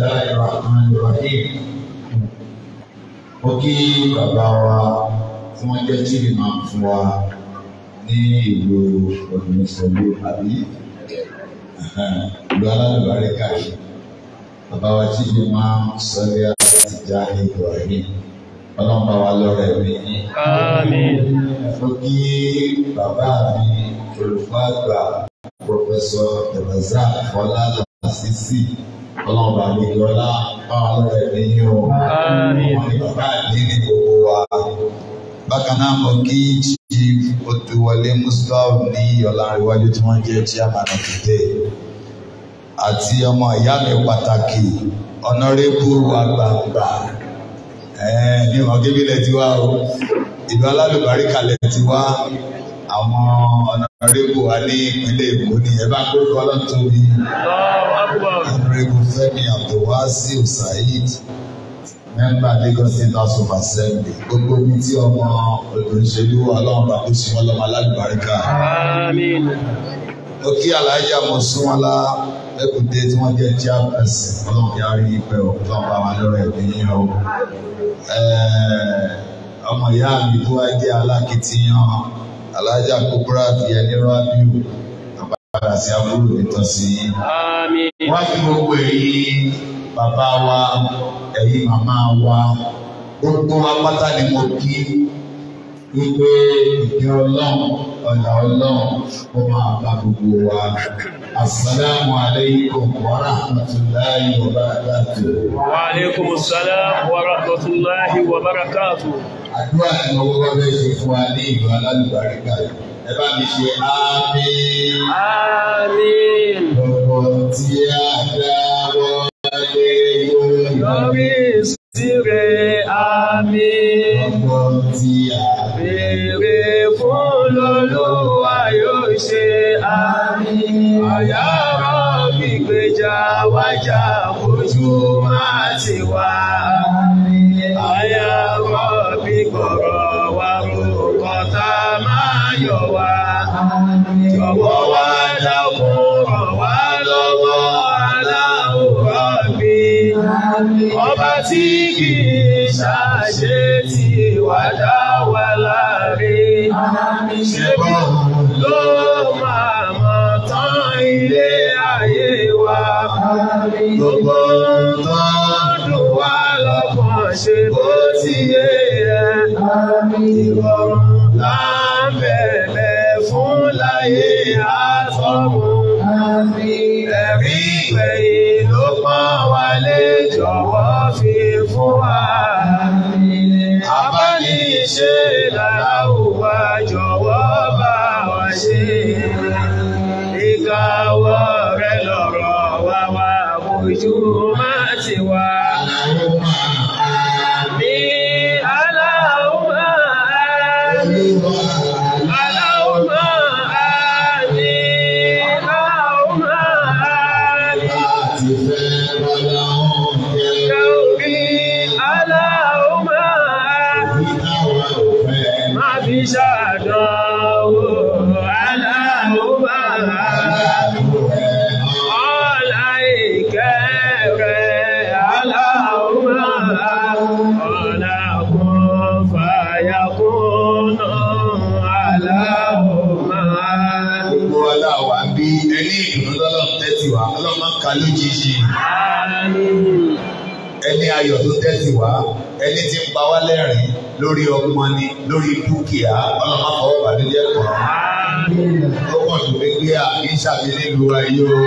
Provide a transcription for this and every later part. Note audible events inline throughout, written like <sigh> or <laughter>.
الله الرحمن الرحيم ó kí bàbá wa tí wọ́n jẹ́ tí lè máa fún wa ní ìlú ọ̀dùnmọ̀sọ̀lú àbí ìlú alálùbárẹ́ káàkiri bàbá wa tí lè máa sọ́lé àti já ní Ibrahim ọlọ́run bá wa lọ́rẹ̀ mi ní. ó kí bàbá mi olùkọ́ àgbà pọfẹsọ tẹ̀lẹ́sà Fọlá Lásìsì ọlọ́ọ̀bà mi lọ́lá báwa lọ́rẹ̀ mi yín o ọmọ ní bàbá àdé ní gbogbo wa. bákan náà mo kí chief odúwọlé muslim ní ọ̀la àríwájú tí wọ́n jẹ́ chairman of the day àti ọmọ ìyá mi pàtàkì ọ̀nàrẹ́bù àgbààgbà ní ọ̀gẹ́bílẹ̀ tiwa o ìlú alálùbárí kalẹ̀ tiwa àwọn ọ̀nàrẹ́bù wa ní ìpínlẹ̀ Èkó ni ẹ bá gbórúkọ ọlọ́tọ́bí ọ̀nàrẹ́bù Fẹ́mi Abdulwasi Usaid mẹ́mbà Lagos State House of Assembly gbogbo omi tí ọmọ olùṣèlú ọlọ́run bá kó sí wọn lọ́mọ alágbàríkà. mo kí alájà Mọ́súnmọ́lá ẹ̀kúndé tí wọ́n jẹ́ chairperson ọlọ́run yára yí pẹ́ ọ̀ tó ń bá wa lọ́rọ̀ ẹ̀mí yín o ọmọ ìyá mi tó wá jẹ́ alákìtìyàn alájà kúbúrà ti ẹni rábíù àbára sí àbúrò nítàn sí wọ́n fi gbogbo ẹ̀yin bàbá wa ẹ̀yin màmá wa gbogbo apáta ni mo kí wípé ìkẹ́ ọlọ́run ọ̀nà ọlọ́run ó máa bá gbogbo wa. Assalamu alaikum wa rahmatullahi wa barakatuh. Wa alaikum Salaam wa rahmatullahi wa barakatuh àdúrà tí mo kọ́kọ́ fẹ́ ṣe fún wa ní ìlú alálùbáríkà yìí ẹ bá mi ṣe àmín. àmín. ọ̀pọ̀ tí a dá wọlé yóò yọrí síre àmín. ọ̀pọ̀ tí a béèrè fún lọ́lọ́wà yóò ṣe àmín. àyàrá gbígbèjà wájà ojú máa ti wà. Ọwọ́ wa dákun ràn wá lọ́wọ́ aláwòrán mi. Ọba tí kì í ṣàṣe ti wà dá wa láre. Ṣé bó ló máa mọ tán ilé ayé wa? Gbogbo tó dùn wá lọ́kàn ṣe bó ti yé ẹ. Ìrọ̀rùn láàrín. fi ẹ̀mí ìgbẹ̀yìn ló pọ́n wálé jọ̀wọ́ fi fún wa. Abáni ṣe làwùwà jọ̀wọ́ bá wa ṣe. Ìkàwọ́ rẹ̀ lọ̀rọ̀ wá wá bójú. ayọ̀ tó tẹ̀sí wá ẹni tí ń pa wá lẹ́rìn lórí ọmọ ni lórí dúkìá ọlọ́mọ àfọwọ́ bàdújẹ́ kan. ó kàn tó gbégbé à kí n ṣàbí nílùú ayé o.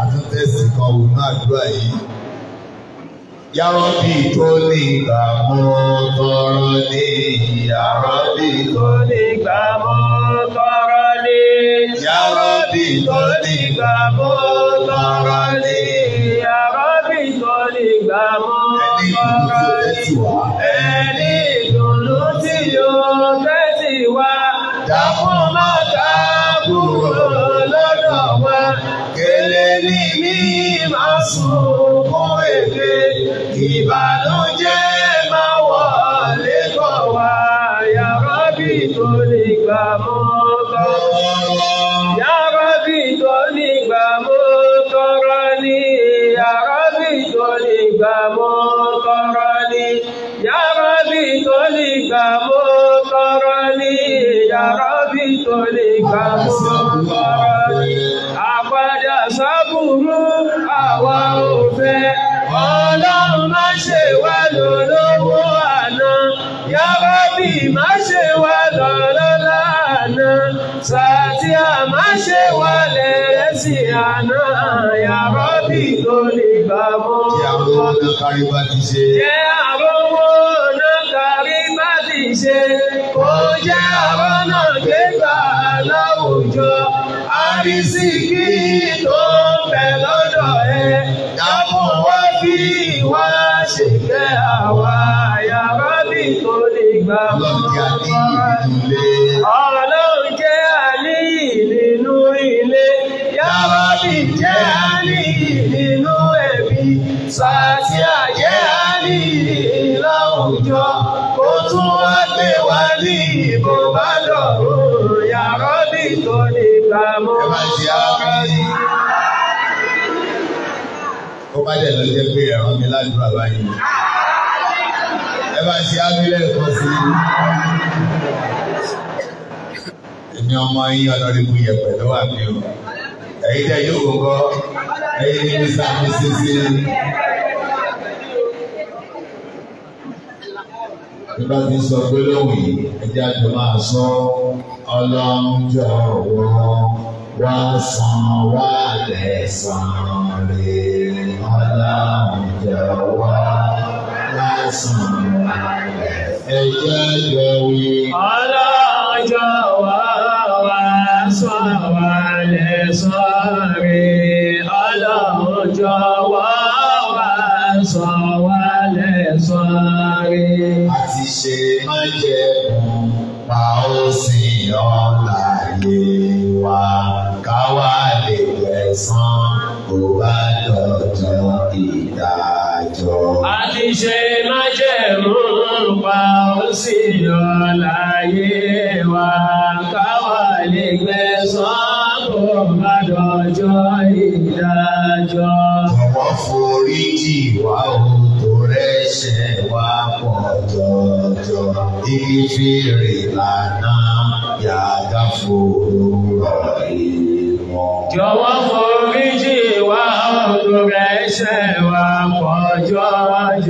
àtúntẹ̀sí kan wò náà àdúrà yìí. Yàrọ́bì tó lè gbà mọ́ tọrọ lé. Yàrọ́bì tó lè gbà mọ́ tọrọ lé. Yàrọ́bì tó lè gbà mọ́ tọrọ lé gbà mọ́ ẹni ìdùnnú tí yóò tẹ́tì wá dákun má ta kúrò lọ́dọ̀ wa kélé ní mí sùn. kárí bá ti ṣe. jẹ́ àwọn owó náà kárí bá ti ṣe. ó jẹ́ àwọn náà gbégbá láwùjọ. àrísìkí tó. olúwa yìí. Ẹ bá ṣe ábílẹ̀ ẹ̀kọ́ sí i. Èmi ọmọ yín ọlọ́rìnbù yẹ pẹ̀lú àmì o. Ẹ̀yin tẹ̀ yóò kọ́ ẹ̀yin ní Mr. Mrs. Bí bá ti sọ gbólóhùn yìí, ẹ àjọ máa sọ ọlọ́run jọ̀wọ́ wá san wá lẹ̀ rèé aláwùjọ wa lásán ẹ̀jẹ̀ yọ wí. aláwùjọ wa wá sọ wá lẹ sọ́ọ̀rì aláwùjọ wa wá sọ lè wẹ̀sán kó ìdájọ́. a ti ṣe májẹ̀mú pa ó sì lọ láyé wa káwa lè gbẹ̀san tó bá dọjọ́ ìdájọ́. ọ̀pọ̀ forí jì wá o tó rẹ́ṣẹ̀ wá pọ̀ jọjọ. ìfìrè lànà yàgá fòrò rọ̀ ìmọ̀. jọ̀wọ́ fọ́ ẹ̀ṣẹ̀ wa pọ̀jọ́jọ́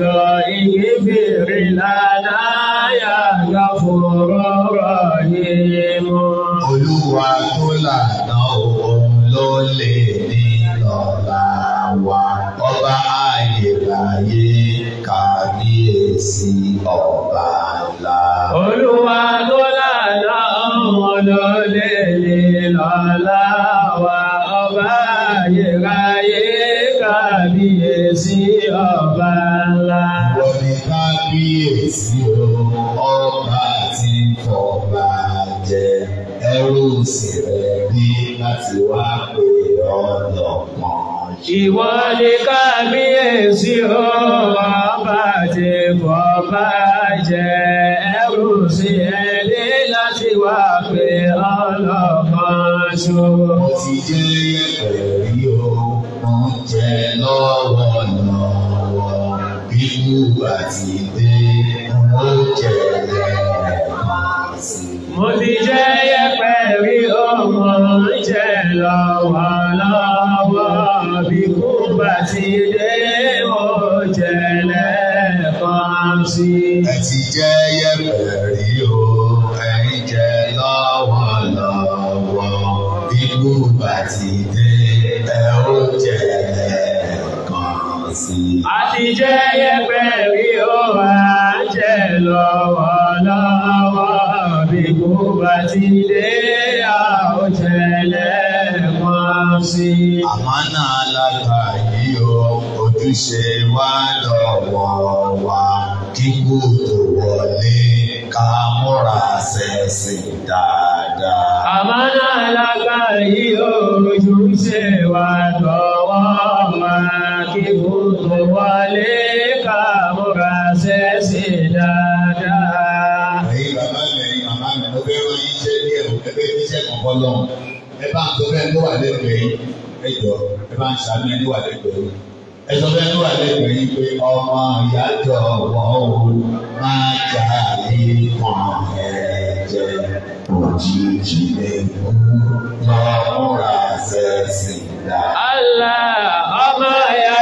iṣẹ́ yẹpẹ̀ rí ó máa jẹ lọ́wọ́ lọ́wọ́ bí kò bá ti dé àwòjẹlẹ̀ wọn sí. àmánà alága yìí o ojúṣe wa lọ́wọ́ wa kíkú tó wọlé ká múra ṣẹ̀ṣẹ̀ dáadáa. àmánà alága yìí o ojúṣe wa lọ́wọ́. bá ń sọ ló wà lẹ́gbẹ̀ẹ́ yìí ẹjọ́ ẹ bá ń sàmì ẹni wà lẹ́gbẹ̀ẹ́ yìí ẹjọ́ fẹ́ ló wà lẹ́gbẹ̀ẹ́ yìí pé ọmọ ìyá wọ́n o máa jà yìí kàn ẹ̀jẹ̀ òjijì lẹ́nu lọ́múra ṣẹ̀ṣẹ̀ dá. Allah ọmọ ìyá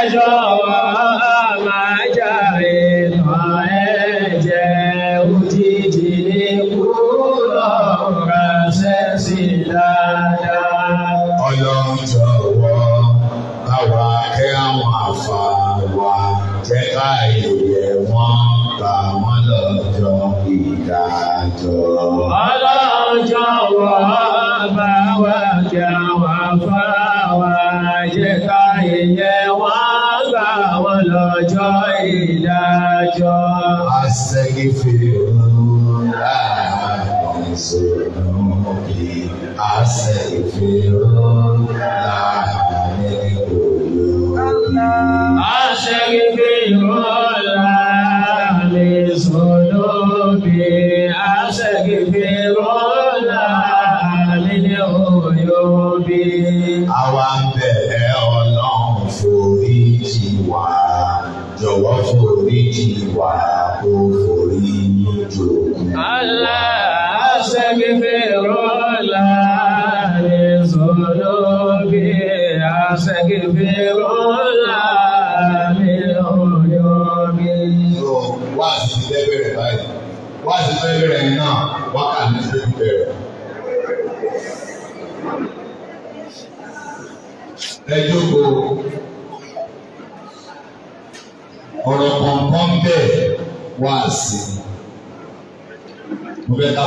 I say, feel.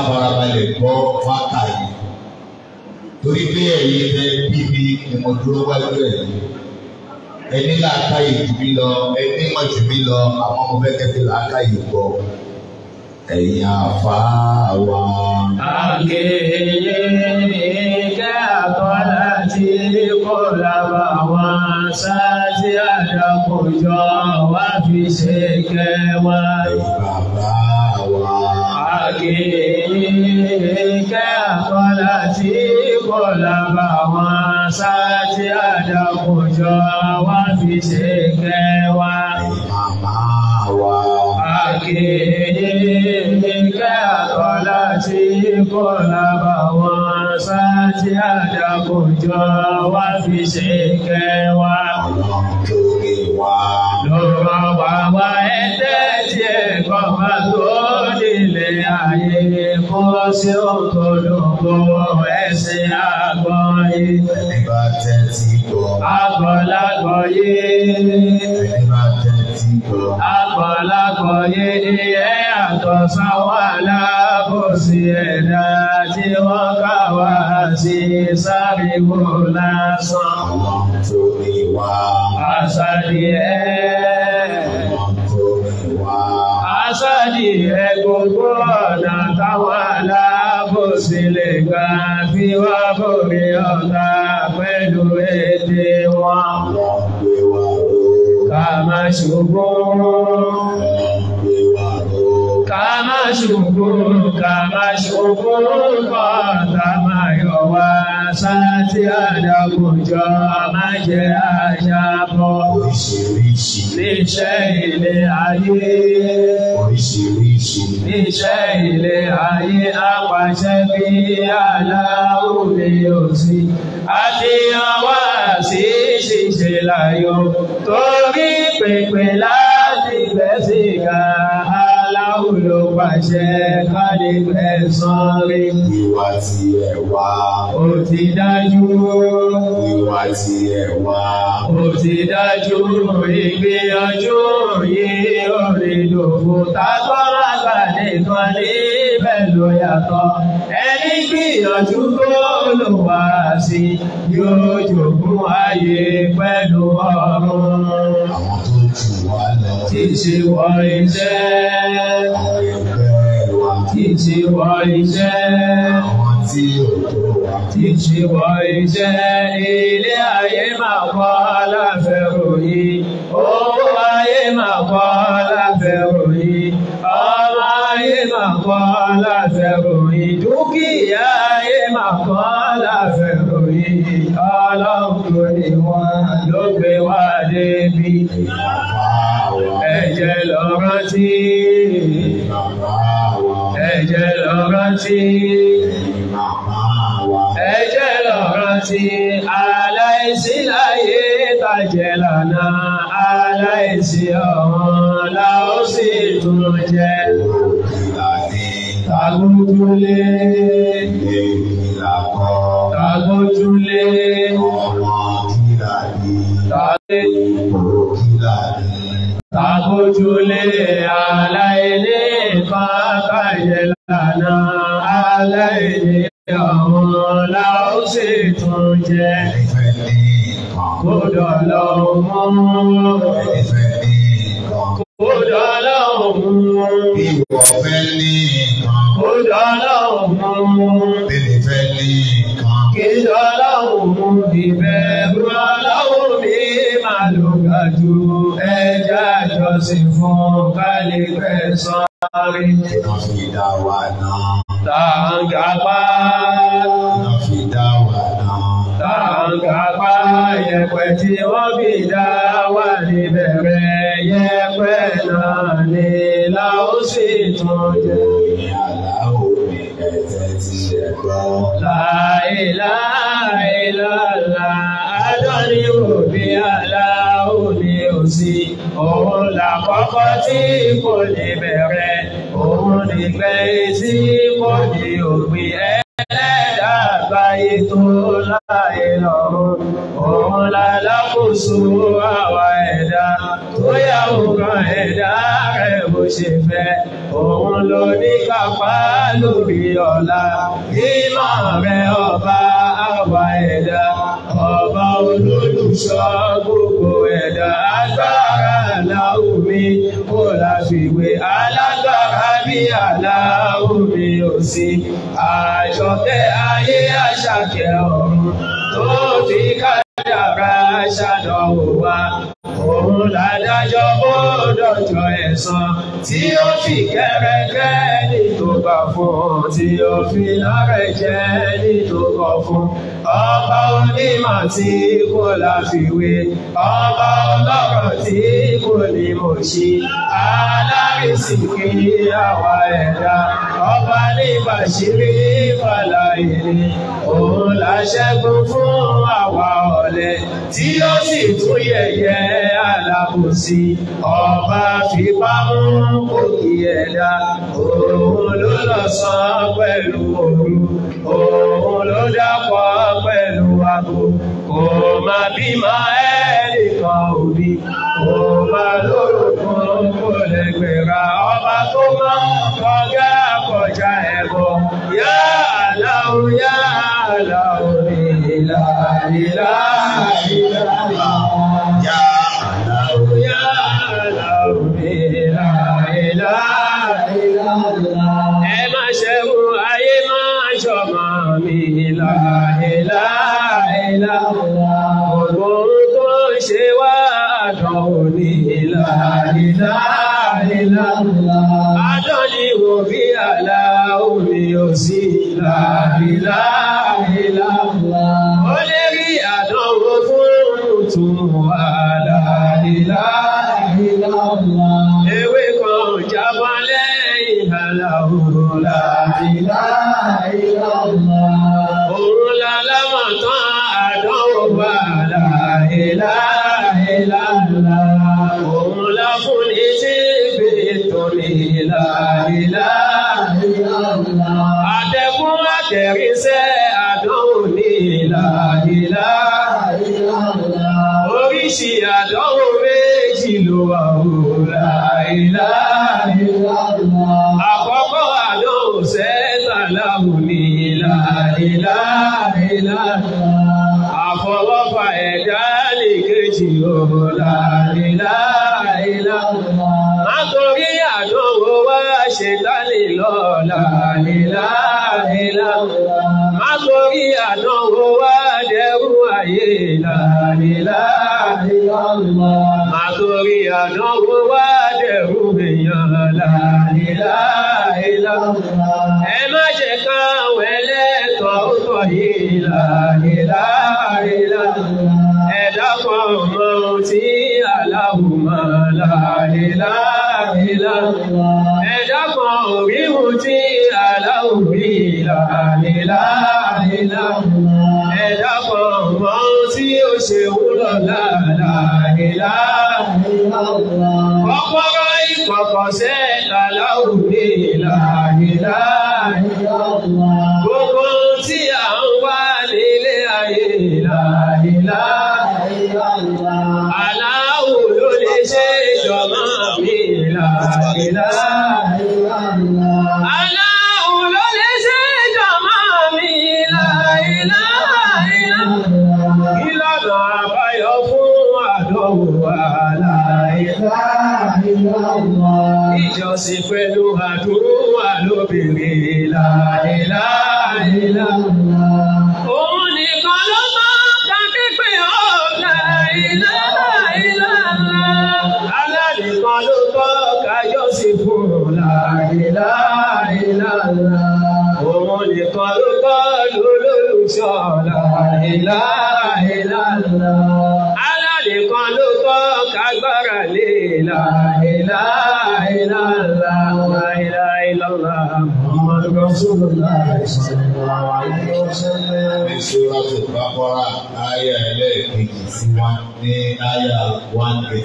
farabalẹ̀ gbọ́ wákà yìí torí pé ẹ̀yin fẹ́ bíbí ni wájú ẹ̀yin ẹni làákà yìí jù mí lọ ẹni mọ̀ jù mí lọ àwọn ọmọ fẹ́ kẹ́fí làákà yìí gbọ́ ẹ̀yin àfa wa. àkèyè kẹ́kọ̀ọ́ láti kó làbà wọn sáà sí wá fi ṣe kẹwàá kìíkẹ́ àkọlà tí kò lábà wọn sáájú àdàkùjọ wá fi ṣe kẹwa. Àkìíkẹ́ àkọlà tí kò lábà wọn sáájú àdàkùjọ wá fi ṣe kẹwa. Lọ́rọ̀ wàwá ẹ̀dẹ́ tiẹ̀ máa tó dúró sí òkòlùkò ẹ̀sìn àgbọ̀nyé. Bá tẹ́tí gbọ́. Àgbọ̀lágbọ̀nyé. Bá tẹ́tí gbọ́. Àgbọ̀lágbọ̀nyé ẹ̀ àtọ̀sán wà lábòsí ẹ̀dá tí wọ́n kà wá sí sáríwò lásán. Àwọn tó ní wá. Àṣàlì ẹ̀ asọ́dì ẹgbùngbùn ọ̀nà táwọn aláàbòsí lè gbà tí wọ́n borí ọ̀tá pẹ̀lú ètè wọn. Kàmáṣùgbọ́n kàmá ṣòkòrò kàmá ṣòkòrò kọ́ kàmá yọ wá sáti àdàgùnjọ má jẹ àjàbọ̀. oríṣiríṣi. níṣẹ́ ilé ayé. oríṣiríṣi. níṣẹ́ ilé ayé apàṣẹ bí aláwọ̀ lè yọ sí. àti àwa sí ṣiṣẹ́ láyọ̀ torí pèpè láti bẹ́ sí ká wàṣẹ ká lè fẹ̀san rẹ̀. Ìwà tí ẹ wá. Ó ti dájú. Ìwà tí ẹ wá. Ó ti dájú. Ìgbìyànjú yìí ò lò fún tágbọ́n àgbà nìkan ní pẹ̀lú yàtọ̀. Ẹni gbìyànjú tó lò wá sí yóò jogún ayé pẹ̀lú ọ̀run. Àwọn tó jù wá lọ. Kì í ṣe wọ iṣẹ́. Àwọn ẹgbẹ́ wa. Kì í ṣe wọ iṣẹ́. Àwọn tí ò tó wa. Kì í ṣe wọ iṣẹ́. Ilé ayé máa kọ́ aláfẹ́rò yìí. Owó ayé máa kọ́ aláfẹ́rò yìí. Ọmọ ayé máa kọ́ aláfẹ́rò yìí. Dúkìá ayé máa kọ́ aláfẹ́rò yìí. Ọlọ́run ló ní wọ́n ló gbé wá débi. Ẹ jẹ́ lọ rántí. Ẹ jẹ́ lọ rántí. Ẹ jẹ́ lọ rántí. Aláìsí láyé tàjẹ́ lànà. Aláìsí ọ̀hún la sì tún jẹ. Tagójúlé. Tagójúlé. Tàbí Tàbójúlé aláìní fàákàyè lànà aláìní àwọn láòsì tún jẹ. Kódọ̀ lọ́wọ́ Kódọ̀ lọ́wọ́ Bí wọ́n fẹ́ ní ìkan. Kódọ̀ lọ́wọ́ Bí wọ́n fẹ́ ní ìkan. Kí lọ́wọ́ bí bẹ́ẹ̀ bú aláwọ̀ ju ẹja jọ́sìn fún kálífẹ́ sọ́rí. Iná fi dá wa náà. Tá à ń kápá. Iná fi dá wa náà. Tá à ń kápá yẹ̀pẹ̀ tí wọ́n fi dá wa níbẹ̀rẹ̀ yẹ̀pẹ̀ náà ni láó sì tún jẹ́. Ìyá aláwo ni ẹ̀jẹ̀ ti ṣẹ̀gbọ́n. Láìláìláìlá àádọ́rin òbí àlá sí. Òun làkọ́kọ́ tí kò ní bẹ̀rẹ̀, òun nìgbẹ̀yìn tí kò ní òpin ẹlẹ́dàá àgbáyé tó láyé lọ́rùn. Òun làlákòóso àwa ẹ̀dá bóyá òkan ẹ̀dá rẹ̀ bó ṣe fẹ́ òun ló ní kápá lórí ọ̀la mímọ́ rẹ̀ ọba àwa ẹ̀dá ọba olólùṣọ́ gbogbo ẹ̀dá agbára aláwùmí kò láfiwé alágbára bí aláwùmí ò sí àjọkẹ́ ayé àṣàkẹ́ ọ̀run tó fi ká dàbà ṣàdánwò wa. Òun ládájọ́ ó dọ̀jọ́ ẹ̀san tí ó fi kẹ́rẹ́kẹ́ ní tó bá fún tí ó fi lọ́rẹ̀ jẹ́ ní tó kọ̀ fún. Ọba onímọ̀ tí kò láfiwé, ọba ọlọ́rọ̀ tí kò ní mọ̀ ṣe. Alárìsìkì àwa ẹ̀dá, ọba ní bàṣírí fàlàyé, òun láṣẹ́gun fún àwa ọ̀la ọ̀lẹ tí ó sì tún yẹ̀yẹ́ alábòsí ọba fipá mú òkè ẹ̀dá òun ló lọ sàn pẹ̀lú òru òun ló dàpọ̀ pẹ̀lú àbò kò má bímọ ẹnìkan òbí kò má lórúkún kò lẹ́gbẹ̀rà ọba tó mọ́ ọgá àkọjá ẹ̀bọ yá àlàó yá àlàó. إله إلا الله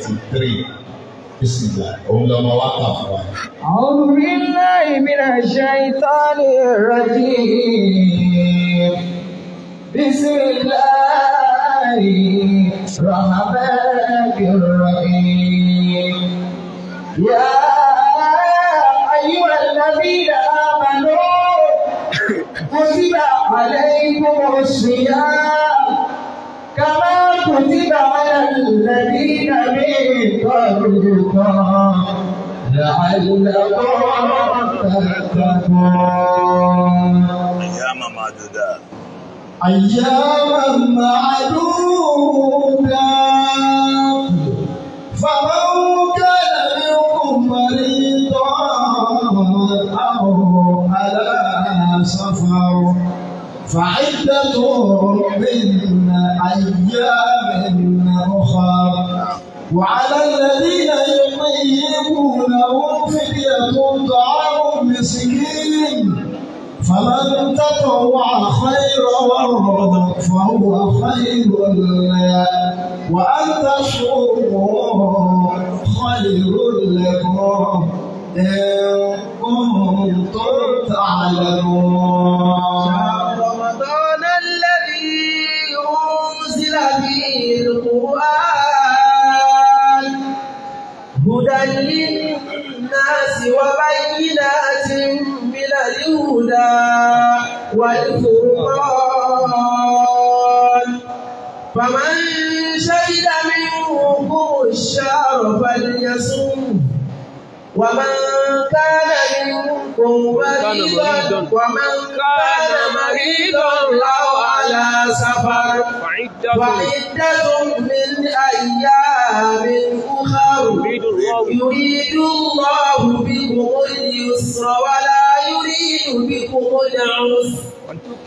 33 بسم الله قول لما وقف أعوذ بالله من الشيطان الرجيم بسم الله الرحمن الرحيم يا أيها الذين آمنوا كتب عليكم الصيام كما كتب على الذين من ربكم لعلكم تتقون أياما معدودة أياما معدودة فمن كان منكم مريضا أو على سفر فعدة من أيام وعلى الذين يطيبونهم فدية طعام مسكين فمن تطوع خيرا فهو خير له وأن تشكروا خير لكم إن كنتم تعلمون كان مريضا ومن كان مريضا أو على سفر وعدة من أيام أخر يريد الله بكم اليسر ولا يريد بكم العسر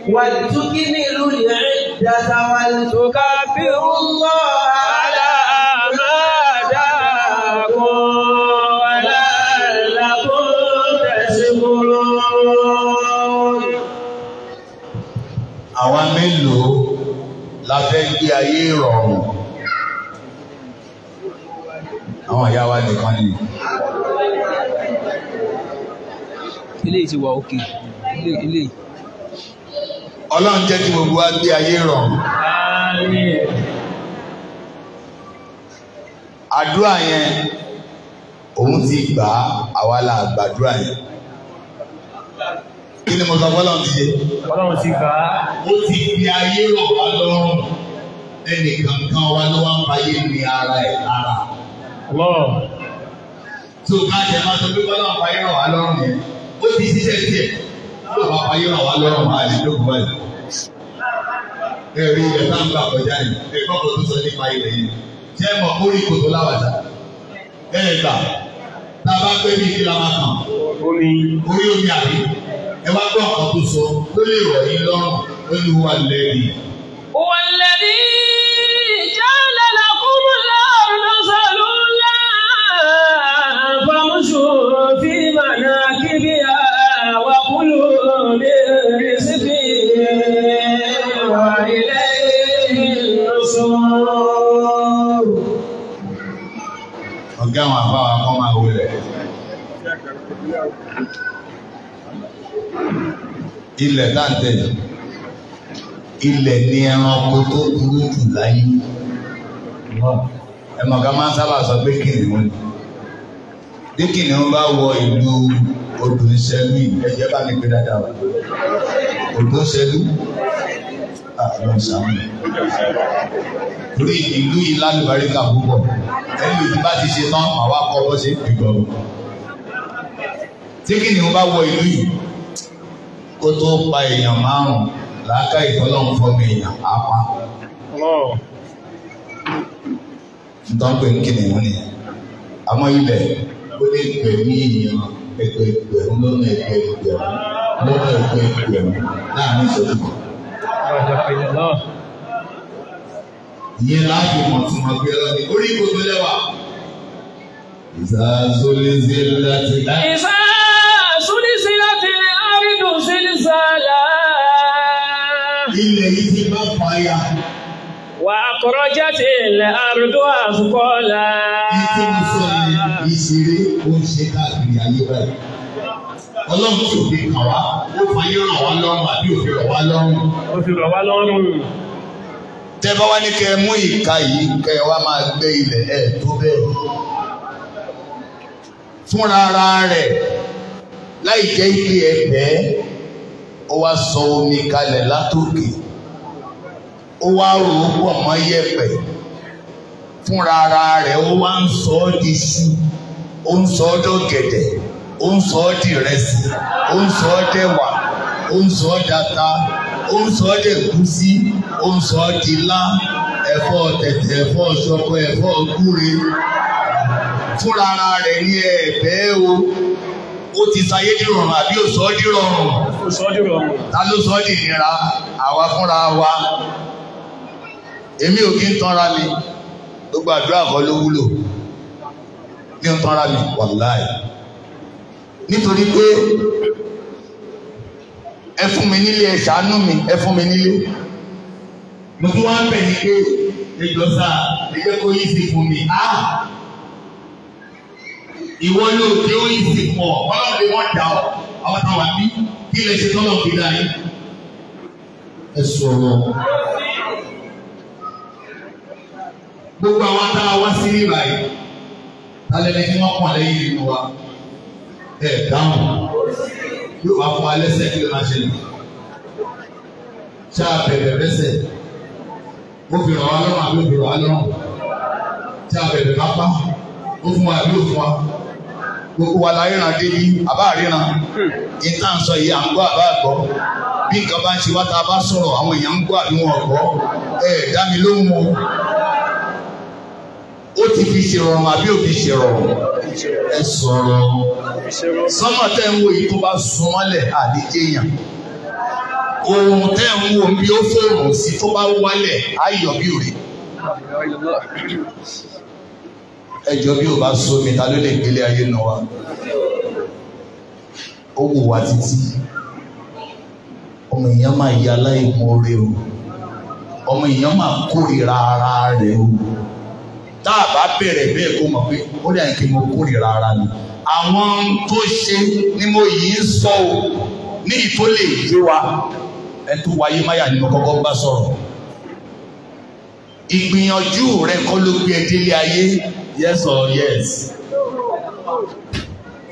ولتكملوا العدة ولتكبروا الله على ayé ìrọ̀rùn àwọn ìyá wa nìkan ni. ilé ti wà òkè ilé ilé. ọlọ́run jẹ́ kí gbogbo wa gbé ayé ìrọ̀rùn. àdúrà yẹn òun ti gbà á àwa la gbàdúrà yẹn kí ni mo sọ fọlọ́run ti ṣe. ọlọ́run ti gbà á. ó ti fi ayé rọ̀ wá lọ́rùn ẹnì kankan wa ló wá ń fàyè ní ara ẹ̀ lára. tó o bá jẹ máa sọ pé bọ́lá àfàyè ràn wá lọ́rùn yẹn ó ti ṣiṣẹ́ tiẹ̀ bọ́lá àfàyè ràn wá lọ́rùn máa lè lókun báyìí. ẹ̀rí ẹ̀ bá ń gbà kọjá yìí ẹ̀kọ́ kan tó sọ nípa ilẹ̀ yìí ṣé ẹ mọ̀ orí kòtò láwàdà ẹ̀ gbà tá a bá gbé bí kí la máa kàn orí omi àbí ẹ wá gbọ́ ọ̀kan tó sọ lórí ìrọ̀lẹ́ lọ́rùn ó ní wà lẹ́yìn. wà lẹ́yìn. مناكبها وكلوا من رزقه وإليه ilẹ̀ dáńtẹ̀ ilẹ̀ ni ẹranko tó burú jù láyé ẹ mọ̀ká máa ń sábà sọ pé kìnìún ni bí kìnìún bá wọ ìlú odò ìṣẹ́lú ẹ̀jẹ̀ bá mi gbé dáadáa wá odò ìṣẹ́lú àlọ́ ìṣàmù torí ìlú yìí lálùbáríkà púpọ̀ ẹni tí bá ti ṣe tán àwa kọ́ bó ṣe gbìgbọ̀ tí kìnìún bá wọ ìlú yìí kó tó pa èèyàn márùn-ún làákà ìtọ́lọ́run fọmọ èèyàn apá ntọ́npẹ̀ ń kìnìún nìyẹn àmọ́ ilẹ̀ ó lè gbẹ̀mí èèyàn ẹgbẹ́ ẹgbẹ̀rún lọ́nà ẹgbẹ́ ẹgbẹ̀rún lọ́nà ẹgbẹ́ ẹgbẹ̀rún láàrin ìṣẹ́jú kan. ìyẹn láàbò mọ̀ tí wọ́n gbé lọ́nà orí gbogbo lẹ́wà. ìsàsólésí láti dá. ìsàsólésí láti rí àrídùn sílẹ̀ sálà. ilẹ̀ yìí akọrọjáde ilẹ̀ arúgbó àfukọ́lá. Títí mi sọ yìí ìṣeré ó ń ṣe káàkiri ayé báyìí. Ọlọ́run kò fi kàn wá, ó fayé ràn wá lọ́rùn àbí ó fi ràn wá lọ́rùn. Ó fi ràn wá lọ́rùn. Tẹ́ bá wá ní kẹ́ mú ìka yìí kẹ́ wá máa gbé ilẹ̀ ẹ̀ tó bẹ́ẹ̀. Fúnra ara rẹ̀ láì jẹ́ ìpè ẹ̀ bẹ́ẹ̀, ó wá sọ omi kalẹ̀ látòkè. ó wá rò ó pọ̀ mọ́ yẹ̀pẹ̀ fúnra ara rẹ̀ ó wá ń sọ ọ́ di iṣu ó ń sọ ọ́ dọ̀gẹ̀dẹ̀ ó ń sọ ọ́ di ìrẹsì ó ń sọ ọ́ dẹ̀wà ó ń sọ ọ́ data ó ń sọ ọ́ sọ ọ́ di ilá ẹ̀fọ́ tẹ̀tẹ̀ ẹ̀fọ́ ẹ̀fọ́ gúre fúnra o ó ti sayé dìrọ̀rùn àbí ó sọ ọ́ dìrọ̀rùn ta ló sọ ọ́ àwa wa. èmi ò kí ń tanra mi gbogbo àdúrà kọ́ ló wúlò mi ò tanra mi wàláì nítorí pé ẹ fún mi nílé ẹ ṣàánú mi ẹ fún mi nílé mo tún wá ń bẹ̀ ní pé ẹjọ́ sá ẹjẹ́ kó yí sí fún mi á ìwọ ló dé ó yí sí fún ọ ọlọ́run wọ́n dà ọ àwọn táwọn àbí kí lè ṣe tọ́lọ̀ fi dá yín ẹ sọ̀rọ̀. gbogbo àwọn tá a wá sí ìgbà yìí alẹ́lẹ́ kí wọ́n lẹ́yìn inú wa ẹ̀ dáhùn yóò wá fún alẹ́sẹ̀ kí ló máa ṣe lè o bẹ̀rẹ̀ lẹ́sẹ̀ ó fi ràn wá lọ́rùn àbí ó fi ràn wá lọ́rùn bẹ̀rẹ̀ ó fún wa àbí gbogbo wa la ríran débi àbá ríran ìta ń sọ yìí à ń gbọ́ àbá gbọ́ bí nǹkan bá ń ṣe wá bá sọ̀rọ̀ àwọn èèyàn ń mi lóhùn ó ti fi ṣe rọrùn àbí ò fi ṣe rọrùn ẹ sọ̀rọ̀ sọ́mọ̀ tẹ́ ń wo yìí tó bá sun mọ́lẹ̀ àdíjé yàn ohun tẹ́ ń wo bí ó fòrò sí tó bá wálẹ̀ ayọ̀ bí òrè ẹjọ́ bí ò bá sómi ta ló lè gbélé ayé nù wa ó wù wá títí ọmọ èèyàn máa yá láì mọ oore o ọmọ èèyàn máa kórìíra ara rẹ̀ o tá a bá bẹ̀rẹ̀ bẹ́ẹ̀ kó mọ̀ pé ó dà kí mo kórìíra ara mi àwọn tó ṣe ni mo yìí ń sọ o ní ìtó lè wa ẹ tó wáyé máyà ni mo kọ́kọ́ bá sọ̀rọ̀ ìgbìyànjú rẹ kọ́ ló gbé ẹ délé ayé yes or yes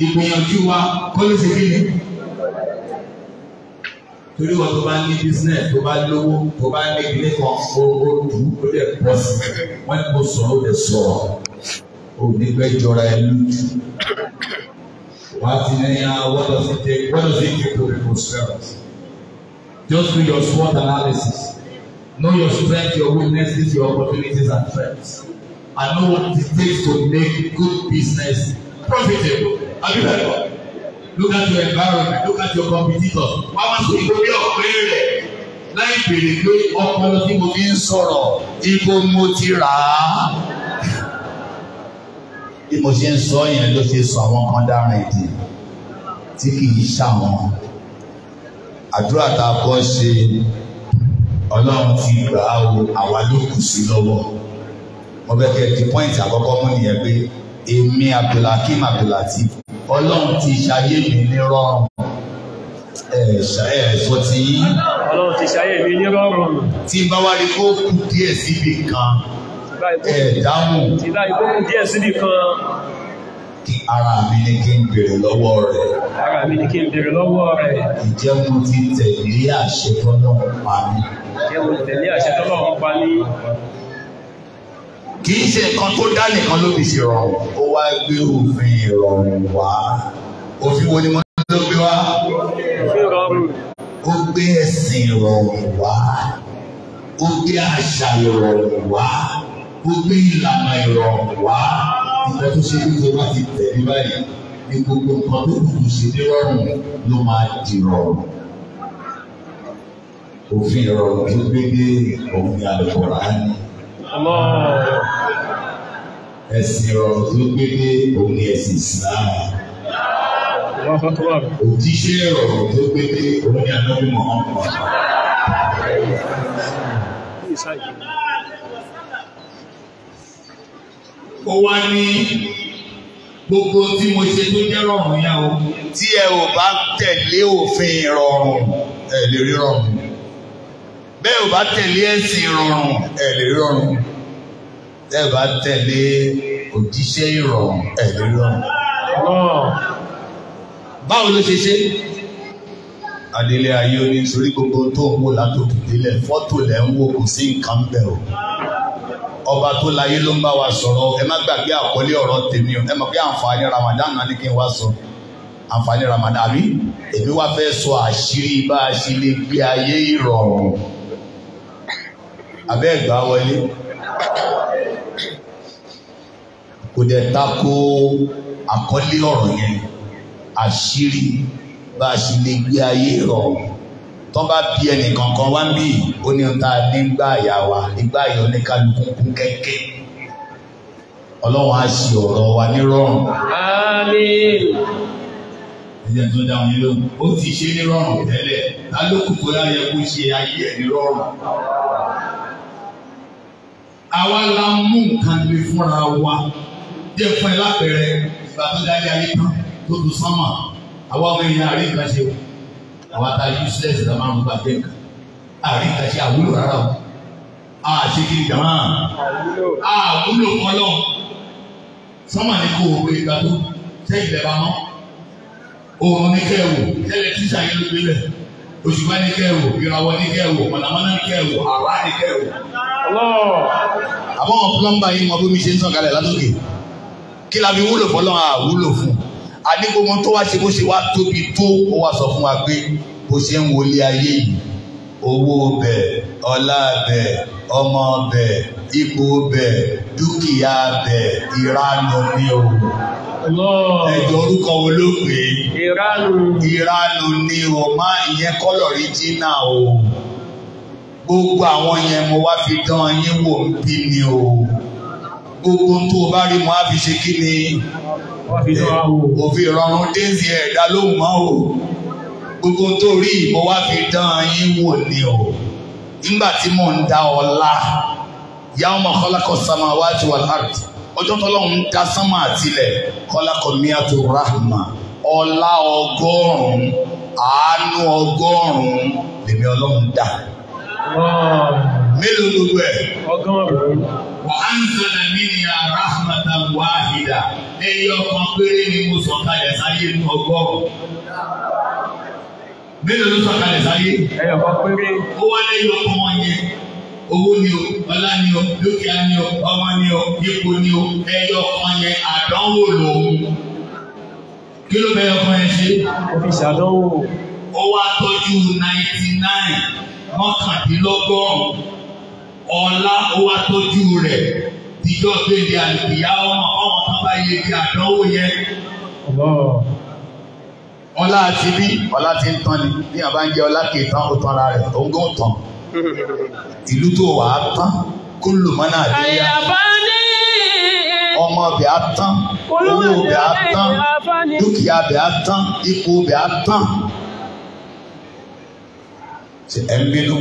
ìgbìyànjú wa kọ́ ló ṣe kí ni torí wọn tó bá ní business tó bá lówó tó bá ní ilé kan ó ó dù ó dẹ̀ pọ̀ sí wọn kò sọ̀rọ̀ ó dẹ̀ sọ̀rọ̀ òde fẹ́ jọra ẹ lójú wàá ti lẹ́yìn ah, what does it take what does it take to be prosperous just do your SWOT analysis know your strength your weaknesses your opportunities and threats and know what it takes to make good business profitable have you heard look at your environment look at your competitors wá wá sí ìgbóni ọ̀pẹ rẹ̀ láì béèrè pé ọpọlọ tí mo fi ń sọ̀rọ̀ ibo mo ti rà á. bí mo ṣe ń sọ yẹn ló ṣe sọ àwọn kan dára ìdí tí kì í ṣàwọn àdúrà tá a kọ́ ṣe ọlọ́run ti gbà á o àwa ló kù sí lọ́wọ́ mo fẹ́ di pọ́ìntì àkọ́kọ́ mú nìyẹn pé èmi Abdulhakeem Abdulateef ọlọ́run ti ṣayé mi ní rọrùn ẹ̀ṣọ́ ti yí. ọlọ́run ti ṣayé mi ní rọrùn. tí n bá wá rí kó kù díẹ̀ síbì kan ẹ̀ dáhùn. tí n bá rí kó kù díẹ̀ síbì kan ara mi ni kí n béèrè lọ́wọ́ rẹ̀. ara mi ni kí n béèrè lọ́wọ́ rẹ̀. ǹjẹ́ mo ti tẹ̀lé àṣẹ tọ́lọ́run pa mí. ǹjẹ́ mo ti tẹ̀lé àṣẹ tọ́lọ́run pa mí kì í ṣe nǹkan tó dá nìkan ló fi ṣe rọrùn. ó wá gbé òfin ìrọ̀rùn wá òfin wo ni mo ló gbé wá. ó gbé ẹ̀sìn ìrọ̀rùn wá ó gbé àṣà ìrọ̀rùn wá ó gbé ìlànà ìrọ̀rùn wá nǹkan tó ṣe bí tó bá ti tẹ̀lé báyìí ní gbogbo nǹkan tó kù ṣe ní rọrùn ló máa di rọrùn. òfin ìrọ̀rùn tó gbé dé òun ni àlùkò rà á ní ẹ̀sìn ọ̀rọ̀ tó gbé dé òun ni ẹ̀sìn Islam òjíṣẹ́ ọ̀rọ̀ tó gbé dé òun ni anábì Muhammad. ó wá ní gbogbo tí mo ṣe tó jẹ́ rọrùn yá o. tí ẹ ò bá tẹ̀lé òfin rọrùn ẹ lè rí rọrùn bẹ́ẹ̀ ò bá tẹ̀lé ẹ̀sìn rọrùn ẹ̀ lè rọrùn bẹ́ẹ̀ ò bá tẹ̀lé òjíṣẹ́ ìrọ̀rùn ẹ̀ lè rọrùn. báwo ló ṣe ṣe adélé ayé oní sórí gbogbo tó ń wò látòkè délẹ̀ fọ́tò lẹ̀ ń wò kò sí nǹkan bẹ̀ o ọba tó láyé ló ń bá wa sọ̀rọ̀ ẹ má gbàgbé àkọlé ọ̀rọ̀ tèmi o ẹ mọ̀ pé àǹfààní Ramadan náà ni kí n wá sọ àǹfààní Ramadan àbí èmi wá fẹ́ sọ àṣírí bá a ṣe lè gbé ayé ìrọ̀rùn abẹ́ ẹ̀gbá wọlé kò dẹ̀ tako àkọlé ọ̀rọ̀ yẹn àṣírí bá a ṣe lè gbé ayé rọ̀ tó bá bí ẹnìkan kan wá ń bì ó ní ta nígbà àyà wa nígbà àyà oníkálukú kún kẹ́kẹ́ ọlọ́run á ṣe ọ̀rọ̀ wa nírọ̀rùn. àmín. ẹ̀jẹ̀ tó dáhùn yín lóhùn ó ti ṣe nírọ̀rùn tẹ́lẹ̀ lálókùn tó yá kó ṣe ayé ẹ̀ nírọ̀rùn àwa la mú nǹkan lè fúnra wa díẹ̀ fún ẹ lápẹẹrẹ ìgbà tó dájú ayé tán tó tó sánmà àwa ọmọ èèyàn àrí nǹkan ṣe o àwa ta useless la máa ń gba bẹ́ẹ̀ kan àrí nǹkan ṣe àwúlò rárá o àṣe kiri jàmá àwúlò kọlọ sánmà ni kò wọ ìgbà tó sẹ́yìn lẹ́ba mọ́ òun ní kẹ́ wò tẹ́lẹ̀ tíṣà yẹn ló gbé bẹ̀ òṣùpá ní kẹ́ wò ìràwọ̀ ní kẹ́ wò mọ̀nàmọ́ná ní kẹ́ wò àwa ní kẹ́ wò àwọn plọ́mbà yìí mọ bí mi ṣe ń sọ̀kalẹ̀ látòkè kí la fi wúlò fọlọ́ àwúlò fún àdínkù ohun tó wá ṣe bó ṣe wá tóbi tó ó wá sọ fún wa pé bó ṣe ń wọlé ayé yìí owó bẹ̀ ọlá bẹ̀ ọmọ bẹ̀ ipò bẹ̀ dúkìá bẹ̀ ìranu ni o ẹjọ orúkọ wo ló pè é ìranu ni o má ìyẹn kọlọrí jìnnà o gbogbo àwọn yẹn mo wá fi dán yín wò ń bí ni o gbogbo tó o bá rí mo á fi ṣe kí ni òfin ìrọ̀rùn dézì ẹ̀dá ló mọ́ o gbogbo tó rí mo wá fi dán yín wò ni o nígbà tí mò ń dá ọlá yawma khalaqa samawati wal ard ọjọ́ tọ́lọ́hún ń dá àtìlẹ̀ khalaqa miatu rahma ọlá ọgọ́rùn-ún àánú ọgọ́rùn-ún lèmi ọlọ́run dá mélòó ló wẹ̀. ọgọ́rùn-ún. wàhánsánà mi ni arahmata wahida ẹyọ kan péré ni mo sọ kalẹ̀ sáyé ní ọgọ́rùn. mélòó ló sọ kalẹ̀ sáyé. ẹyọ kan péré. ó wá lẹ́yọ ọkọ wọn yẹn owó ni o ọlá ni o dúkìá ni o ọmọ ni o ipò ni o ẹyọ kan yẹn àdánwò lòun kí ló bẹ ọkọ yẹn ṣe. ó ṣàdánwò. ó wá tọ́jú ninety nine mọ́kàndínlọ́gọ́rùn ọ̀la ó wá tójú rẹ̀ ìjọ gbèdé àlùkìyà ọmọ ọmọ kan bá yẹ kí àdánwò yẹ. ọlá àti bí ọlá ti ń tán ni bí a bá ń jẹ ọlá kì í tán ó tán ara rẹ̀ tó ń gán tán <laughs> ìlú tó wà á tán kó lò mọ́ náà dé yá. ọmọ bẹ̀ tán owó bẹ̀ tán dúkìá bẹ̀ tán ipò bẹ̀ tán ṣe ẹ ń bínú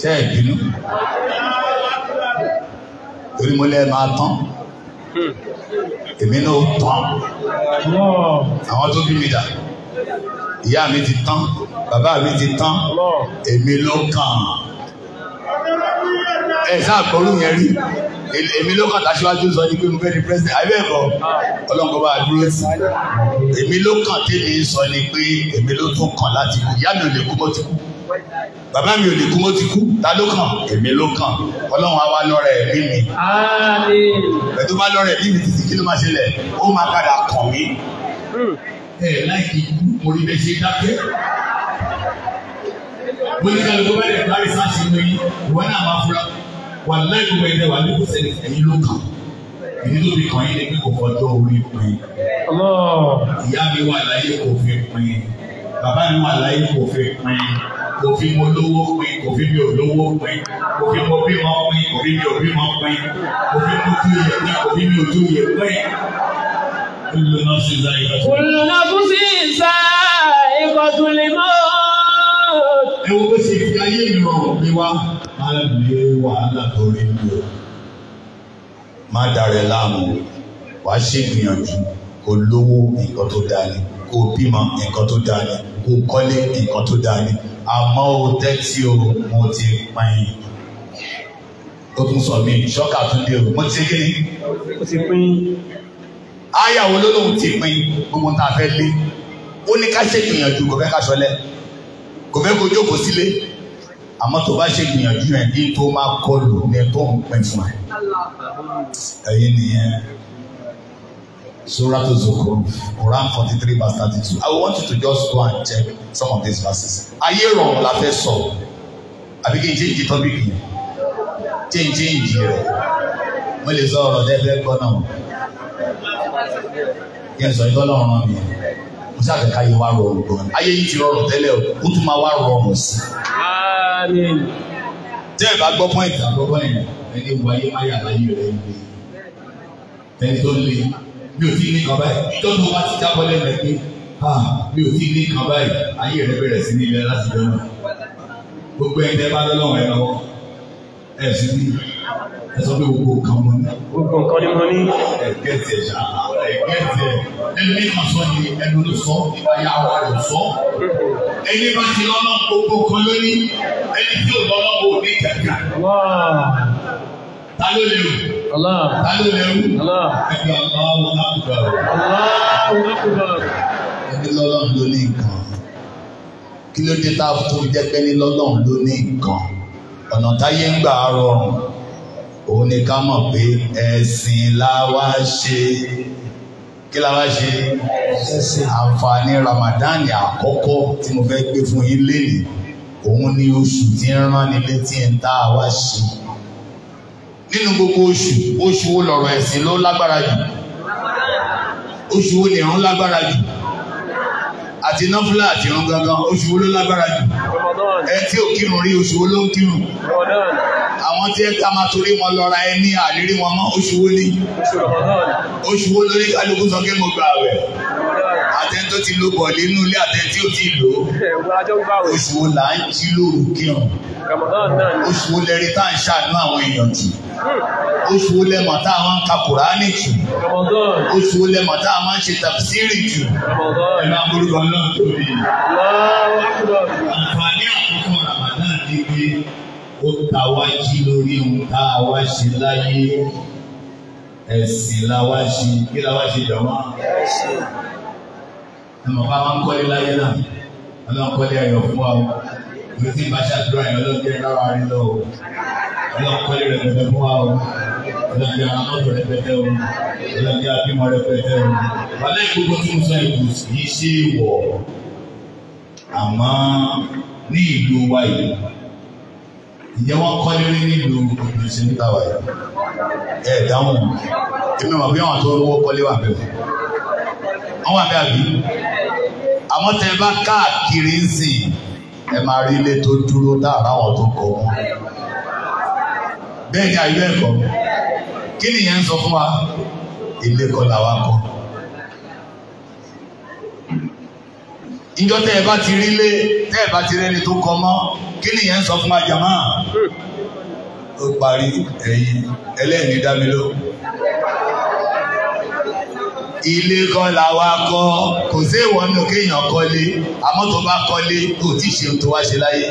ṣe ẹ bínú torí mo lẹ máa tán èmi náà tán àwọn tó bí mi dà ìyá mi ti tán bàbá mi ti tán èmi ló kàn ẹ sáà gbọ́rú yẹn rí èmi ló kàn táṣíwájú sọ ni pé mo fẹ́ di president àbí ẹ̀kọ́ ọlọ́nkọ́ bá dúró sí èmi ló kàn tèmi sọ ni pé èmi ló tún kàn láti kú ìyá mi ò lè kú mọ́ ti kú bàbá mi ò lè kú mọ́ ti kú ta ló kàn èmi ló kàn ọlọ́run á wá lọ́rẹ̀ ẹ̀mí mi ẹ̀ tó bá lọ́rẹ̀ ẹ̀mí mi títí kí ló máa ṣẹlẹ̀ ó máa padà kàn mí ẹ̀ láì kí mo rí bẹ́ẹ̀ ṣe dákẹ́ mo ní kálukú bẹ́ẹ̀ lè wà láì gbogbo ẹ̀dẹ̀ wà ní kò sẹ́ni ẹ̀yìn ló kàn èyí tó fi kàn yín ni pé kò fọjọ́ orí pin ìyá mi wà láyé kò fi pin bàbá mi wà láyé kò fi pin kò fi mo lówó pin kò fi mi ò lówó pin kò fi mo bímọ pin kò fi mi ò bímọ pin kò fi mo tú yẹ pin kò fi mi ò tú yẹ pin. كل نفس ذائقة كل نفس ذائقة الموت rọrùn pé wá má lé wàhálà tó rí mi o má darẹ̀ láàmú o wàá ṣègbìyànjú kò lówó nǹkan tó dáa ni kò bímọ nǹkan tó dáa ni kò kọ́lé nǹkan tó dáa ni àmọ́ o tẹ́tí o mo ti pín o tún sọ mí ṣọ́kà tún dé o mo ti ṣe kéde. o ti pín. ayàwó lólóhùn ti pín gbogbo tá a fẹ́ lé ó ní ká ṣègbìyànjú kò fẹ́ ká ṣọlẹ̀ kò fẹ́ kó jókòó sílé àmọ́ tó bá ṣe gbìyànjú ẹ̀ ní tó máa kọlù ní tó ń pín fún ẹ. ẹ̀yin nìyẹn Surah Zukhruf Quran forty three verse thirty two I want you to just go and check some of these verses. ayé rọrùn la fẹ́ sọ àbí kí n ṣe ń jí tọ́bíkì yẹn tí n ṣe ń jí rẹ̀ mo lè sọ ọ̀rọ̀ lẹ́fẹ̀ẹ́ gbọ́ náà kí n sọ ìtọ́lọ́ ọ̀ràn mi mo sábẹ̀ ká yẹ wá rọrùn gan ayé yìí ti rọrùn tẹ́lẹ̀ o ó tún máa wá rọrùn sí i àmín. tẹ́ ẹ bá gbọ́ pọ́ìntì àkọ́kọ́ yẹn ẹni wáyé máyà láyé rẹ̀ ń gbé ẹni tó lé mi ò tí ì ní kan báyìí tó tó wá ti jábọ́ lẹ́nu ẹ̀ pé mi ò tí ì ní kan báyìí ayé rẹ̀ bẹ̀rẹ̀ sí ní ilẹ̀ láti dánwò gbogbo ẹni tẹ́ bá lọ́wọ́ ẹ lọ́wọ́ ẹ̀ sí ní ẹ sọ pé gbogbo nǹkan mọ́ ní. gbogbo nǹkan ni mo ní. ẹ gẹ́tì ẹ̀ ṣáà ẹgbẹ́ tiẹ̀ ẹni kàṣọ ni ẹnu ló sọ ìbáyà wa sọ. ẹni bá ti lọ́nà gbogbo kan lónìí ẹni tí ò lọ́nà kò ní kẹ̀kẹ́. ta ló léwu. ta ẹgbẹ́ aláwọ̀ lákùúgbà rẹ̀. aláwọ̀ lákùúgbà rẹ̀. ẹni lọ́nà ló nǹkan kí ló dé tá a fún jẹ́ pé ní lọ́nà ló nǹkan ọ̀nà táyé ń gbà rọrùn òun ni ká mọ̀ pé ẹ̀sìn la wá ṣe kí la wá ṣe àǹfààní Ramadan àkọ́kọ́ tí mo fẹ́ gbé fún yín lẹ́yìn òun ni oṣù tí ń rán ni létí ń tá a wá ṣe nínú gbogbo oṣù oṣù wo lọ̀rọ̀ ẹ̀sìn ló lágbára jù oṣù wo nìrún lágbára jù àti nọ́fúlà àti irun gangan oṣù wo ló lágbára jù ẹ tí ò kírun rí oṣù wo ló ń kírun àwọn tí ẹ ká máa torí wọn lọ́ra ẹ ní àrírí wọn mọ́ oṣù wo ni oṣù wo lórí kálukú sọ kí mo gbà wẹ̀ àtẹ́ni tó ti lo bọ̀lì inú ilé àtẹ́ni tí ò ti lò ó oṣù wo là ń jí lóru kírun oṣù wo lẹ́rìí tá à ń ṣàánú àwọn èèyàn jù oṣù wo lẹ́mọ̀ tá a máa ń ka kùránì jù oṣù wo lẹ́mọ̀ tá a máa ń ṣe tàfsírì jù ẹ̀rọ agbórúkọ náà tóbi. àǹfààní àkọ́kọ́ Ramadan ni pé ó ta wá jí lórí ohun tá a wá ṣe láyé ẹ̀sìn la wá ṣe kí la wá ṣe dọ̀mọ́. ẹ mọ̀ bá máa ń kọ́lé láyé náà ọlọ́run kọ́lé ayọ̀ fún wa o. ìrètí ìbáṣà dúró ayọ̀ lọ́jọ́ ìdáwà rí lọ́wọ́ ọlọ́run pẹ́lú rẹ̀ pẹ̀lú fún wa o ọlọ́run yà á mọ́tò rẹ̀ pẹ̀lú o ọlọ́run yà á bímọ rẹ̀ o. wàlẹ́ gbogbo tí mo sọ ìlú yìí ṣe wọ̀ àmọ́ ní ìlú wa yìí ìyẹn wọn kọ́ lórí nílùú ìgbésẹ̀ níta wa yìí ẹ̀ dáhùn èmi mọ̀ bí àwọn tó rówó kọ́lé wà bẹ́ẹ̀ wọ́n wà bẹ́ẹ̀ bí àmọ́ tẹ bá káàkiri ń sìn ẹ máa rí ilé tó dúró dáa láwọn tó kọ́ wọn bẹ́ẹ̀ ni àyè bẹ́ẹ̀ kọ́ kí nìyẹn ń sọ fún wa ilé kọ́ làwa kọ́. ìjọ tẹ́ ẹ bá ti rí lé tẹ́ ẹ bá ti rẹ́ni tó kọ́ mọ́ kí nìyẹn ń sọ fún wa jàmá ó parí ẹ̀yin ẹlẹ́ẹ̀ni dámiló. Ilé kọ́ la wá kọ́, kò sí ìwọ nù kéèyàn kọ́lé, àmọ́ tó bá kọ́lé, kò tí ì ṣe tó wá ṣe láyé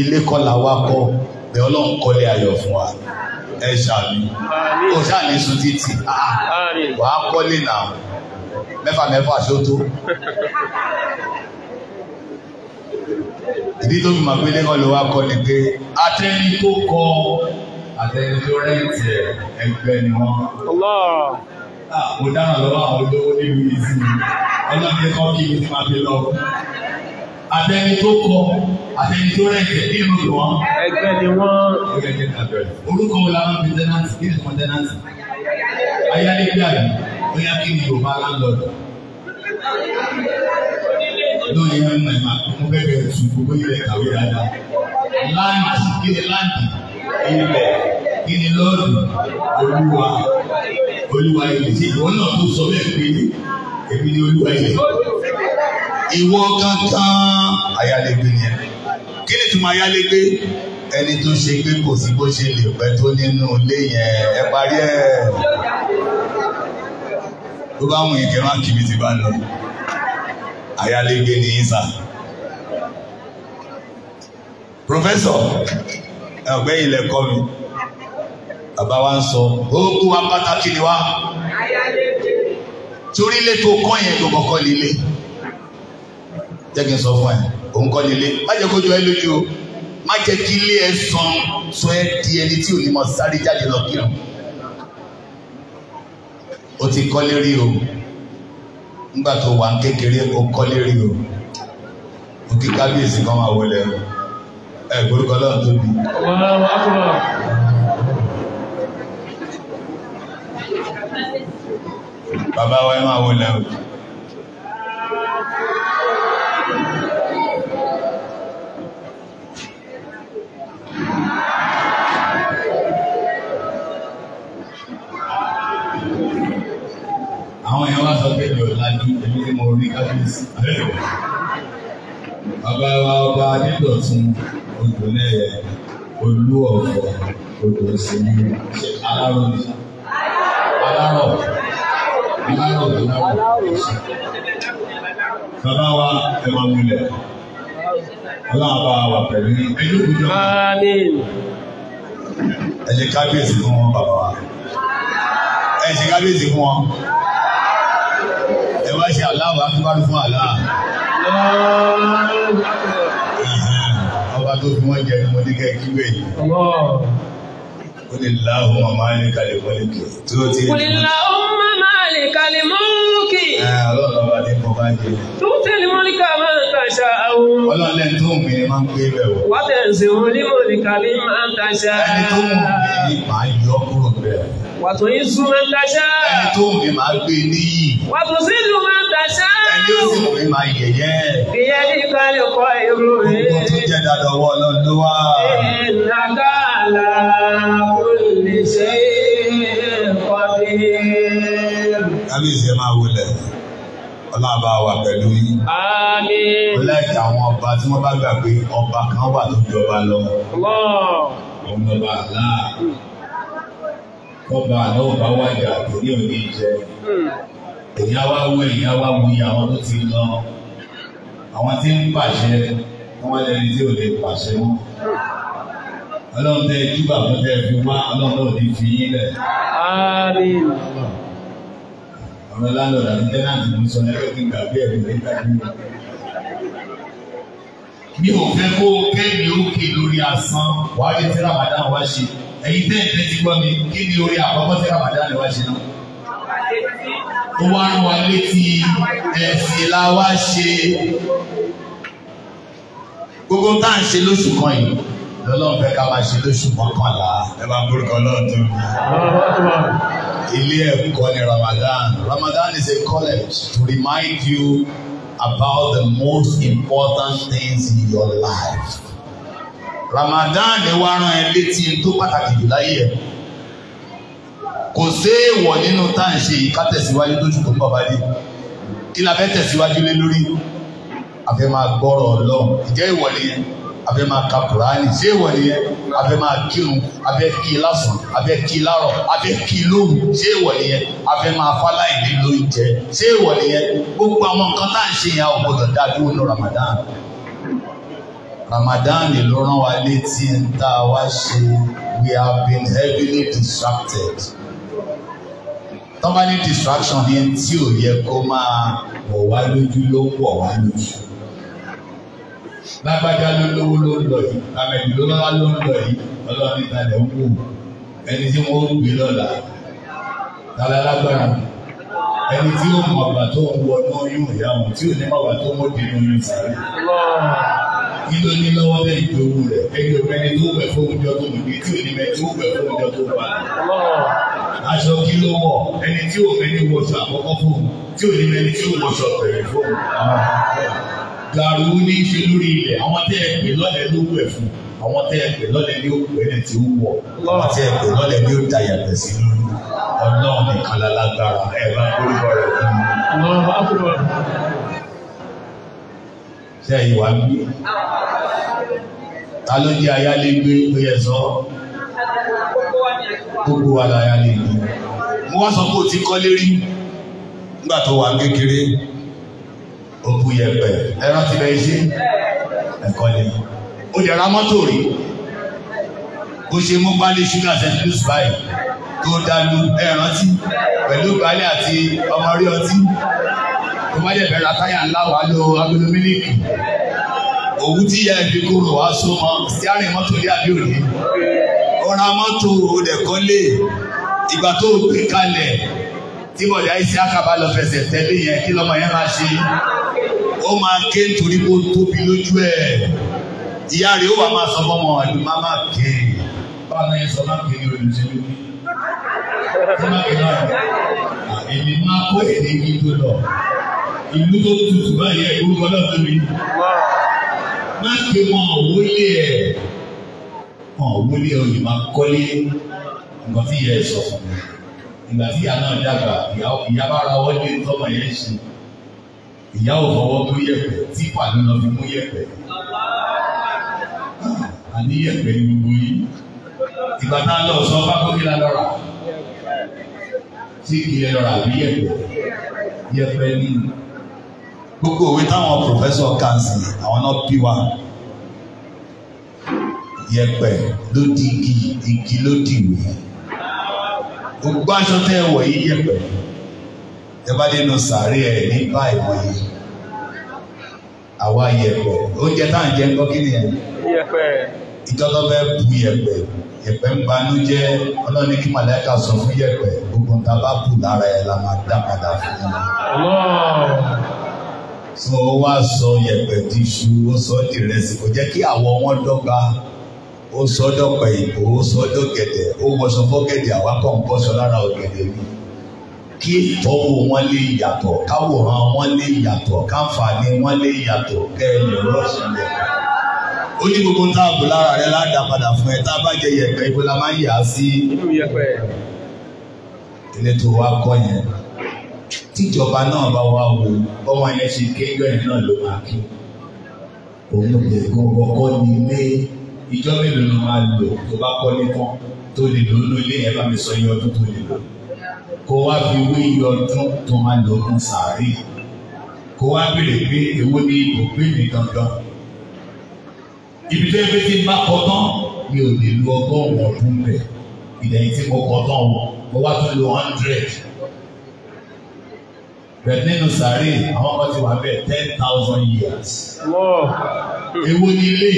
ilé kọ́ la wá kọ́ bẹ́ ọlọ́run kọ́lé ayọ̀ fún wa ẹ ṣàmì ó ṣàmì sun títì ah, wà á kọ́lé nà mẹ́fà mẹ́fà ṣó ìdí tó fi mọ̀ pé ilé kọ́ ló wá ni pé atẹ́ni tó kọ́ atẹ́ni tó rẹ́ǹtì ẹ̀ ẹgbẹ́ ni wọ́n. Ah, mo dáhùn lọ́wọ́ àwọn olówó nínú ìsinmi ọlọ́run kọ́ kí mi máa fi lọ àtẹni tó kọ àtẹni tó rẹ̀jẹ̀ kí ni mo pè wọ́n. ẹgbẹ́ ni wọ́n. orúkọ wo la máa fi tẹ́nàtì kí ni mo tẹ́nàtì. ayálégbé àbí bóyá kí ni yorùbá láńlọ́ọ̀dù. lóye mi mọ̀ ẹ̀ máa mo fẹ́ bẹ̀rẹ̀ gbogbo ilẹ̀ kàwé dáadáa. láǹdì kí ni láǹdì ilẹ̀ kí ni lọ́ọ̀dù olúwa olúwa ilẹ̀ sí ìwọ náà tó sọ bẹ́ẹ̀ pé èmi ni olúwa ilẹ̀ ìwọ kankan ayálégbé ni ẹ kí ni tuma ayálégbé ẹni tó ṣe pé kò sí bó ṣe lè pẹ́ tó nínú ilé yẹn ẹ parí ẹ tó bá wọn ìkẹrọ àkìmí ti bá lọ ayálégbé ni ìsà pòfẹsọ ẹgbẹ ilẹ kọ mi bàbá wa ń sọ oògùn wa pàtàkì ni wa torí ilé tó kọ́ yẹn ló kọ́kọ́ nílé jẹ́ kí n sọ fún ẹ òun kọ́ lélẹ̀ má jẹ́ kó jọ ẹ lójú o má jẹ́ kí ilé ẹ sàn sọ ẹ di ẹni tí ò sáré jáde lọ kírun o ti kọ́ lérí o nígbà tó wà ń kékeré o kọ́ lérí o o kí kábíyèsí kan máa wọlé o ẹ gbórúkọ lọ́run tó bí. bàbá wa ẹ máa wọlé o. àwọn èèyàn wá sọ pé mi ò lajú èmi tí mo rí kábíyèsí. bàbá wa ọba adédọ̀tun odò náà yẹ olú ọ̀fọ̀ odò ìsinmi ṣe alárò ni alárò alárò alárò bàbá wa ẹ máa múlẹ̀ ọlọ́run bá wà pẹ̀lú ẹjọ́ ìjọ ẹ ṣe kábíyèsí fún wọn bàbá wa ẹ ṣe kábíyèsí fún wọn bá ṣe aláwọ̀ akíwájú fún àlá. ọba tó fi wọ́n jẹ mo ní kẹ́ kí wẹ̀ yìí. ó ní láhùn màmá ní kalẹ̀ wọlé kì tí ó ti rí. kùlì láhùn màmá lè kalẹ̀ mọ́ọ̀kì. ọlọ́run ọba ti kọ́ bá jẹ. tó tẹ̀lé mọ́líkà máa ń tàṣà àwọn. ọlọ́lẹ̀ tó ń gbé máa ń gbé bẹ̀ wọ̀. wọ́n tẹ̀ ń sèwọ́n ní mọ́líkà ní máa ń tàṣà. ẹni tó ń gbé ní màá yọ Wàtò yín sún máa ń daṣá. Ẹni tó mi máa gbé níyì. Wàtò sí ìlú máa ń daṣá. Ẹni ó sì mi máa yẹ̀yẹ́. Ìyẹn ní ìbálẹ̀ kọ́ èrò rẹ̀. Gbogbo tó jẹ́ dandan wọ lọ́dún wá. Ìnàdá àlà kò lè ṣe kọ́bí. Kábíyèsí ẹ máa wọlé. Ọlọ́ba wa pẹ̀lú yín. Àmín. Ọlẹ́ẹ̀kì àwọn ọba tí wọ́n bá gbà pé ọba kan wà tó jọba lọ. Ọlọ́ọ̀. Òun lọ́ba àlá kọba àná ọba wájà tòní òní jẹ hmm. èyí á wá èyí á wá iye àwọn tó ti lọ àwọn tí ń pàṣẹ wọn lẹni tí ò lè pàṣẹ wọn ọlọ́run tẹ júbà fún tẹ fi wá fi yín lẹ̀. ọ̀rọ̀ lálọ́ọ̀dà ní tẹ́láǹtì ń sọ ẹgbẹ́ kí n gbà bí ẹ̀rù lè dájú rẹ̀. mi ò fẹ́ kó kẹ́mi ó kè lórí asán wàá lè tẹ́lá màdá wa ṣe ẹ̀yin tẹ́ ẹ̀tẹ́ ti gbọ́ mi kí ni orí àkọ́kọ́ tí Ramadan ni wá ṣe náà. ó wá ń wa létí ẹ̀sìn la wá ṣe gbogbo tá à ń ṣe lóṣù kan yìí lọ́lọ́run fẹ́ ká máa ṣe lóṣù mọ́kànlá ẹ bá ń gbórúkọ lọ́ọ̀tún. ilé ẹ̀kọ́ ni Ramadan Ramadan is a college to remind you about the most important things in your life. Ramadan wa rán ẹ létí tó pàtàkì jù láyé ẹ kò séèwọ̀ nínú tá à ń ṣe yìí ká tẹ̀síwájú lójú tó ń bọ̀ báyìí kí la fẹ́ tẹ̀síwájú lé lórí a fẹ́ máa gbọ́rọ̀ Ọlọ́run ìjẹ́ ìwọ̀ nìyẹn a fẹ́ máa ka Kùránì ṣé ìwọ̀ nìyẹn a fẹ́ máa kírun a fẹ́ kí i lásán a fẹ́ kí i lárọ̀ a fẹ́ kí i lóru ṣé ìwọ̀ nìyẹn a fẹ́ máa fáláì nílò ìjẹ ṣé ìwọ̀ nìyẹn gbogbo àwọn nǹkan tá à ń ṣe yẹn àwọn gbọdọ̀ dájú ní Ramadan Ramadan ló rán wa létí ń tá a wá ṣe we have been heavily distracted tọ́ba ní distraction ní tí ò yẹ kó máa wọ̀ wá lójú ló ń wọ̀ wá lójú lágbájá ló lówó ló ń lọ yìí àmẹ̀lì ló lọ́wọ́ ló ń lọ yìí ọlọ́run níta lẹ̀ ń wò ẹni tí wọ́n gbé lọ́la tala lágbára ẹni tí ó mọ̀ àgbà tó ń wọ náà yóò yá wọn tí ò ní mọ̀ àgbà tó ń wọ́n dínú yóò sáré kí ló ní lọ́wọ́ bẹ́ẹ̀ ìdòwú rẹ̀ ẹgbẹ́ òmẹ́ni tó wẹ̀ fún oúnjẹ tó mú ní tí ò ní mẹ́ tó wẹ̀ fún oúnjẹ tó wà. aṣọ kí ló wọ̀ ẹni tí òmẹ́ni wọṣọ àkọ́kọ́ fún tí ò ní mẹ́ni tí ò wọṣọ bẹ̀rẹ̀ fún. gàrú ní í ṣe lórí ilẹ̀ àwọn tẹ́ ẹ pè lọ́lẹ̀ ló wẹ̀ fún àwọn tẹ́ ẹ pè lọ́lẹ̀ ní òkú ẹni tí ó wọ̀ àwọn tẹ́ ẹ pè lọ́lẹ̀ ní ó da yàtọ̀ sí lórí ọlọ́run nìkan lálágbára ẹ̀ bá gbórúkọ rẹ̀ fún mi ṣe ìwà ń bí. Ta ló jẹ́ ayálégbé pé ẹ sọ? Gbogbo wa la ayálégbé. Mo wá sọ pé o ti kọ́lé rí nígbà tó wà kékeré. Òkú yẹpẹ̀, ẹ rántí bẹ́ẹ̀ ṣe? Ẹ kọ́lé. O yẹ ra mọ́tò rí. Bó ṣe mú pálí ṣúgà sẹ́ńtúùs báyìí tó dánú ẹ pẹ̀lú ìgbálẹ̀ àti ọmọ rí ọtí mọ́lẹ̀ bẹ̀rẹ̀ atáyà ńlá wà ló agolo mílíkì. Òwú tí ìyá ẹ̀dí kúrò wá so mọ́ síárìn mọ́tò ní àbíòní. Ó ra mọ́tò olẹ̀kọ́lé ìgbà tó gbé kalẹ̀ tí bọ̀dé àìsí àkàbà lọ fẹsẹ̀ tẹ́lẹ̀ yẹn kí lọ́mọ yẹn máa ṣe. Ó máa ké nítorí kó tóbi lójú ẹ̀. Ìyá rẹ̀ ó wà máa sọ fọ́mọ ẹ̀dùn má má ké. Báwo ni ẹ sọ má ké ní olùsèlú? Sọ má ké náà èmi máa kó èdè yìí tó lọ ìlú tó tutù báyìí ẹ̀ orúkọ náà tóbi. má pe wọn òwúlé ẹ̀ wọn òwúlé oyè máa kọ́lé nǹkan tí ìyá ẹ̀ sọ fún mi. ìgbà tí ìyá náà dàgbà ìyá bá ra wọlé tọ́mọ yẹn ṣe ìyá ò fọwọ́ tó yẹ̀pẹ̀ tí pàdé lọ fi mú yẹ̀pẹ̀. àní yẹ̀pẹ̀ ni gbogbo yìí ìgbà náà lọ sọ fákókìlá lọ́ra tí kìí lọ́ra àbí yẹ̀pẹ̀ yẹ̀pẹ̀ nínú gbogbo òwe táwọn pòfẹ́sọ̀ kansi àwọn náà bí wa yẹ̀pẹ̀ ló di igi igi ló di ìwé gbogbo aṣọ tẹ́ ẹ wọ̀ yìí yẹ̀pẹ̀ ẹ bá dénú sàárè ẹ ní báyìí àwa yẹ̀pẹ̀ oúnjẹ táwọn jẹ ń kí ni ẹ. yẹ̀pẹ̀. ìjọba bẹ bu yẹ̀pẹ̀ yẹ̀pẹ̀ ń banú jẹ Ọlọ́run ní kí màláíkà sọ fún yẹ̀pẹ̀ gbogbo nǹkan bá bù lára ẹ la máa dá padà fún ẹ so ó wá sọ yẹ̀pẹ̀ di iṣu ó sọ di ìrẹsì kò jẹ́ kí àwọ̀ wọn dọ́gba ó sọ dọ́pẹ̀ ìbò ó sọ dọ́gẹ̀dẹ̀ ó wọṣọ fọ́gẹ̀dẹ̀ àwa kàn bọ́ṣọ lára ọ̀gẹ̀dẹ̀ mi kí ìtọ́wò wọn lè yàtọ̀ káwòrán wọn lè yàtọ̀ káǹfààní wọn lè yàtọ̀ kẹ́ẹ̀lì rọ́ọ̀ṣìlẹ̀ ó ní gbogbo tá a bù lára rẹ ládàá padà fún ẹ tá a bá jẹ yẹ̀pẹ̀ ibo la máa ń yà á sí inú yẹ̀pẹ̀ ilé tó wá kọ́ yẹn tíjọba náà bá wá wò ọmọ yẹn ṣe kéjọ yẹn náà ló máa kí òun lè gbọ́ngàn kọ́ ni lé ìjọ mélòó ló máa lò tó bá kọ́ nìkan tó lè lò ó lé ẹ bá mi sọ iye ọdún tó lè lò kó wá fi wé iye ọdún tó máa lò ó sàárè kó wá béèrè pé èwo ni ibùgbé mi dandan ibi tó ti bá kọ́ tán mi ò lè lo ọgọ́rùn-ún ọdún bẹ̀ ìdẹ̀yìn tí mo kọ́ tán wọ̀ wá tún lo hundred bẹ̀rẹ̀ nínú sàárè àwọn kan ti wà bẹ́ẹ̀ ten thousand years. ewu ni ilé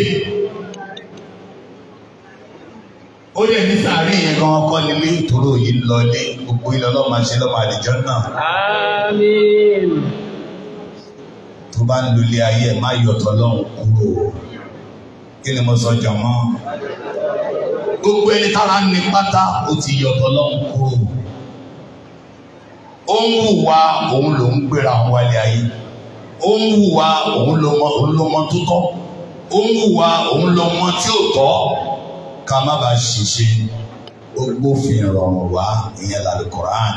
ó lè ní sàárè yẹn kan ọkọ nílé ìtòrò yìí lọlé gbogbo ilé ọlọ́run máa ṣe lọ́mọ àdìjọ́ náà. àmín. tó bá ń lulẹ̀ ayé ẹ̀ má yọ̀tọ̀ lọ́hùn kúrò kí ni mo sọ jọ̀mọ́ gbogbo ẹni tára ní pátá ó ti yọ̀tọ̀ lọ́hùn kúrò ó ń wùwà òun ló ń gbéra òun wálé ayé ó ń wùwà òun ló mọ tó tọ́ ó ń wùwà òun ló mọ tí ò tọ́ ká má bàa ṣìṣe gbogbo fi rọrùn wá ìyẹn l'Al-Qur'an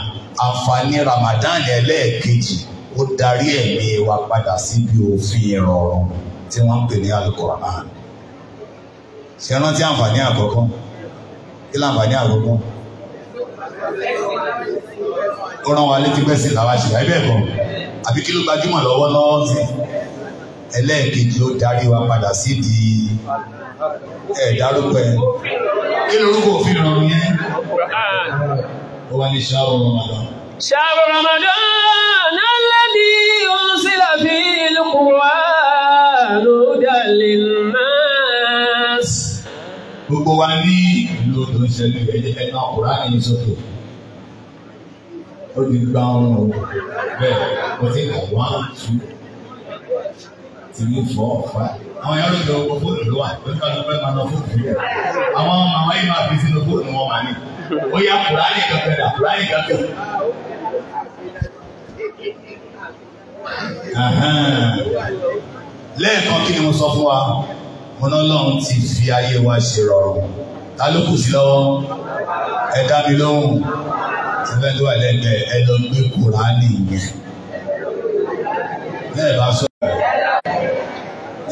àǹfààní Ramadan ẹlẹ́ẹ̀kejì ó darí ẹ̀mí wa padà síbi òfin ìrọ̀rùn tí wọ́n ń pè ní Al-Qur'an ṣe rántí àǹfààní àkọ́kọ́ kí láǹfààní àkọ́kọ́ ó rán wa létí pẹ́sìn làwa ṣe wáyé bẹ́ẹ̀ kọ́ àbí kí ló gbajúmọ̀ lọ́wọ́ lọ́wọ́ sí ẹlẹ́ẹ̀kejì ó darí wa padà sí di ẹ̀ẹ́dárúkọ ẹ̀ kí lorúkọ òfin rọrùn yẹn ó wá ní ṣáà rọrùn àlọ́. شهر رمضان الذي أنزل فيه القرآن هدى للناس. gbogbo wa ní ìlú tó ń ṣẹlẹ̀ ẹ̀jẹ̀ ẹ̀ka ọ̀rá ẹ̀yìn sọ̀tò ó ti gba ọrùn o bẹ́ẹ̀ o ti kà wá tú tìrí fọ́ fà. àwọn èèyàn ló lọ fóònù ló wà ló ká ló fẹ́ máa lọ fóònù yẹn àwọn màmá yìí máa fi sínú fóònù wọn màá ní ó yá kùránì kankan dà kùránì kankan. lẹ́ẹ̀kan kí ni mo sọ fún wa wọn lọ́lọ́run ti fi ayé wa ṣèrọ̀rùn ta ló kù sí lọ́wọ́ ẹ dá mi lóhùn ẹgbẹ́ tó wà lẹ́gbẹ̀ẹ́ ẹ lọ gbé kúránì yẹn bẹ́ẹ̀ bá sọ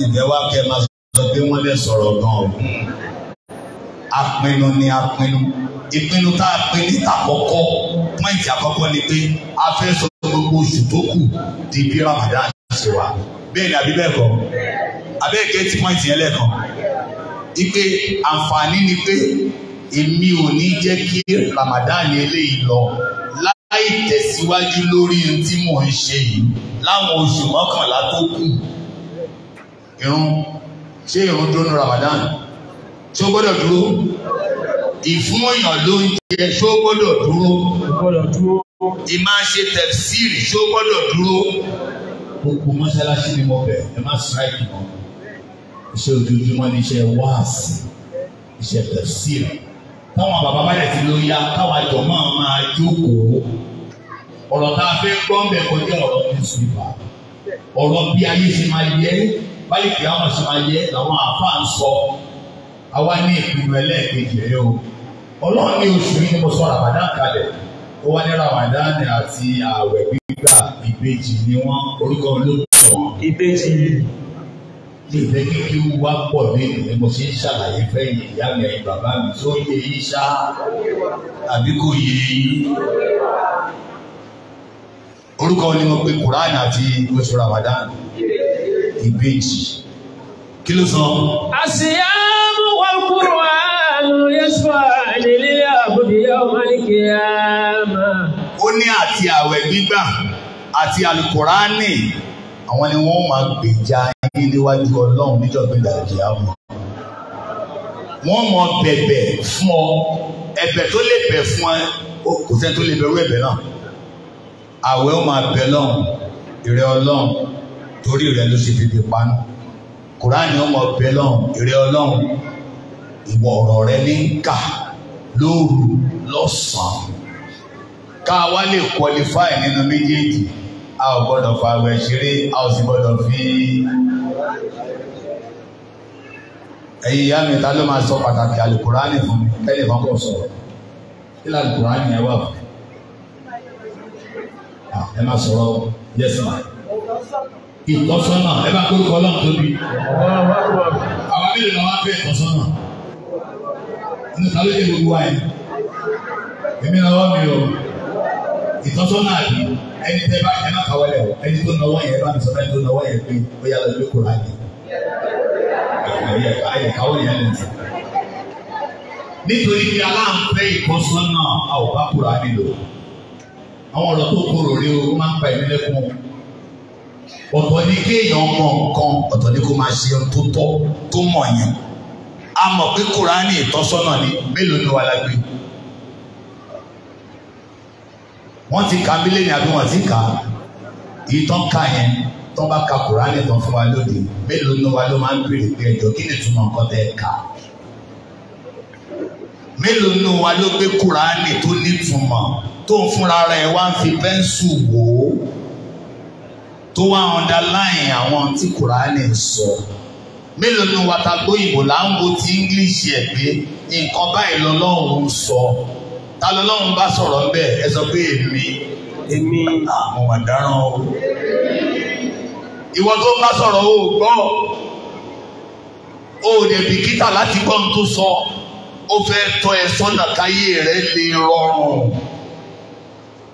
ìgbẹ́wà kẹ́ máa sọ pé wọ́n lè sọ̀rọ̀ gan-an apinnu ni apinnu ìpinnu tá a pin níta àkọ́kọ́ pọ́ìntì àkọ́kọ́ ni pé a fẹ́ sọ gbogbo oṣù tó kù di bí Ramadan ṣe wà bẹ́ẹ̀ ni àbí bẹ́ẹ̀ kọ́ abẹ́ẹ̀kẹ́ tí pọ́ìntì yẹn lẹ́ẹ̀kan ipe àǹfààní ni pé èmi ò ní jẹ́ kí Ramadan eléyìí lọ láì tẹ̀síwájú lórí ohun tí mò ń ṣe yìí láwọn oṣù mọ́kànlá tó kù irun ṣé irun dúró ní Ramadan ṣé ó gbọ́dọ̀ dúró ìfún èèyàn ló ń jẹ ṣé ó gbọ́dọ̀ dúró ìmá ṣe tẹ̀síìrì ṣé ó gbọ́dọ̀ dúró gbogbo mọ́ṣáláṣí ni mo bẹ̀ ẹ má ṣáìkì mọ́ iṣẹ́ ojoojúmọ́ ni iṣẹ́ wáàsì iṣẹ́ tẹ̀síìrì táwọn bàbá bá yẹ̀ sí ló yá káwọn àjọ máa máa jókòó ọ̀rọ̀ tá a fẹ́ gbọ́ bẹ̀ kọjá ọ̀rọ̀ ní sùnìfà ọ̀rọ̀ bí ayé ṣe máa yẹ báyìí kí àwọn ṣe máa yẹ làwọn àáfàá ń sọ àwa ní ìpinnu ẹlẹ́ẹ̀kejì ẹ̀ o ọlọ́run ní oṣù yìí ni mo sọ ramadan kalẹ̀ ó wá ní ramadan àti ààwẹ̀ gbígbà ìbejì ni wọ́n orúkọ olóògbé wọn. ìbejì ní ìfẹ́ kíkí wá pọ̀ nínú ni mo ṣe ń ṣàlàyé fẹ́yìn ìyá mi ẹ̀yìn bàbá mi tó yẹ yín ṣá àbí kò yé yín. orúkọ ni mo pe Quran àti oṣù Ramadan ìbejì kí ló sọ. àṣìyàmù wà kúrò àánú yẹsùn àlèlè àbòdìyà ọmọnìkìyàmà. ó ní àti àwẹ̀ gbígbà àti alukurani àwọn ni wọ́n máa gbèjà gbé déwájú ọlọ́run níjọ́ gbẹ̀dà ìkìyàmù. wọ́n mọ bẹ̀bẹ̀ fún ọ ẹ̀bẹ̀ tó lè bẹ̀ fún ọ kò sẹ́ni tó lè bẹ̀rù ẹ̀bẹ̀ náà. àwẹ̀ ó máa bẹ̀ lọ́hùn ìrẹ́ ọlọ́run torí rẹ̀ ló ṣe fìdí panu. kùránì ó mọ bẹ̀ lọ́hùn ìrẹ́ ọlọ́run ìwọ ọ̀rọ̀ rẹ ní kà lóru lọ́sàn-án ká wá lè qualify nínú méjèèjì a ò gbọ́dọ̀ fa àwẹ̀ ṣeré a ò sì gbọ́dọ̀ fi ẹ̀yin ìyá mi ta ló máa sọ pàtàkì alukurani fún mi tẹ́lẹ̀ kan kò sọ̀rọ̀ kí ló alukurani yẹn wà fún ẹ máa sọ̀rọ̀ yẹ́sì máa ìtọ́sọ́nà ẹ bá kórìkọ ọlọ́run tóbi àwọn mélòó ni wọ́n á fẹ́ ìtọ́sọ́nà ẹni ta ló yẹ gbogbo wa yẹn èmi náà wọ́n mi o ìtọ́sọ́nà àbí ẹni tẹ́ bá ẹ má kàwé lẹ̀ ẹni tó náwó yẹn bá mi sọ ẹni tó náwó yẹn pé ó yà lọ lóko láàyè ayẹ kàwé yẹn lè sọ. nítorí pé aláǹfẹ́ ìtọ́sọ́nà a ò bá kúrò àdìlò àwọn ọ̀rọ̀ tó kúrò rí o máa ń pa ẹ̀mí lẹ́kùn ọ̀tọ̀ ní kéèyàn mọ nǹkan ọ̀tọ̀ ní kó máa ṣe ohun tó tọ́ tó mọ̀ a mọ̀ pé Kùránì ìtọ́sọ́nà ni mélòó ni wọ́n ti ka mílíọ̀nù àbí wọ́n ti ka ìtàn ká yẹn tó bá ka kùránì tán fún wa lóde mélòó ni wa ló máa ń béèrè pé ẹjọ́ kí ni túmọ̀ nǹkan tẹ́ ẹ mélòó ni wa ló gbé kùránì tó nítumọ̀ tó ń fúnra rẹ̀ wá ń fi pẹ́ńsù wò ó tó wá underline àwọn tí kùránì ń sọ mélòó ni wa ta gbóyìnbó là ń wo ti English ẹ̀ pé nǹkan báyìí lọ́lọ́run sọ. So ta lọ́lọ́run bá sọ̀rọ̀ ń bẹ̀ ẹ sọ pé èmi èmi ah, àwọn ọ̀daràn o ìwọ tó bá sọ̀rọ̀ o gbọ́ o lè bìkítà láti gbọ́n tó sọ ó fẹ́ tọ́ ẹ sọ́nà káyé rẹ lè rọrùn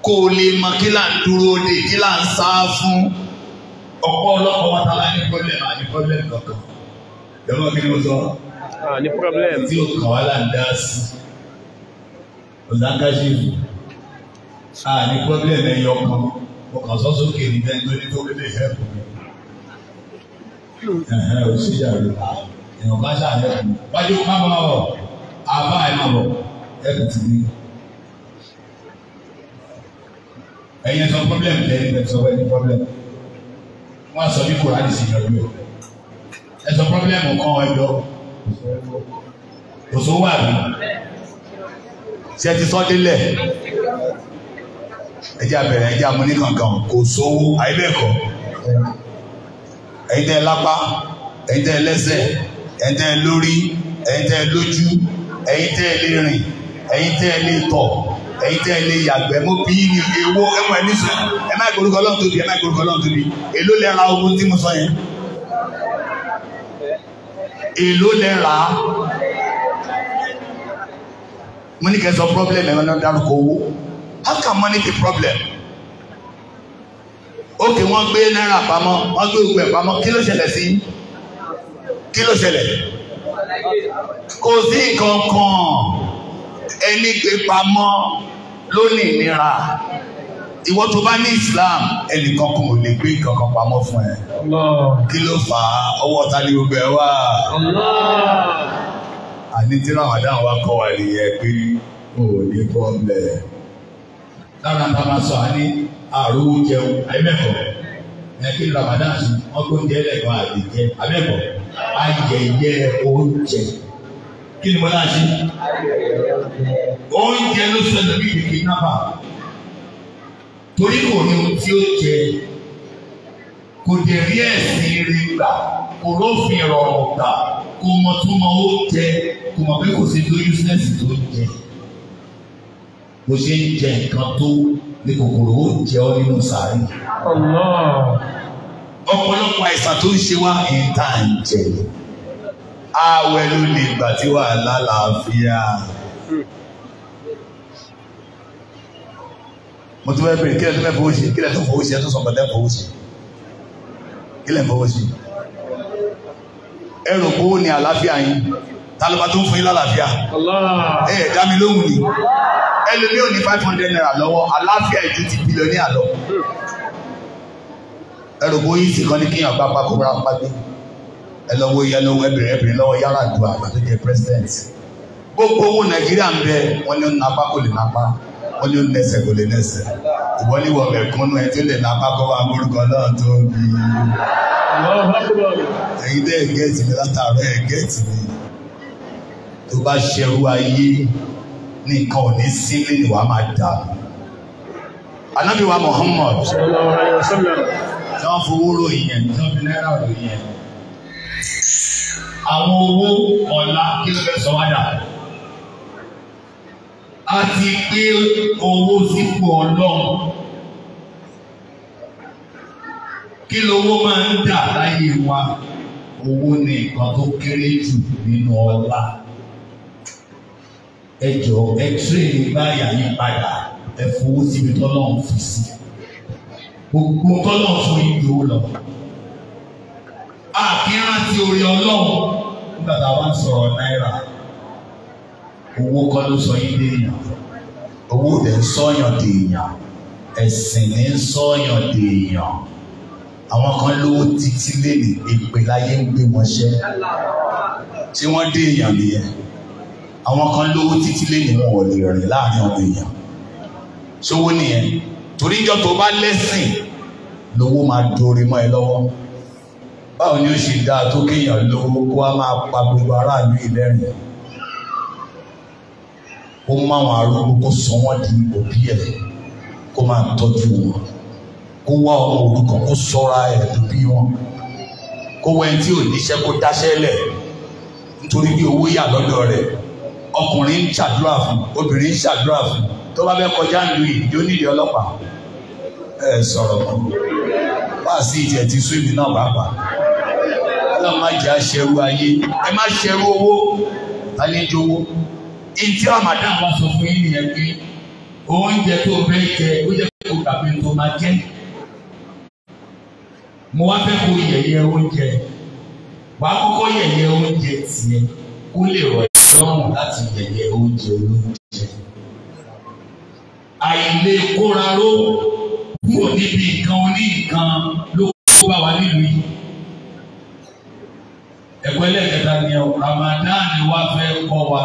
kó o lè mọ kí là ń dúró de kí là ń sá fún ọ̀pọ̀ ọlọ́pàá wa tala ní pọ́blẹ̀m àní pọ́blẹ̀m kankan yọ̀bọ̀ kí ni sọ. àní pọ́blẹ̀m. tí o kàn wá là ń dá sí i ọ̀dàkàṣìfù a ní pọ́blẹ̀mù ẹ̀yọ kan mo kàn sọ sókè ní bẹ́ẹ̀ tó ní tó lè hẹ́pù mi ẹ̀hẹ́ ò sí yàrá èèyàn bá ṣàlẹ́kùn wájú má bọ̀ àbá ẹ̀ má bọ̀ ẹ̀kù tì mí. ẹ̀yin sọ pọ́blẹ̀mù lẹ́yìn ẹ̀ sọ wẹ́ẹ̀ ní pọ́blẹ̀mù wọ́n á sọ bí kúrò á ti sì yọjú o ẹ̀ sọ pọ́blẹ̀mù kan ẹ̀jọ́ kò sówó àbí ṣe ti sọ délẹ̀ ẹjẹ abẹrẹ ẹjẹ amúní kankan kò sówó àyẹbẹkọ ẹ̀yin tẹ́ lápá ẹ̀yin tẹ́ lẹ́sẹ̀ ẹ̀yin tẹ́ lórí ẹ̀yin tẹ́ lójú ẹ̀yin tẹ́ lè rìn ẹ̀yin tẹ́ lè tọ̀ ẹ̀yin tẹ́ lè yàgbẹ́ mo bí ní ewo ẹwọn ẹni sọ ẹ má ìgbórúkọ Ọlọ́run tóbi ẹ má ìgbórúkọ Ọlọ́run tóbi èló lẹ ra ogun tí mo sọ yẹn èló lẹ ra Money ní kẹ́ problem ẹ̀ lọ́nà dárúkọ owó how can money be problem? ókè wọ́n gbé náírà pamọ́ wọ́n gbé ògùn ẹ̀ pamọ́ kí ló ṣẹlẹ̀ sí kí ló ṣẹlẹ̀ kò sí nǹkan kan ẹni gbé pamọ́ ló ní ìwọ tó bá ní Islam ẹnìkan kan ò lè gbé nǹkan kan pamọ́ fún ẹ kí ló fà á ọwọ́ ta ni gbogbo ẹ wà àní tí ramadan wa kọ́ wa nìyẹn pé o ò ní bọ́ mbẹ́. lára ta ma sọ àní àrùn jẹun àìmẹ́kọ̀ ẹ kí ramadan sùn ọkọ̀ ń jẹ́ ẹlẹ́kọ̀ àdìjẹ àmẹ́kọ̀ ayẹyẹ oúnjẹ kí ni mo náà ṣe oúnjẹ ló sọ ẹ̀dọ̀ bíi kìnnàbà torí kò ní ohun tí ó jẹ kò dẹ̀ rí ẹ̀sìn rí gbà kò rófin rọrùn gbà kó mọ tó mọ ó jẹ kó mọ pé kò sí tó useless tó jẹ bó ṣe ń jẹ nǹkan tó ní kòkòrò ó jẹ ọ nínú sàárì. ọ̀pọ̀lọpọ̀ àìsàn tó ń ṣe wá ìta ń jẹ ààwẹ̀ ló lè gbà tí wà lálàáfíà. mo tún bẹ́ẹ̀ bẹ̀rẹ̀ kílẹ̀ tó fẹ́ fowó ṣe kílẹ̀ tó fowó ṣe tó sọ̀kọ̀ tẹ́ fowó ṣe kílẹ̀ fowó ṣe ẹrù kówó ní àlàáfíà yín tálọ́bà tó ń fún yín lálàáfíà ẹ ẹ̀ dá mi lóhùn ni ẹlòmí ò ní five hundred naira lọ́wọ́ àlàáfíà ìjú ti bílíọ̀nìyà lọ ẹrù kówó yín sì kan ní kíyàn bá pákó ra pàgbé ẹ lọ́wọ́ ẹbìrin ẹbìrin lọ́wọ́ yàrá àdúrà àgbà jẹ president gbogbo owó Nàìjíríà ń bẹ wọn ni ó kò lè napá ó lé nẹsẹ̀ kò lè nẹsẹ̀ ìwọ́líwọ̀ mẹ̀kúnnú ẹ tí ó lè ná pápá wa orúkọ náà tó ń bí ẹ̀yin dẹ́ ẹ̀gẹ́tì mi látàárọ̀ ẹ̀gẹ́tì mi tó bá ṣerú ayé nìkan ò ní sílé ni wàá máa dà Ànábì wa Muhammad tí wọ́n fowó ròyìn yẹn tí wọ́n fi náírà ròyìn yẹn àwọn owó ọ̀la kí ló fẹ́ sọ wá dà a ti gbé owó sípò ọlọ́run kí lowó máa ń dà láyé wa owó ni nǹkan tó kéré jù nínú ọlá ẹ jọ ẹ tírèlì báyà yín padà ẹ fowó síbi tọ́lọ́run fi sí gbogbo tọ́lọ́run fún yín lọ àkírántí orí ọlọ́run nígbà tá a wá ń sọ̀rọ̀ náírà owó kọ́ ló sọ yín déèyàn owó dẹ̀ ń sọ́yàn déèyàn ẹ̀sìn ní ń sọ́yàn déèyàn àwọn kan lówó títí léèrè èpè láyé ń gbé wọn ṣẹ́ tí wọ́n déèyàn nìyẹn àwọn kan lówó títí léèrè wọn ò lè láàrin ọmọ èèyàn ṣówó nìyẹn torí ìjọ tó bá lẹ́sìn lówó máa dorí mọ́ ẹ lọ́wọ́ báwo ni ó ṣe dáa tó kéèyàn lówó kó a máa pa gbogbo aráàlú ìlẹ́rìn kó má wọn arúgbó kó sọ wọn di òbí ẹ̀ kó máa tọ́jú wọn kó wá ọmọ òrukàn kó sọ́ra ẹ̀ lóbi wọn kó wá ẹni tí ò níṣẹ́ kó dáṣẹ́ lẹ̀ nítorí pé owó yà lọ́dọ̀ rẹ̀ ọkùnrin ń ṣàdúrà fún obìnrin ń ṣàdúrà fún tó bá fẹ́ kọjá nílùú yìí yóò nídìí ọlọ́pàá ẹ sọ̀rọ̀ mọ́ wá sí ìjẹ́ ti sún èmi náà pàápàá ọlọ́run má jẹ́ àṣẹrú ayé ẹ má ṣẹrú owó ta ní í jowó. Ntí Ramadan wa sọ fún yín nìyẹn pé oúnjẹ tó fẹ́ jẹ ó yẹ kó kàbí tó máa jẹ. Mo wá fẹ́ kó yẹ̀yẹ́ oúnjẹ. Wà á kọ́kọ́ yẹ̀yẹ́ oúnjẹ tiẹ̀ kó lè rọ̀ lọ́rùn láti yẹ̀yẹ́ oúnjẹ olóúnjẹ. Àìlè kóra ró kúrò níbi nǹkan oní nǹkan ló kó bá wa nílùú yìí ẹ̀kọ́ ẹlẹ́kẹta ni Ramadan wa fẹ́ kọ́ wa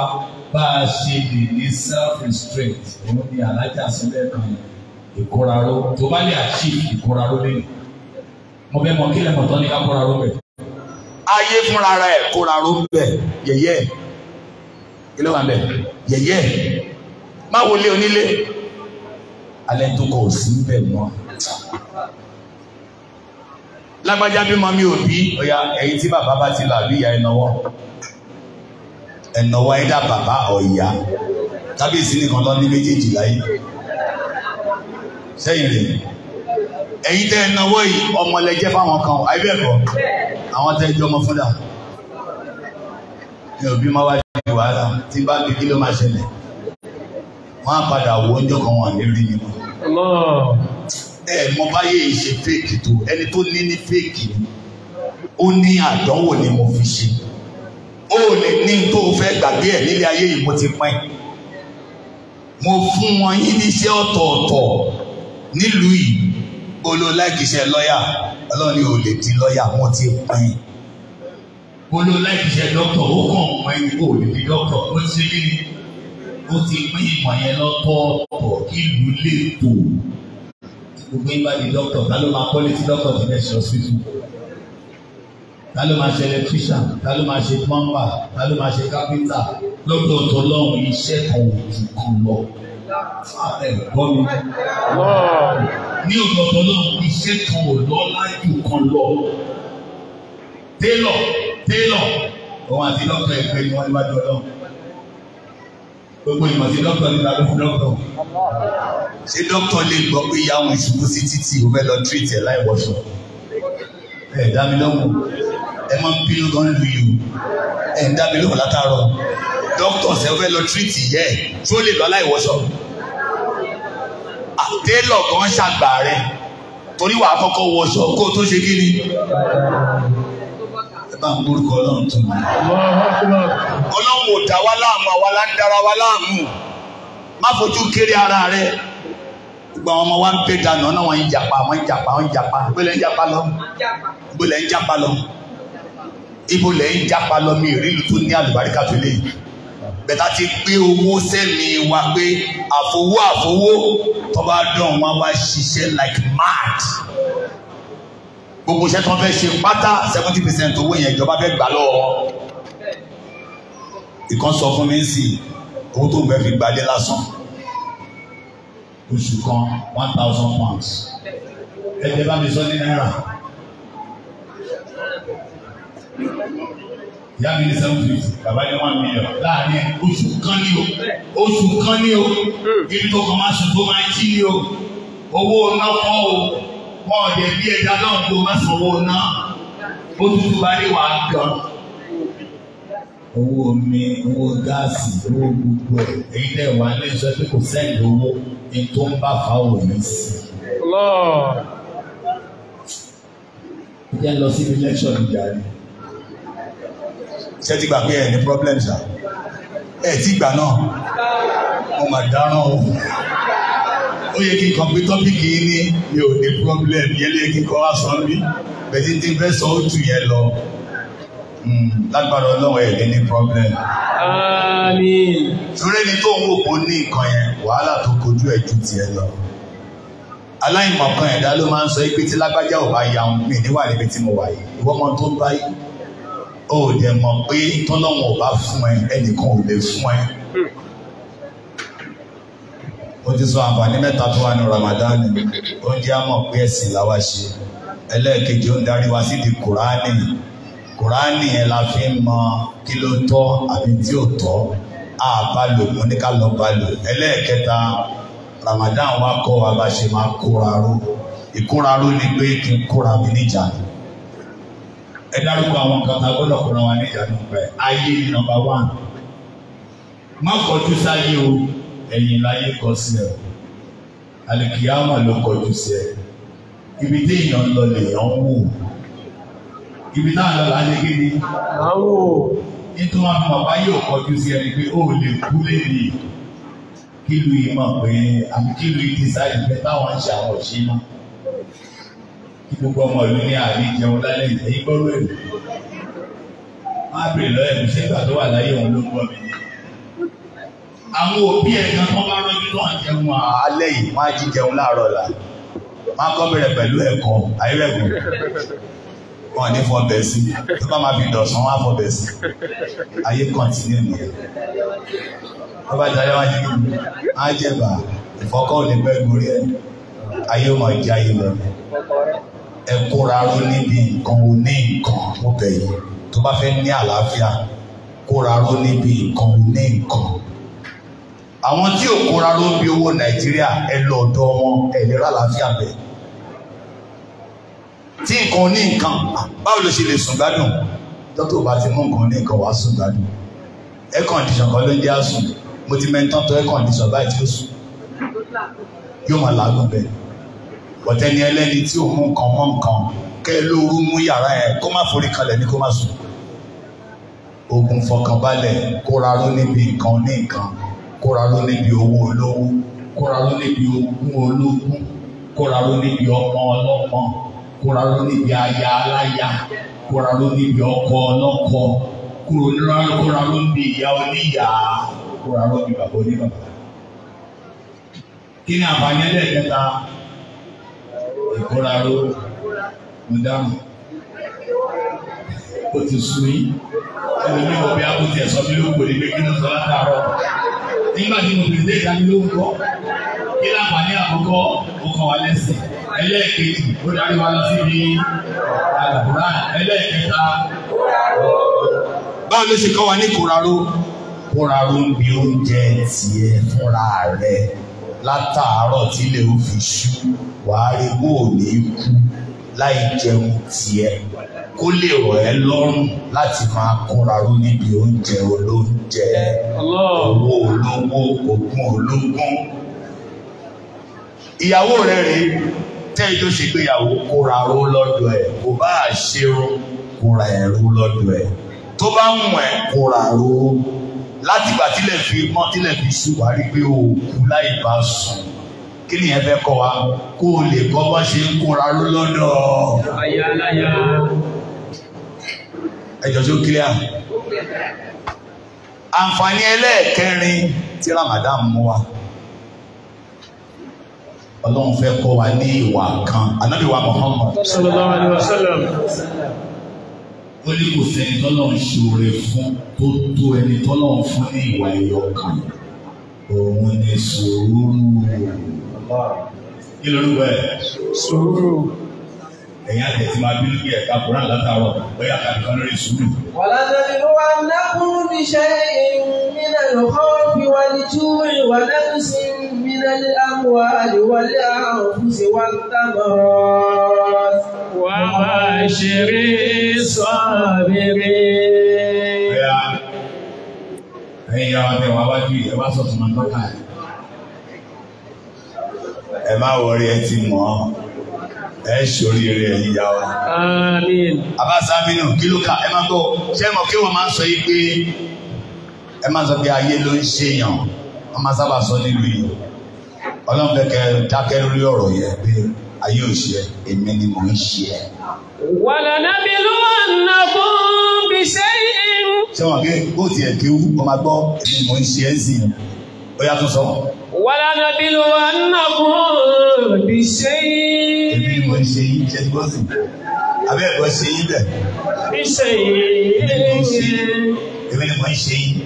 bá a ṣe lè ní self-restraint òun ni alájà sílẹ̀ kan ìkóraró tó bá lè achieve ìkóraró lẹ́yìn mo fẹ́ mọ kí lẹ́mọ̀ tán ní ká kóraró bẹ̀. ayé fúnra rẹ̀ kóraró bẹ̀ yẹ̀yẹ́ kí ló wà bẹ̀ yẹ̀yẹ́ má wọlé onílé alẹ́ tó kọ̀ sí bẹ́ẹ̀ mọ́ lágbájá bímọ mi ò bí ọ̀yà ẹ̀yìn tí bàbá bá ti là bí ìyá ẹ̀ náwó ẹ̀nàwó ẹ̀dá bàbá ọ̀yà kábíyèsí nìkan lọ ní méjèèjì láyé sẹ́yìn rẹ̀ ẹ̀yin tẹ́ ẹ̀nàwó yìí ọmọlẹ́jẹ́ fáwọn kan àìbẹ̀kọ́ àwọn tẹ́ ẹjọ́ ọmọ fúnra ní òbí máa wá di wàhálà tí bá bí kí ló máa ṣẹlẹ̀ wọ́n á padà wo ọjọ́ kan wọn ní rí nínú. ẹ mọ báyé ìṣe fèkì tó ẹni tó ní ní fèkì ó ní àdánwò ni mo fi ṣe ó lè ní tó fẹ́ gbàgbé ẹ̀ nílé ayé yìí mo ti pín mo fún wọn yín níṣẹ́ ọ̀tọ̀ọ̀tọ̀ nílùú yìí gbolo láìkíṣẹ́ lọ́yà ọlọ́run ni ò lè di lọ́yà wọ́n ti pín gbolo láìkíṣẹ́ dọ́kítọ̀ ó kàn pín kó lè di dọ́kítọ̀ ó ṣe kí ni ó ti pín ìmọ̀ yẹn lọ́tọ̀ọ̀tọ̀ kí ìlú lè tò gbogbo ìbá di dọ́kítọ̀ ta ló máa kọ́lé tí dọ́kítọ̀ ti bẹ̀ ṣọ́ sí fún ta ló máa ṣe electrician ta ló máa ṣe plumber ta ló máa ṣe carpenter lọ́dọ̀ tó lọ́hùn iṣẹ́ kan ò ju kan lọ. ní ọ̀dọ̀ tó lọ́hùn iṣẹ́ kan ò lọ́lá ju kan lọ. télọ̀ télọ̀ òun àti dọ́kítà ẹgbẹ́ ni wọ́n ní wájú ọlọ́run gbogbo ìmọ̀ sí dọ́kítọ̀ nípa ló fún dọ́kítọ̀. ṣé dọ́kítọ̀ lè gbọ́ pé ìyá àwọn ìṣubú sí títì ò fẹ́ lọ tírìtì ẹ̀ láì wọṣọ? ẹ̀ dá mi lọ́wọ́ ẹ máa ń bínú gan lu ìlú ẹ ń dá mi lóhùn látàárọ̀ dókítà ṣe fẹ́ lọ tírìtì yẹ ẹ tí ó lè lọ aláìwọṣọ àtẹlọ ah, gan ṣàgbà rẹ torí wàá kọ́kọ́ wọṣọ kó o tó ṣe kí ni ẹ bá ń gbórúkọ Ọlọ́run tó mi. Ọlọ́run ò dá wa láàmú àwa la ń dára wa láàmú má fojú kéré ara rẹ gbogbo àwọn ọmọ wa ń gbé dànù ọ̀nà wọn ń jàpá wọn ń jàpá wọn ń jàpá gbélé ń jàpá lọ gbélé ń jàpá lọ ibo lẹ́yìn jápa lọ mi ìrìlù tó ní àlùbáríkà tó lè bẹ̀tà ti pé owó sẹ́mi wa pé àfowó àfowó tó bá dán wọn wá ṣiṣẹ́ like mad gbogbo iṣẹ́ tó ń fẹ́ ṣe pátá seventy percent owó yẹn ìjọba fẹ́ gbà lọ́wọ́ ìkan sọ fún mi ń sì owó tó ń fẹ́ fi gbalé lásán oṣù kan one thousand pounds ẹgbẹ́ bá mi sọ ní náírà ìyá mi ní seven fifty bàbá ní one million láàrin oṣù kan ní o oṣù kan ní o hmm. kí ni tó kàn máa sùn tó máa jí ní o owó náwó o wọn ò dẹ̀ bí ẹja náà tó máa san owó náà o tútù bá rí wàá gan. owó omi owó gáàsì owó gbogbo ẹ èyí dẹ̀ wà ní ìṣẹ́ pé kò sẹ́yìn owó ní tó ń bá fa òní sí. lọ́ọ̀. ìjẹ́ lọ síbi lẹ́kṣọ̀ nígbà yìí ṣé ti gbà pé ẹ ní problem ṣá ẹ ti gbà náà mo mà dáràn o ó yẹ kí n kàn pé tọ́pìkì yìí ni mi ò ní problem yẹn lè kí n kọ́ aṣọ mi bẹ̀tí tí n fẹ́ sọ ó tù yẹn lọ hmm, lágbára ọlọ́wọ́ ẹ̀ lé ní problem. àmín. torí ni tó ń wò kó ní nǹkan yẹn wàhálà tó kojú ẹ̀ ju tiẹ̀ lọ aláìmọ̀kan ẹ̀dá ló máa ń sọ pé tí lágbájá ò bá ya òun mi níwà níbi tí mo wà yìí ìwọ́n mọ tó ń bá o dẹ̀ mọ̀ pé tọ́lọ́wọ̀n ò bá fún ẹ ẹnìkan ò lè fún ẹ. ó ti sọ àǹfààní mẹ́ta tó wà ní Ramadan ó ń jẹ́ àmọ̀ pé ẹ̀sìn làwa ṣe ẹlẹ́ẹ̀kejì ó ń darí wa sídìí Kùránì Kùránì yẹn la fi ń mọ kí ló tọ́ àbí tí ò tọ́ àbálò oníkàlọ́balò ẹlẹ́ẹ̀kẹta Ramadan wa kọ́ wa bá ṣe máa kóraró ìkóraró ni pé kí n kóra mi níjànú ẹ dárúkọ àwọn nǹkan tá a gbọ́dọ̀ kọ́ra wa ní ìyàtọ̀ pẹ̀ ayé ni nọ́mbà wán má kọjú sáyé o ẹ̀yìn láyé kọ sí ẹ alìkìyàmà ló kọjú sí ẹ ibi tí èèyàn lọ lèèyàn wò ibi náà lọ láyé gidi nítorí wọn fi bàbá yóò kọjú sí ẹni pé ó lè kú léde kílù yìí mọ̀ pé àbí kílù yìí ti sáyé pé táwọn ń ṣe àwọn òṣìṣẹ́ náà gbogbo ọmọ ìlú ní àrí jẹun lálẹ́ ìtẹ̀yìn gbọ́rọ̀ ẹ̀ má bèrè lọ́yẹ̀ kò sí ìgbà tó wà láyé òun ló gbọ́ mi ni. àwọn òbí ẹ̀ kan tó bá rọ́jú náà jẹun alẹ́ yìí wọ́n á jí jẹun láàárọ̀ la máa kọ́ bẹ̀rẹ̀ pẹ̀lú ẹ̀kọ́ ayélujára wọn ò ní fọ bẹ́ẹ̀ sí tó bá máa fi dọ̀sán wọn á fọ bẹ́ẹ̀ sí ayé kọ́ntínú nìyẹn tó bá darí wọn jẹ á bá ìfọkọ́ ò ní ayé wọn jẹ ayé lọ ẹ kóra ró níbi nǹkan ò ní nǹkan mo bẹ̀ yìí tó bá fẹ́ ní àlàáfíà kóra ró níbi nǹkan ò ní nǹkan àwọn tí ò kóra ró bí owó nàìjíríà ẹ lọ ọ̀dọ̀ wọn ẹ lè rà àlàáfíà bẹ́ẹ̀ tí nǹkan ní nǹkan báwo ló ṣe lè sùn gbádùn dókítà bá ti mú nǹkan ní nǹkan wàá sùn gbádùn air condition kan ló ń jẹ́ àsùn mo ti mẹ́ńtán tó air condition báyìí tí sùn yóò máa làágùn bẹ́ẹ̀ bọ̀tẹ́ni ẹlẹ́ni tí ò mú nǹkan mọ́ nǹkan kẹ́ ẹ lóoru mú yàrá ẹ kó má forí kalẹ̀ ní kó má sùn ogun fọkànbalẹ̀ kóra ló níbi nǹkan ní nǹkan kóra ló níbi owó olówó kóra ló níbi ogún ológun kóra ló níbi ọmọ ọlọ́mọ kóra ló níbi aya aláya kóra ló níbi ọkọ ọlọ́kọ kóra ló níbi ìyá oníyà kóra ló níbi bàbá oníbàbá. kí ni àbáyé lẹ́ẹ̀kẹta ìkóra ló mo dáhùn o ti sùn yìí ẹni mi ò bí abúté ẹ̀sọ́ mi ló gbòde pé kí ló sọ látàárọ̀ nígbà tí mo lè dé ìdánilóhùn kọ́ kí láǹfààní àkọ́kọ́ mo kàn wá lẹ́sìn ẹlẹ́ẹ̀kejì ó darí wa lọ síbi àgbàrá ẹlẹ́ẹ̀kẹta. báwo ló ṣe kọ́ wa ní kóraró kóraró ń bi oúnjẹ tiẹ̀ fúnra rẹ̀ látàárọ̀ tílé ó fi ṣú wàá rí bó ò ní kú láì jẹun tiẹ̀ kó lè rọ̀ ẹ́ lọ́rùn láti máa kóra ró níbi oúnjẹ olóúnjẹ owó olówó ogún ológún ìyàwó rẹ̀ rèé tẹ́ ìjọ ṣe gbéyàwó kóra ró lọ́dọ̀ ẹ̀ kò bá ṣerun kóra ẹ̀ ró lọ́dọ̀ ẹ̀ tó bá ń wọ̀ kóra ró látìgbà tílẹ̀ fi mọ́ tílẹ̀ fi sùn wá rí pé òkú láì bá sùn kí ni ẹ fẹ́ kọ́ wa kó o lè kọ́ bá ṣe ń kóra ló lọ́dọ̀. ẹjọ́ tó kílíà. àǹfààní ẹlẹ́ẹ̀kẹrin tí Ramadan mú wa ọlọ́run fẹ́ kọ́ wa ní ìwà kan anábìwà Muhammad. sallallahu alaihi wasallam ó ní kò sẹ́ni tọ́lọ̀ ń ṣòro fún tó tó ẹni tọ́lọ̀ ń fún ní ìwà ẹ̀yọ kan òun ni sùúrù kí ló ń wẹ̀ sùúrù ẹ̀yìn àtẹ̀tí máa bínú bí ẹ̀ka kúrán látàwọ̀ bóyá kàdúrà lórí sùúrù. wàlá tẹ̀lé ló wà ń níṣẹ́ ìrìn nínú fi wá ní túwìn wà lẹ́nu sí i. للأموال والأنفس والثمرات وبشر الصابرين ẹ̀yin yàrá bẹ wá wájú yìí ẹ wá sọ tùmọ̀ lọ́kà yìí. ẹ má wọrí ẹ ẹ ṣoríire ẹ̀yin yà wá. àmín. abáṣá mínú kìlúkà ẹ má gbọ́ ṣé ẹ kí wọ́n máa sọ yìí pé ẹ má sọ pé ayé ló ń ṣèyàn wọ́n máa sábà sọ nílùú yìí ọlọ́run fẹ́ kẹ́ dákẹ́ lórí ọ̀rọ̀ yẹn pé ayé ò ṣe èmi ni mò ń ṣe ẹ. wàlànà mi ló wà nà fún bìṣẹ́ irú. ṣé wọn kí bó tiẹ̀ kí wú ọmọ gbọ́ èmi ni mò ń ṣe ẹ́ sí i ó yà tún sọ. wàlànà mi ló wà nà fún bìṣẹ́ irú. èmi ni mò ń ṣe yín jẹ́ gbọ́sìn àbẹ́ ẹ̀kọ́ ṣe yín bẹ̀. bìṣẹ́ irú. èmi ni mò ń ṣe yín.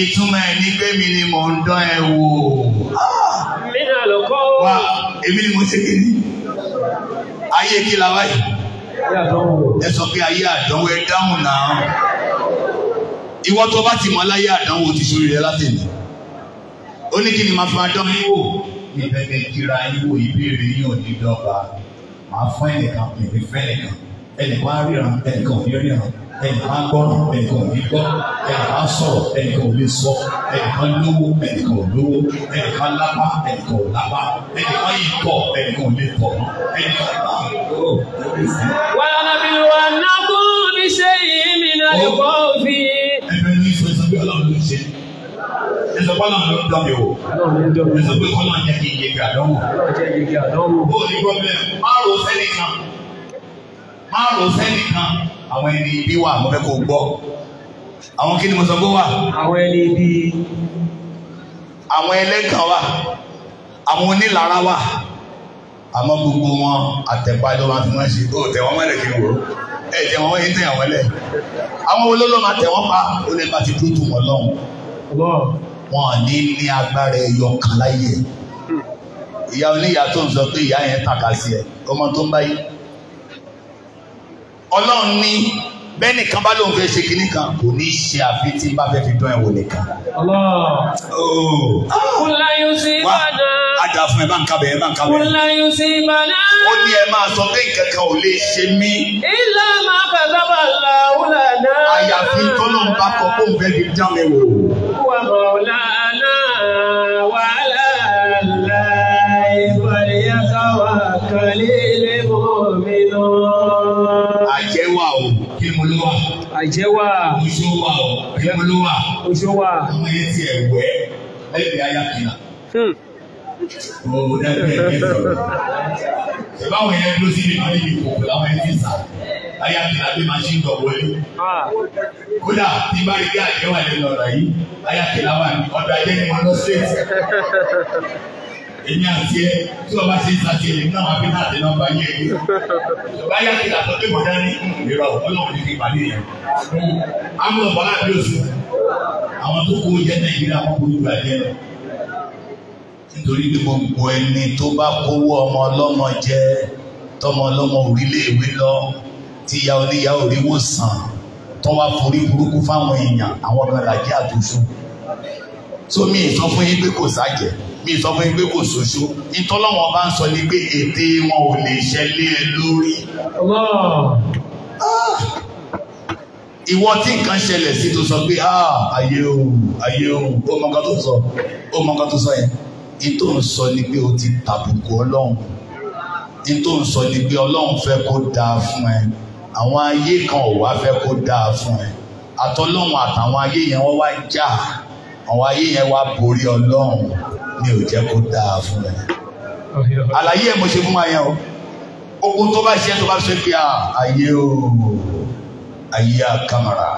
ìtumọ̀ ẹ̀ ní pé ni mò ń dán ẹ wò. Ah! náà ló kọ́ ó. wá èmi ni mo ṣe kí ni ayé kí la wáyé ẹ sọ pé ayé àdánwò ẹ dáhùn náà ìwọ tó bá ti mọ láyé àdánwò ti sórí rẹ láti ní ó ní kí ni màá fi máa dán wò ìfẹ́ kẹ́kíra yín wò ìbéèrè yín ò ní dọ́gba màá fún ẹnìkan pè ní fẹ́ẹ̀kan ẹnìkan á ríran ẹnìkan ò ní ríran ẹnìkan á gbọ́ràn ẹnìkan ò ní gbọ́ ẹnìkan á sọ̀rọ̀ ẹnìkan ò ní sọ ẹnìkan lówó ẹnìkan ò lówó ẹnìkan lápá ẹnìkan ò lápá ẹnìkan yìí tọ̀ ẹnìkan ò lè tọ̀ ẹnìkan á lọ. wàhálà mi wà nákùn mi ṣe yìí mi náà lè kọ́ òfin. ẹgbẹ́ ní sọ́sọ́ bí ọlọ́run ló ṣe ẹsọ kọlọ ló ń dọbi o ẹsọ pé kọlọ jẹ kí iye gbà dánwò. bó o ní problem máa ro sẹ́nìkan márùn sẹ́ni kan àwọn ẹni ibi wà mo fẹ́ kó gbọ́ àwọn kí ni mo sọ pé wà. àwọn ẹni ibi. àwọn ẹlẹ́gàn wà àwọn onílára wà àmọ́ gbogbo wọn àtẹ̀pá ló máa fi wọ́n ṣe ó tẹ̀ wọ́n mọ́lẹ̀ kí n wò ó ẹ jẹ́ wọ́n yín tẹ̀ wọ́n lẹ̀ àwọn olólò máa tẹ̀ wọ́n pa ó lè bá ti dúró tù wọ́n lọ́hùn wọn ní ní agbára ẹyọ kan láyé ìyá oníyàá tó ń sọ pé ìyá yẹn tàkà sí ẹ ọmọ tó ń báyìí ọlọ́run ní bẹ́ẹ̀ nìkan bá lóun fẹ́ ṣe kinní kan kò ní ṣe àfi tí bá fẹ́ fi dán ẹ̀wò nìkan. kúlá yóò sí ìbàdàn. wá àjà fún ẹ bá ń kábẹ̀ ẹ bá ń kábẹ̀. kúlá yóò sí ìbàdàn. ó ní ẹ máa sọ pé nǹkan kan ò lè ṣe mí. ilé máa kà sábà la wúlà náà. àyàfi tọ́lọ́n bá kọ kó n fẹ́ fi dán mi wò. wà á bọ̀ lánà wàhálà láì wàlẹ̀ yàtọ̀ wà kàlẹ́. bímọ ló wà. àjẹ́ o bímọ ló wà. ọmọ yẹn ti ẹ̀ wẹ́ lẹ́gbẹ̀ẹ́ ayá kìlá. o dẹ́gbẹ́ ẹ̀ bẹ́ẹ̀ ṣe báwo yẹn ló sì lè má níbi ìkòkò làwọn ẹni sà ayá kìlá bí máa ṣe ń dọ̀wọ́ ẹ̀. kódà tí bá rí bí àjẹ́ wà lẹ́nu yìí ayá kìlá wà ní ọ̀dọ̀ ajẹ́ ni mo èmi àti ẹ tí ọba ṣe ń sàti ẹ náà wàá fi náà dé nọ́mbà yẹ ẹ ọba yà kí làtọ tó kọjá ní ìrọ Ọlọ́run ní kí balẹ̀ yẹn amúlò bọlá bí oṣù àwọn tó kó jẹ Nàìjíríà wọn kó lùgbà jẹ lọ nítorí pé gbogbo ẹni tó bá kówó ọmọ ọlọ́mọ jẹ tọmọ ọlọ́mọ orílẹ̀ ìwé lọ tíya oníyà òríwò sàn tọ́wá forí burúkú fáwọn èèyàn àwọn ọmọ ìlàjì àtúnṣu sómi ìsọfún pé kò sájẹ. So, mi sọ fún yín pé kò ṣoṣo ìtọ́lọ́wọ́n bá ń sọ ní pé ète wọn ò lè ṣẹlẹ̀ ẹ lórí. ìwọ tí nǹkan ṣẹlẹ̀ sí tó sọ pé ah, ayé o ayé o ó mọ nǹkan tó sọ ó mọ nǹkan tó sọ yẹn ìtò ń sọ ni pé o ti tàbùkù ọlọ́run ìtò ń sọ ni pé ọlọ́run fẹ́ kó dáa fún ẹ àwọn ayé kan ò wá fẹ́ kó dáa fún ẹ àtọlọ́run àtàwọn ayé yẹn wọ́n wá jà àwọn ayé yẹn wá borí ọlọ́run mi ò jẹ́ kó dáa fún ẹ. àlàyé ẹ̀ mo ṣe fún wa yẹn o ogun tó bá ṣe tó bá ṣe pé ayé o ayé àkàmàrà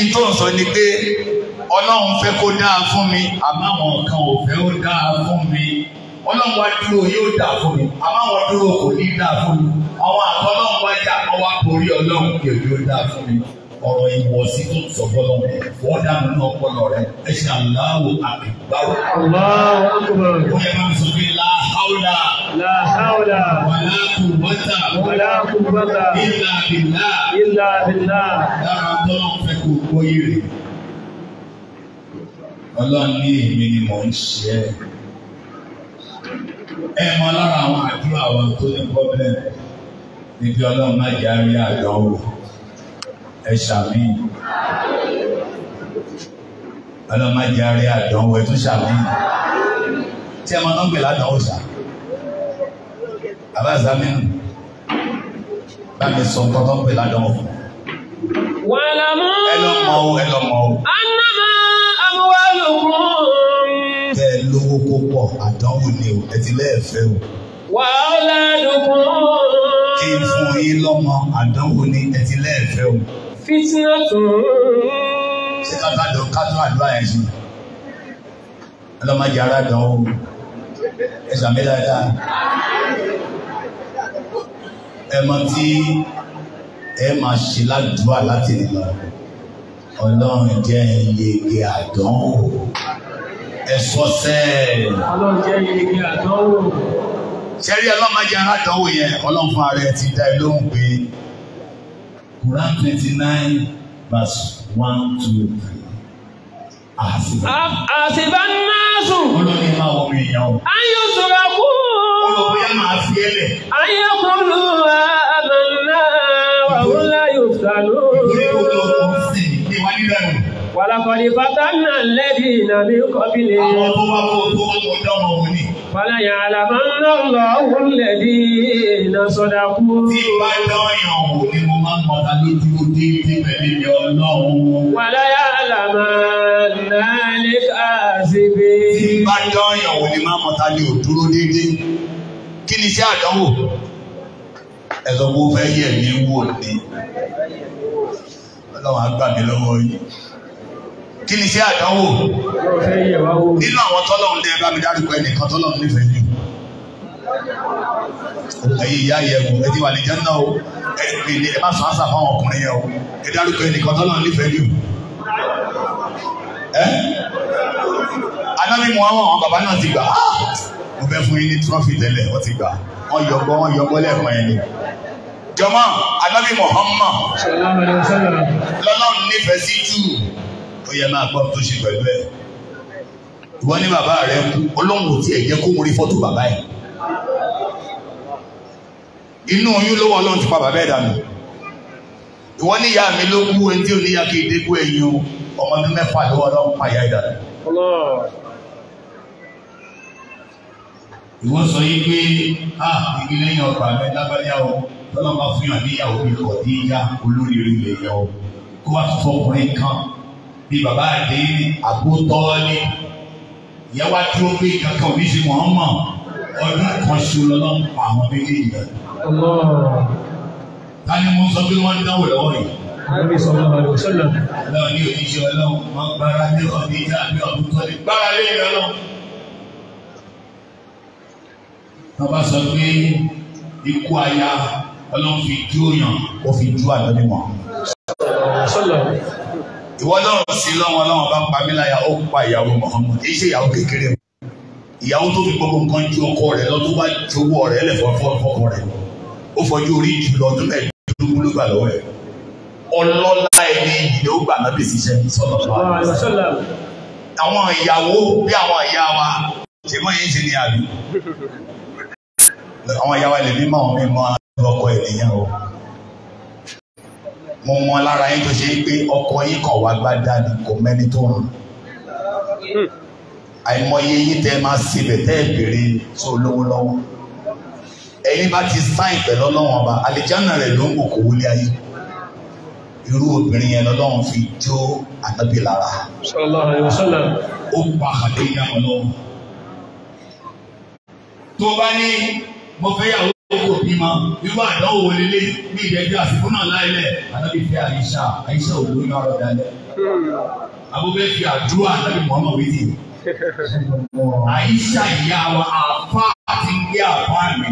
ìtò <laughs> sọ ni pé ọlọ́run fẹ́ kó dáa fún mi àmọ́ àwọn kan ò fẹ́ ó dáa fún mi ọlọ́run wá dúró yóò dáa fún mi àmọ́ àwọn dúró kò ní dáa fún mi àwọn àkọ́ wá jà ọwọ́ àpò ọlọ́run kì í yóò dáa fún mi ọ̀rọ̀ ìwọ̀sí tó sọ fọlọ́ wọ́n dànù ní ọpọlọ rẹ ẹ ṣe aláwọ̀ àkìgbáwò. aláwọ̀ àkìgbáwò. ó yẹ máa sọ pé láhàúlà. láhàúlà. wàlá kùbọ́tà. wàlá kùbọ́tà. ìlà bìlà. ìlà bìlà. dára tọ́lọ́ fẹ́ kó gbóyè rẹ̀. ọlọ́run ní èmi ni mò ń ṣe é. ẹ mọ lára àwọn àdúrà wa tó ní pọ́blẹ́mù níbi ọlọ́run má jẹ́ àárín àdánwò ẹ ṣàmì. ọlọ́mọdé arí àdánwò ẹ tún ṣàmì. tí ẹ máa ń gbè ládàáwò ṣá. bàbá zaminu bá mi sọ nǹkan tó ń gbè ládàáwò fún. wàlámù. ẹ lọ mọ o ẹ lọ mọ o. anamọ amúwálùkùn. tẹ lówó kó pọ̀ àdánwò ni o ẹ ti lẹ́ẹ̀fẹ́ o. wàhálà dùkùn. kí n fún yín lọ́mọ àdánwò ni ẹ ti lẹ́ẹ̀fẹ́ o fìtínà tún. ṣé ká bá dọ̀ ká tó àdúrà yẹn sí ọlọ́mọdé ara dán o ẹ sàmì dáadáa ẹ mọ tí ẹ máa ṣe ládùúgbò láti nìlọ ọlọ́run jẹ́ yege àdánwò ẹ sọ sẹ́ẹ̀. ọlọ́run jẹ́ yege àdánwò. sẹ́rí ọlọ́mọdé ara dánwò yẹn ọlọ́run fún ara ẹ ti dá ẹ lóhùn pé. Quran twenty nine verse one two three. Àṣìbá náàsù. Olórí máa wọ mi ìyàwó. Ayọ̀ sọ̀rọ̀ kú. Olùkóyà máa fi ẹlẹ̀. Ayọ̀ kò lù wá àbẹ̀lẹ̀ àwọn láyò sàlù. Ìgbé gbogbo ọkọ̀ ní wá nílẹ̀ Wàlàkọ̀lì bàtà náà lẹ́bi ìnàbí kọ́bílẹ̀. Àwọn tó wá kó tó wá kó dánwò Fàlàyé àlàmánà lọ́wọ́ lẹ́dí iná sọ́dá kú. Tí bá lọ́yàn wò ni mo máa ń mọ̀ta lójú dé dé pẹ̀lú ìyá ọlọ́run. Fàlàyé àlàmánà lè káàsìbé. Tí bá lọ́yàn wò ni máa ń mọ̀ta lè dúró déédéé. Kí ni iṣẹ́ àdánwò? Ẹ̀sọ́ wo fẹ́ yẹ̀ wò ni? Ọlọ́run á gbà mí lọ́wọ́ yìí kí ni iṣẹ́ àdánwò nínú àwọn tọ́lọ́run lẹ́yìn bá mi dárúkọ ẹnìkan tọ́lọ́run nífẹ̀ẹ́ ni ẹ̀yin ìyá ìyẹ̀wò ẹ ti wà ní jẹ́nà o ẹ má sàásà fáwọn ọkùnrin yẹn o ẹ dárúkọ ẹnìkan tọ́lọ́run nífẹ̀ẹ́ ni o ẹ anábì mu àwọn àwọn bàbá náà ti gbà ah! mo fẹ́ fún yín ní trọ́fì tẹ́lẹ̀ wọ́n ti gbà wọ́n yọgbọ́ wọ́n yọgbọ́ lẹ́ẹ̀kan yẹn ni jọmọ anábì Muhammad lọ́lọ́run nífẹ̀ẹ́ sí jù ó yẹ máa gbọ́ tó ṣe pẹ̀lú ẹ̀ ìwọ ní bàbá rẹ kú ọlọ́run ò tiẹ̀ jẹ́ kó ń fọ́tò bàbá yìí inú oyún ló wọ́n ọlọ́run ti pa bàbá ẹ̀ dànù ìwọ ní ìyá mi ló kú ẹni tí kí ìdégún ẹ̀yìn o ọmọ ọdún mẹ́fà ló wọ́n ọlọ́run pa ìyá ẹ̀ dànù. ìwọ sọ yìí pé a igi lẹ́yìn ọgbà mi lágbájá o ọlọ́run bá fún yàn níyàwó mi kọ̀ ní ìyá olóríire ilẹ̀ yẹn bíi bàbá àdéhìí àbótọ́ọ́lì ìyẹn wá dúró pé kankan òní ṣe wọ́n mọ̀ ọdún kan ṣo lọ́nà pa àwọn méjèèjì rẹ̀. ta ni mo sọ pé wọ́n ń dánwò lọ́wọ́ yìí. Àbí sọ̀rọ̀ àbí sọ̀rọ̀. Ọlọ́run ní òjíṣẹ́ ọlọ́run máa ń gbára lé ọ̀dí ìjà àbí ọ̀dún tó lè gbára lé ìrọ̀lọ́run. Bàbá sọ pé ikú aya ọlọ́run fi jó yàn ó fi jó àdánimọ̀ ìwọ lọ́rọ̀ sí lọ́wọ́ lọ́wọ́ bá pa mí ó pa ìyàwó Muhammad kì í ṣe ìyàwó kékeré ìyàwó tó fi gbogbo nǹkan ju ọkọ rẹ̀ lọ tó bá jowó ọ̀rẹ́ lẹ̀ fọfọfọkọ rẹ̀ ó fọjú orí jù lọ ọdún mẹ́ẹ̀ẹ́dógún ló gbà lọ́wọ́ ẹ̀ ọlọ́lá ẹni ìdílé ó gbà lábẹ́ ìṣiṣẹ́ sọ́dọ̀ àwọn ìyàwó bí àwọn ìyá wa <laughs> mo mọ lára yín tó ṣe é pé ọkọ yín kọ̀ wá gbádá ni kò mẹ́ni tó rùn hmm. àìmọye yín tẹ máa síbẹ̀ tẹ́ ẹ bèrè tó lówó lọ́wọ́ ẹ̀yin bá ti sáìn pẹ̀lú ọlọ́run ọba àlìjáná rẹ̀ ló ń wò kó wọlé ayé irú obìnrin yẹn lọ́lọ́run fi jó ànábì lára ó pa àdéhùn náà tó bá ní mo fẹ́ yàwó oko bímọ irú àdánwò wọlé lé ní ìdẹ́jú àsìkò náà láìlẹ̀ anábì fẹ́ àyíṣà àyíṣà òwúrọ̀ ní ọ̀rọ̀ dalẹ̀ abúlé fi àdúrà anábì muhammad wíìdì àyíṣà ìyá wa àfa àti ilé àfa mi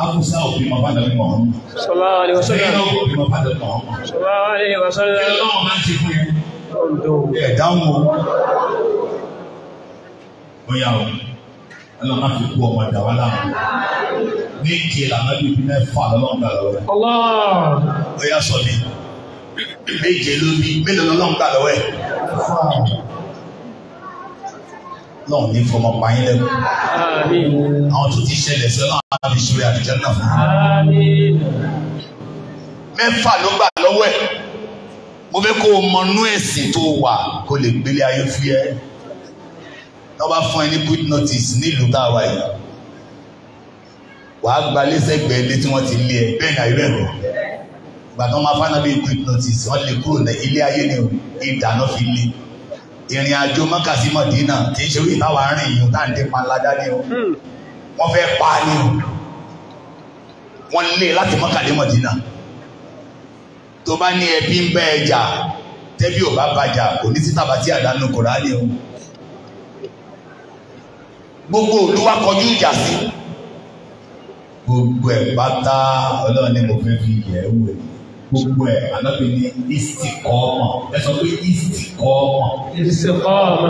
abusa òbí ma bá dàbí muhammad sallallahu alaihi wasallam ẹ̀yìn náà òbí ma bá dàbí muhammad sallallahu alaihi wasallam ẹ̀yìn náà máa ń ṣe fún yẹn ẹ̀ dáhùn o ó yà o. Ọlọ́run má fi kú ọmọ ẹ̀dá wa láwọn. Méje làmọ́bí bí mẹ́fà lọ́lọ́run gbà lọ́wọ́ ẹ̀. Ó yá sọ mi. Méje ló bí mélòó lọ́lọ́run gbà lọ́wọ́ ẹ̀. Náà ní fọmọ pààyàn lẹ́nu. Àwọn tó ti ṣẹlẹ̀ sí ọlọ́run àti ìṣòro àtijọ́ náà fún un. Mẹ́fà ló gbà lọ́wọ́ ẹ̀. Mo fẹ́ kó o mọnú ẹ̀sìn tó wà kó lè gbélé ayé fúyẹ́ wọ́n bá fún ẹ ní good notice nílùú tá a wà yìí wàá gba lẹ́sẹ̀gbẹ́ ilé tí wọ́n ti lé ẹ bẹ́ẹ̀ ní ayé rẹ̀ lọ gbàtàn máa fáná bí good notice wọ́n lè kúrò ní ilé ayé ni ìdáná fi lé ìrìn àjò mọ́kàsí mọ̀dínà kì í ṣe orí ìtawà rìn yìí tá à ń dé panlada ni o hmm. wọ́n fẹ́ pa ni o wọ́n lé e láti mọ́kàlé mọ̀dínà tó bá ní ẹbí ń bẹ́ ẹja tẹ́bí ò bá bàjá kò ní títàbátí àdánù Kùránì o gbogbo ìlú wa kọjú ìjà sí. gbogbo ẹ̀ pátá ọlọ́run ni mo fẹ́ fi yẹ̀ ẹ́ wò gbogbo ẹ̀ alábẹ̀ ní ìsì kọ́ ọmọ ẹ sọ pé ìsì kọ́ ọmọ. ìsì kọ́ ọmọ.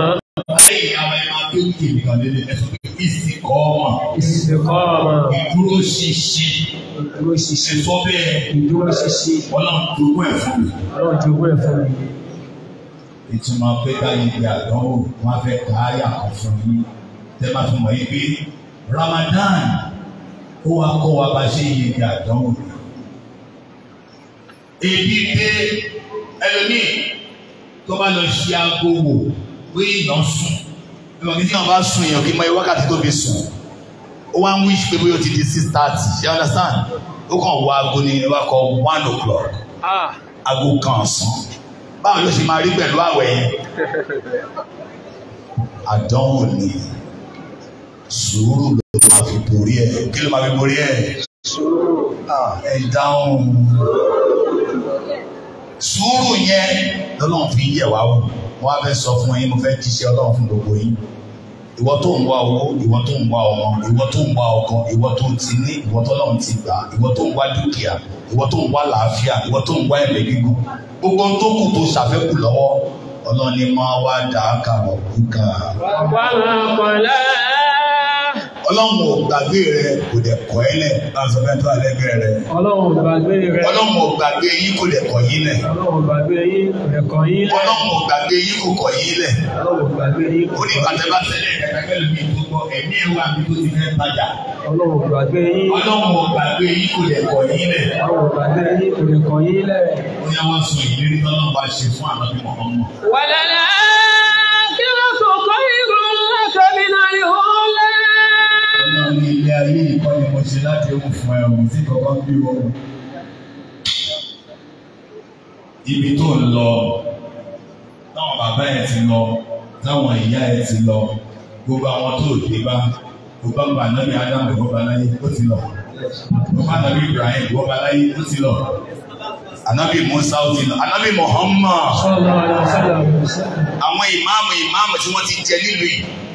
báyìí àwọn ẹ̀ma tó ń kiri kan lé ẹ sọ pé ìsì kọ́ ọmọ. ìsì kọ́ ọmọ. ìdúró ṣinṣin. ìdúró ṣinṣin. ẹ̀sọ́ bẹ́ẹ̀. ìdúró ṣinṣin. ọlọ́run jogún ẹ̀ fún mi. ọlọ́run jogún ẹ̀ fún mi. ìtumọ̀ pé káyọ̀ ibi àdánwò wọn fẹ́ káyà kan fún yín tẹ́ bá fi yìí pé Ramadan ó wá kọ́ wa bá ṣe yìí ní àdánwò ni. Ebi dé ẹlòmíì tó bá lọ ṣe aago wò pé èèyàn sùn. Ìmọ̀ kí tíyàn bá sùn èèyàn kí mọ wákàtí tó fi sùn. Ó wá ń wíṣ pé bóyá o ti di six thirty, you understand? Ó kàn wọ aago ní ẹ bá kọ one o'clock. Aago ah. kan ọ̀sán. Báwo ló ṣe máa rí pẹ̀lú àwẹ̀ yẹn? <laughs> Àdánwò ni sùúrù ló máa fi borí ẹ̀ kí ló máa fi borí ẹ̀ ẹ dáhùn sùúrù yẹn lọ́lọ́run fi ń yẹ̀ wá wò wọ́n á fẹ́ sọ fún yín mo fẹ́ jíṣẹ́ ọlọ́run fún gbogbo yín ìwọ tó ń wá owó ìwọ tó ń wá ọmọ ìwọ tó ń wá ọkọ ìwọ tó ti ní ìwọ tó náà ti gbà ìwọ tó ń wá dúkìá ìwọ tó ń wá làáfíà ìwọ tó ń wá ẹ̀mí gígùn gbogbo tó kù tó ṣàfẹ́kù lọ́wọ́ ọlọ́ni máa wá dà á kà wọ̀ kú kà. wàá wá kọ̀ ọlọ́run ò gbàgbé rẹ kò dẹ̀ kọ́ ẹ lẹ̀ bá a sọ fẹ́ tó àlẹ́gbẹ́ rẹ. ọlọ́run ò gbàgbé rẹ. ọlọ́run ò gbàgbé yín kò dẹ̀ kọ́ yín lẹ̀. ọlọ́run ò gbàgbé yín kò dẹ̀ kọ́ yín lẹ̀. ọlọ́run ò gbàgbé yín kò kọ́ yín lẹ̀. ọlọ́run ò gbàgbé yín kò kọ́ yín lẹ̀. ọlọ́run ò gbàgbé yín kò dẹ̀ kọ́ yín lẹ̀. ọlọ́run ò gbàgbé yín kò dẹ̀ kọ́ yín lẹ̀. ó yá wá sọ ìlérí tọ́lọ́ bá ṣe fún àlọ́ bí wọ́n mọ̀. wàlẹ́ lórí ilé ayé ìkọ́ ni mo ṣe láti ohun fún ẹ òun tí kọ́kọ́ ń bí ohun. Ibi tó ń lọ, táwọn bàbá ẹ ti lọ, táwọn ìyá ẹ ti lọ, gbogbo àwọn tó dé bá, gbogbo àwọn ànábì Ádámù gbọ́ba láyé ó ti lọ. Gbogbo ànábì Ibrahim gbọ́ba láyé ó ti lọ. Ànábì Musa ó ti lọ. Ànábì Muhammad. Àwọn ìmáàmù ìmáàmù tí wọ́n ti jẹ nílùú yìí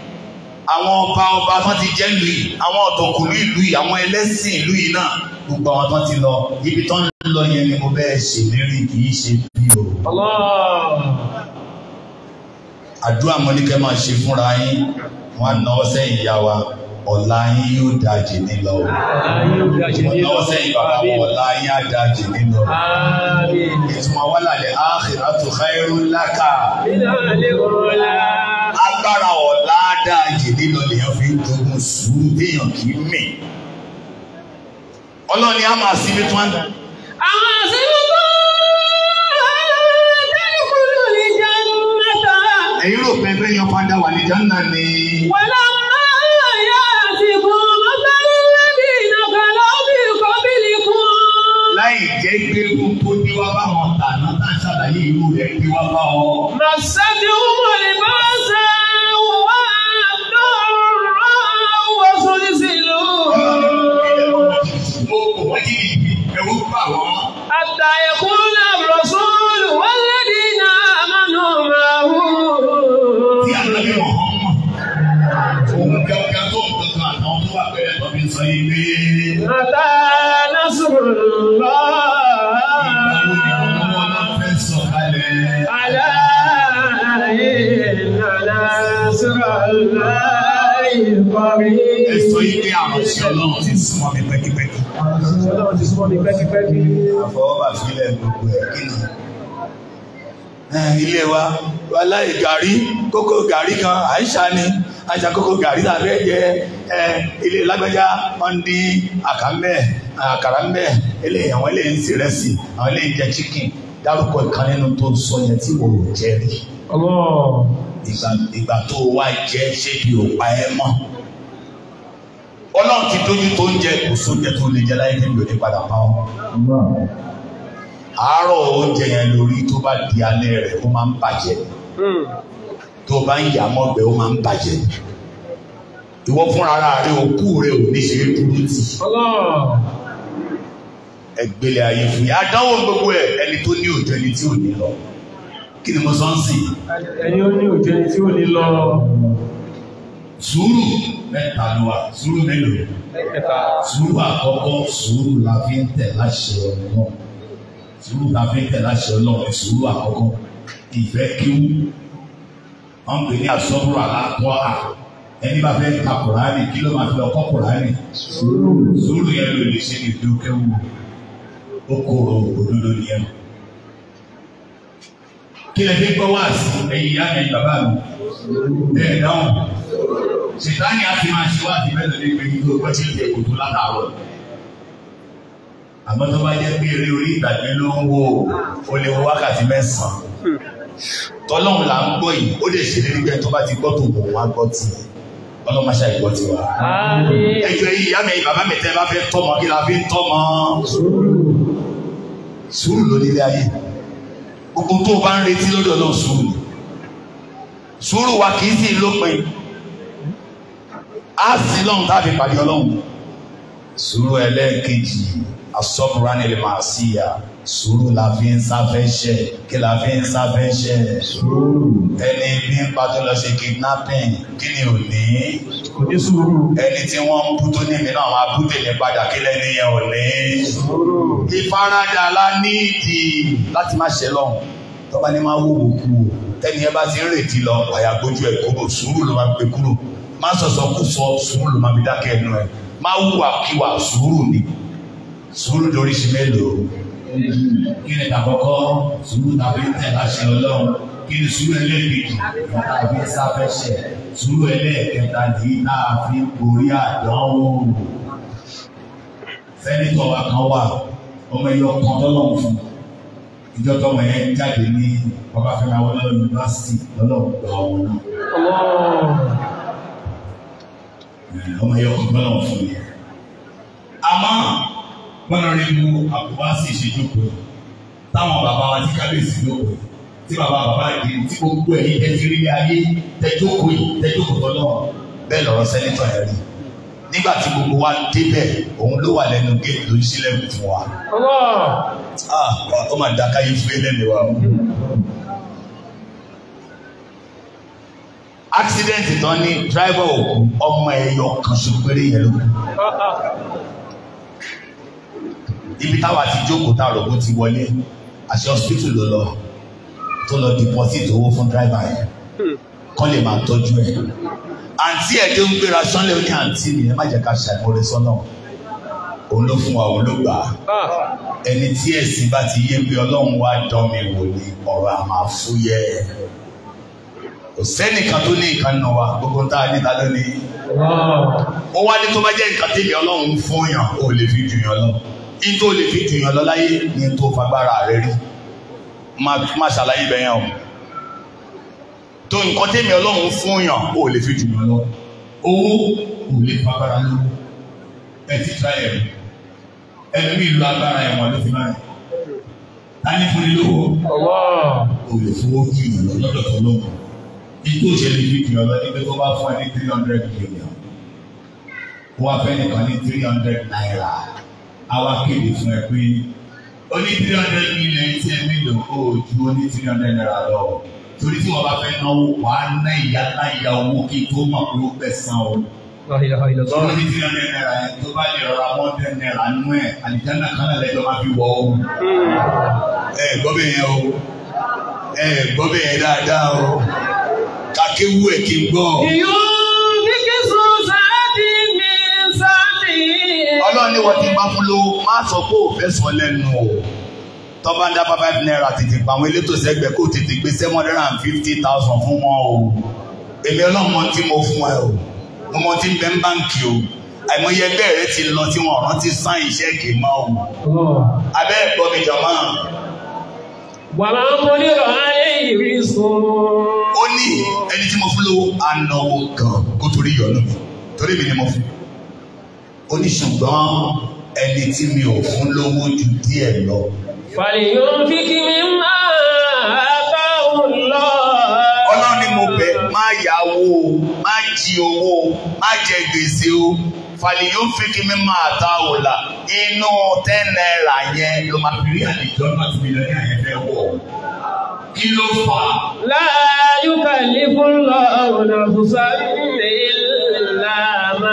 àwọn ọba ọba tán ti jẹ́ ìlú yìí àwọn ọ̀tọ̀kùn ní ìlú yìí àwọn ẹlẹ́sìn ìlú yìí náà gbogbo àwọn tán ti lọ ibi tán lọ yẹn ni mo bẹ́ẹ̀ ṣèlérí kì í ṣe bí o. àdúrà mo máa ṣe fúnra yín wọn á náwó sẹ́yìn ìyá wa ọ̀la yín yóò da jìnnì lọ. wọn náwó sẹ́yìn bàbá wọn ọ̀la yín á da jìnnì lọ. ìtumọ̀ wàlàlẹ̀ àkhíratu khairul laka. ìlànà ìrọ̀lá dáa jèdè lọ lèèyàn fi ń jogún sùúrù téèyàn kì í mì. ọlọ́run ni a máa sinmi tó ń dà. àwọn àṣírí tó dáhùn kúrò ní jẹ́ńdà. ẹ̀yin rò pé ẹgbẹ́ yan padà wà ní jẹ́ńdà ni. wàlá máa yá àsìkò ọgbẹ́ni lẹ́bí ìnàkà lọ́bì kọ́bìlì kún. láì jẹ́ gbé gbogbo bí wá bá wọn tà náà tá a ṣàlàyé irú rẹ̀ bí wá bá wọn. màṣẹ́ ni ó mú. Ẹ̀sọ́ yìí ní àrùn ìṣẹ́ ọlọ́run ti súnmọ́ mi pẹ́kípẹ́kí. Àrùn ìṣẹ́ ọlọ́run ti súnmọ́ mi pẹ́kípẹ́kí. Àfọwọ́bà sílẹ̀ gbogbo ẹ̀ kí ni? Ilé wa, aláì gàrí, kókó gàrí kan, Àìṣà ni, Àìṣà kókó gàrí tàbí ẹ̀jẹ̀ ilé lágbájá, wọ́n dín àkàmbẹ̀, àkàràmbẹ̀, eléyìí àwọn eléyìí ń ṣe rẹ́sì, àwọn eléyìí jẹ chicken, dárúkọ ìkan nínú tó sọ yẹn tí wò ó jẹ rí. Ìgbà tó wá jẹ́ ṣé bí ò pa ẹ́ mọ́ ọlọ́run ti dójú tó ń jẹ kò sóúnjẹ tó lè jẹ láyé níbi òní padà pa ọ́ àárọ̀ oúnjẹ yẹn lórí tó bá di alẹ́ rẹ̀ ó máa ń bàjẹ́ tó bá ń yà mọ́gbẹ́ ó máa ń bàjẹ́ ìwọ fúnra rẹ òkú rẹ ò ní ṣe é dúró tì ẹgbẹ́lẹ̀ ayé fún yà àdánwò gbogbo ẹ̀ ẹni tó ní òjò ẹni tí ò ní lọ kí ni mo sọ ń sìn. ẹni ó ní òjò ẹni tí ò ní lọ sùúrù mẹ́ta ló wà sùúrù mélòó sùúrù àkọ́kọ́ sùúrù la fi ń tẹ̀ láṣẹ ọlọ́run sùúrù la fi ń tẹ̀ láṣẹ ọlọ́run sùúrù àkọ́kọ́ ìfẹ́ kíwú wọ́n pè ní àsọ́rù àlàkọ́ à ẹni bá fẹ́ ka kùránì kí ló máa fi ọkọ́ kùránì sùúrù yẹn ló lè ṣe ní ìdókẹ́wù ó kóró òdodo nìyẹn kí lè fi gbọ́ wá sí ẹ̀yìn ìyá mi bàbá mi bẹ́ẹ̀ dáhùn ṣètánì àti máa ṣe wá àti mẹ́lẹ̀ nígbè ní gbogbo ọtí ìjẹ kòtò látàárọ̀ àmọ́ tó bá jẹ́ pé eré orí ìtàgé ló ń wo ó lè wo wákàtí mẹ́sàn-án tọ́lọ́run là ń gbọ́ yìí ó lè ṣèlérí pé tó bá ti gbọ́ tó wọ̀ wá gbọ́ tì í ọlọ́mọ ṣe ìwọ ti wà. ẹjọ́ yìí ìyá mi bàbá mi tẹ́ bá fẹ́ tọ́mọ kí la fi ń tọ́mọ. sùúrù ló nílé ayé gbogbo tó o bá ń retí lọ́dọ̀ náà sùúrù sùúrù wa kì í sì lópin á sí lọ́hùn tá a fi pàdé ọlọ́hùn sùúrù ẹlẹ́ẹ̀kejì asọ́kùnrin ni lè sí ya sùúrù la fi ń sáfẹ́ ṣẹ kí la fi ń sáfẹ́ ṣẹ ẹni bí ń pa tó lọ ṣe kidnapping kí ni ò ní kò ní sùúrù ẹni tí wọ́n ń bú tó ní mi náà máa bú tèmi padà kí lẹ́ni yẹn ò ní ìfaradà la ní ìdí láti má ṣe lọ́hùn tọ́ba ni máa wò wò kú o tẹ́ni ẹ bá ti ń rètí lọ àyà gbójú ẹ̀ kúrò sùúrù ló máa gbé kúrò má sọ̀sọ̀ kó sọ sùúrù ló máa fi dákẹ́ ẹnu ẹ̀ má wùwà kíwà sùúrù ni sùúrù lórí sí mélòó. kí ni àkọ́kọ́ sùúrù tàbí tẹ̀ láṣẹ ọlọ́run kí ni sùúrù ẹlẹ́ẹ̀kejì tàbí sáfẹ́ṣẹ̀ sùúrù ẹlẹ́ẹ̀kẹta ní láàfin borí àdánwò. sẹ́nitọ̀ wa kan wà ọmọ ẹ̀yọ kan tọ́lọ́run fún un ìjọ tọmọ yẹn jáde ní Ọbáfẹ́mi Awólọ́wọ̀ yunifásitì lọ́lọ́run gba ọmọ náà. ọmọ yẹn ọkọ gbọ́dọ̀ fún mi. àmọ́ gbọ́dọ̀ mú àbúrò sí ìṣèjókòó táwọn bàbá wa ti kábíyèsí lóko tí bàbá bàbá yìí tí gbogbo ẹ̀yìn tẹ́tí rí ayé tẹ́jókòó tẹ́jókòó lọ́wọ́ bẹ́ẹ̀ lọ́rọ̀ sẹ́nitọ̀ yẹn rí nígbà tí gbogbo wa débẹ̀ òun ló wà lẹ́nu géètì ló ń fún wa. Ah, ó mà dáká yìí fún ẹlẹ́ni wa accident tán ní driver òkú ọmọ ẹyọ kan ṣo péré yẹn ló kù. ibi táwa ti jókòó tá a rògbò ti wọlé àṣẹ hospital ló lọ tó lọ deposit owó fún driver yẹn hmm. kán lè máa tọ́jú ẹ̀ àǹtí ẹ̀ tó ń gbéra sọ́lẹ̀ ó ní àǹtí mi ẹ má jẹ́ ká ṣàìmọ́lẹ̀ sọ́nà òun ló fún wa òun ló gbà á ẹni tí ẹ̀sìn bá ti yé pé ọlọ́run wá dán mi wò ni ọ̀rọ̀ àmà fúyẹ́ kò sẹ́nìkan tó ní nǹkan nù wa gbogbo tá a ní ta ó wá ní tó bá jẹ́ nǹkan tèmi ọlọ́run fún yàn ó lè fi jù yàn lọ ní lè fi jù yàn lọ láyé ní tó fagbára rẹ rí má ṣàlàyé bẹ́ẹ̀ yẹn o tó nǹkan tẹ́mi ọlọ́run fún yàn ó lè fi jù mí lọ owó kò lè fa agbára lọ ẹ ti tra ẹ̀rù ẹ̀rù mi lu agbára ẹ̀wọ̀n ló fi máa yẹ láti fún ilé wọ kò lè fowó jù yàn lọ lọ́dọ̀ tó lọ́wọ́ ikú òṣèlú fi jù lọ nígbà tó bá fún ẹ three hundred billion wọ́n fẹ́ nìkan ní three hundred naira àwa kéde fún ẹ pé ó ní three hundred million tí ẹ mélòó kó o ju ó ní three hundred naira lọ torí tí wọn bá fẹ́ náwó wà á ná ìyá ná ìyá owó kí n tó mọ̀ pé ó bẹ̀ san o. Sọ́dọ̀ ní three hundred naira tó bá lè rọra one ten naira nú ẹ̀ àlìjáná kan náà lẹ́jọ́ máa fi wọ̀ o. Ẹ gbọ́ bẹ́ẹ̀ yẹn o. Ẹ gbọ́ bẹ́ẹ̀ yẹn dáadáa o. Kakéwu ẹ̀ kí n gbọ́. Ìyó ní kí sùn sáàdì mi sáàdì. Ọlọ́run ni wọ́n ti máa fún lówó, má sọ pé òfẹ́ sọ lẹ́nu o tọ́ba ń dábàá five naira tètè pa àwọn elétò sẹ́gbẹ̀ẹ́ kó tètè gbé seven hundred and fifty thousand fún wọn o èmi ọlọ́mọ tí mo fún ẹ o mo mọ tí ń bẹ ń báǹkì o àìmọye ẹgbẹ́ rẹ ti lọ tí wọn rántí sán iṣẹ́ kì mọ́ o abẹ́ ẹ̀kọ́ mi jọ máa. wàhálà ń bọ́ nírọ̀ alẹ́ ìrì sùn. ó ní ẹni tí mo fún lówó anáwó kan kó torí yọ̀ọ́ lómi torí mi ni mo fún ó ní ṣùgbọ́n ẹni tí mi ò fún lówó ju díẹ̀ lọ fàlìyànfíkì mi máa bá ni mo bẹ̀ má yáwó má jí owó má jẹ gbèsè o fàlìyànfíkì mi máa ta òòlà inú ten náírà yẹn ló máa fi rí àlejò náà ti lọ wọ̀ kí ló fà á. láàyùkà lè fún lọ́ọ̀rùn àbùsà nílẹ̀ ìlànà.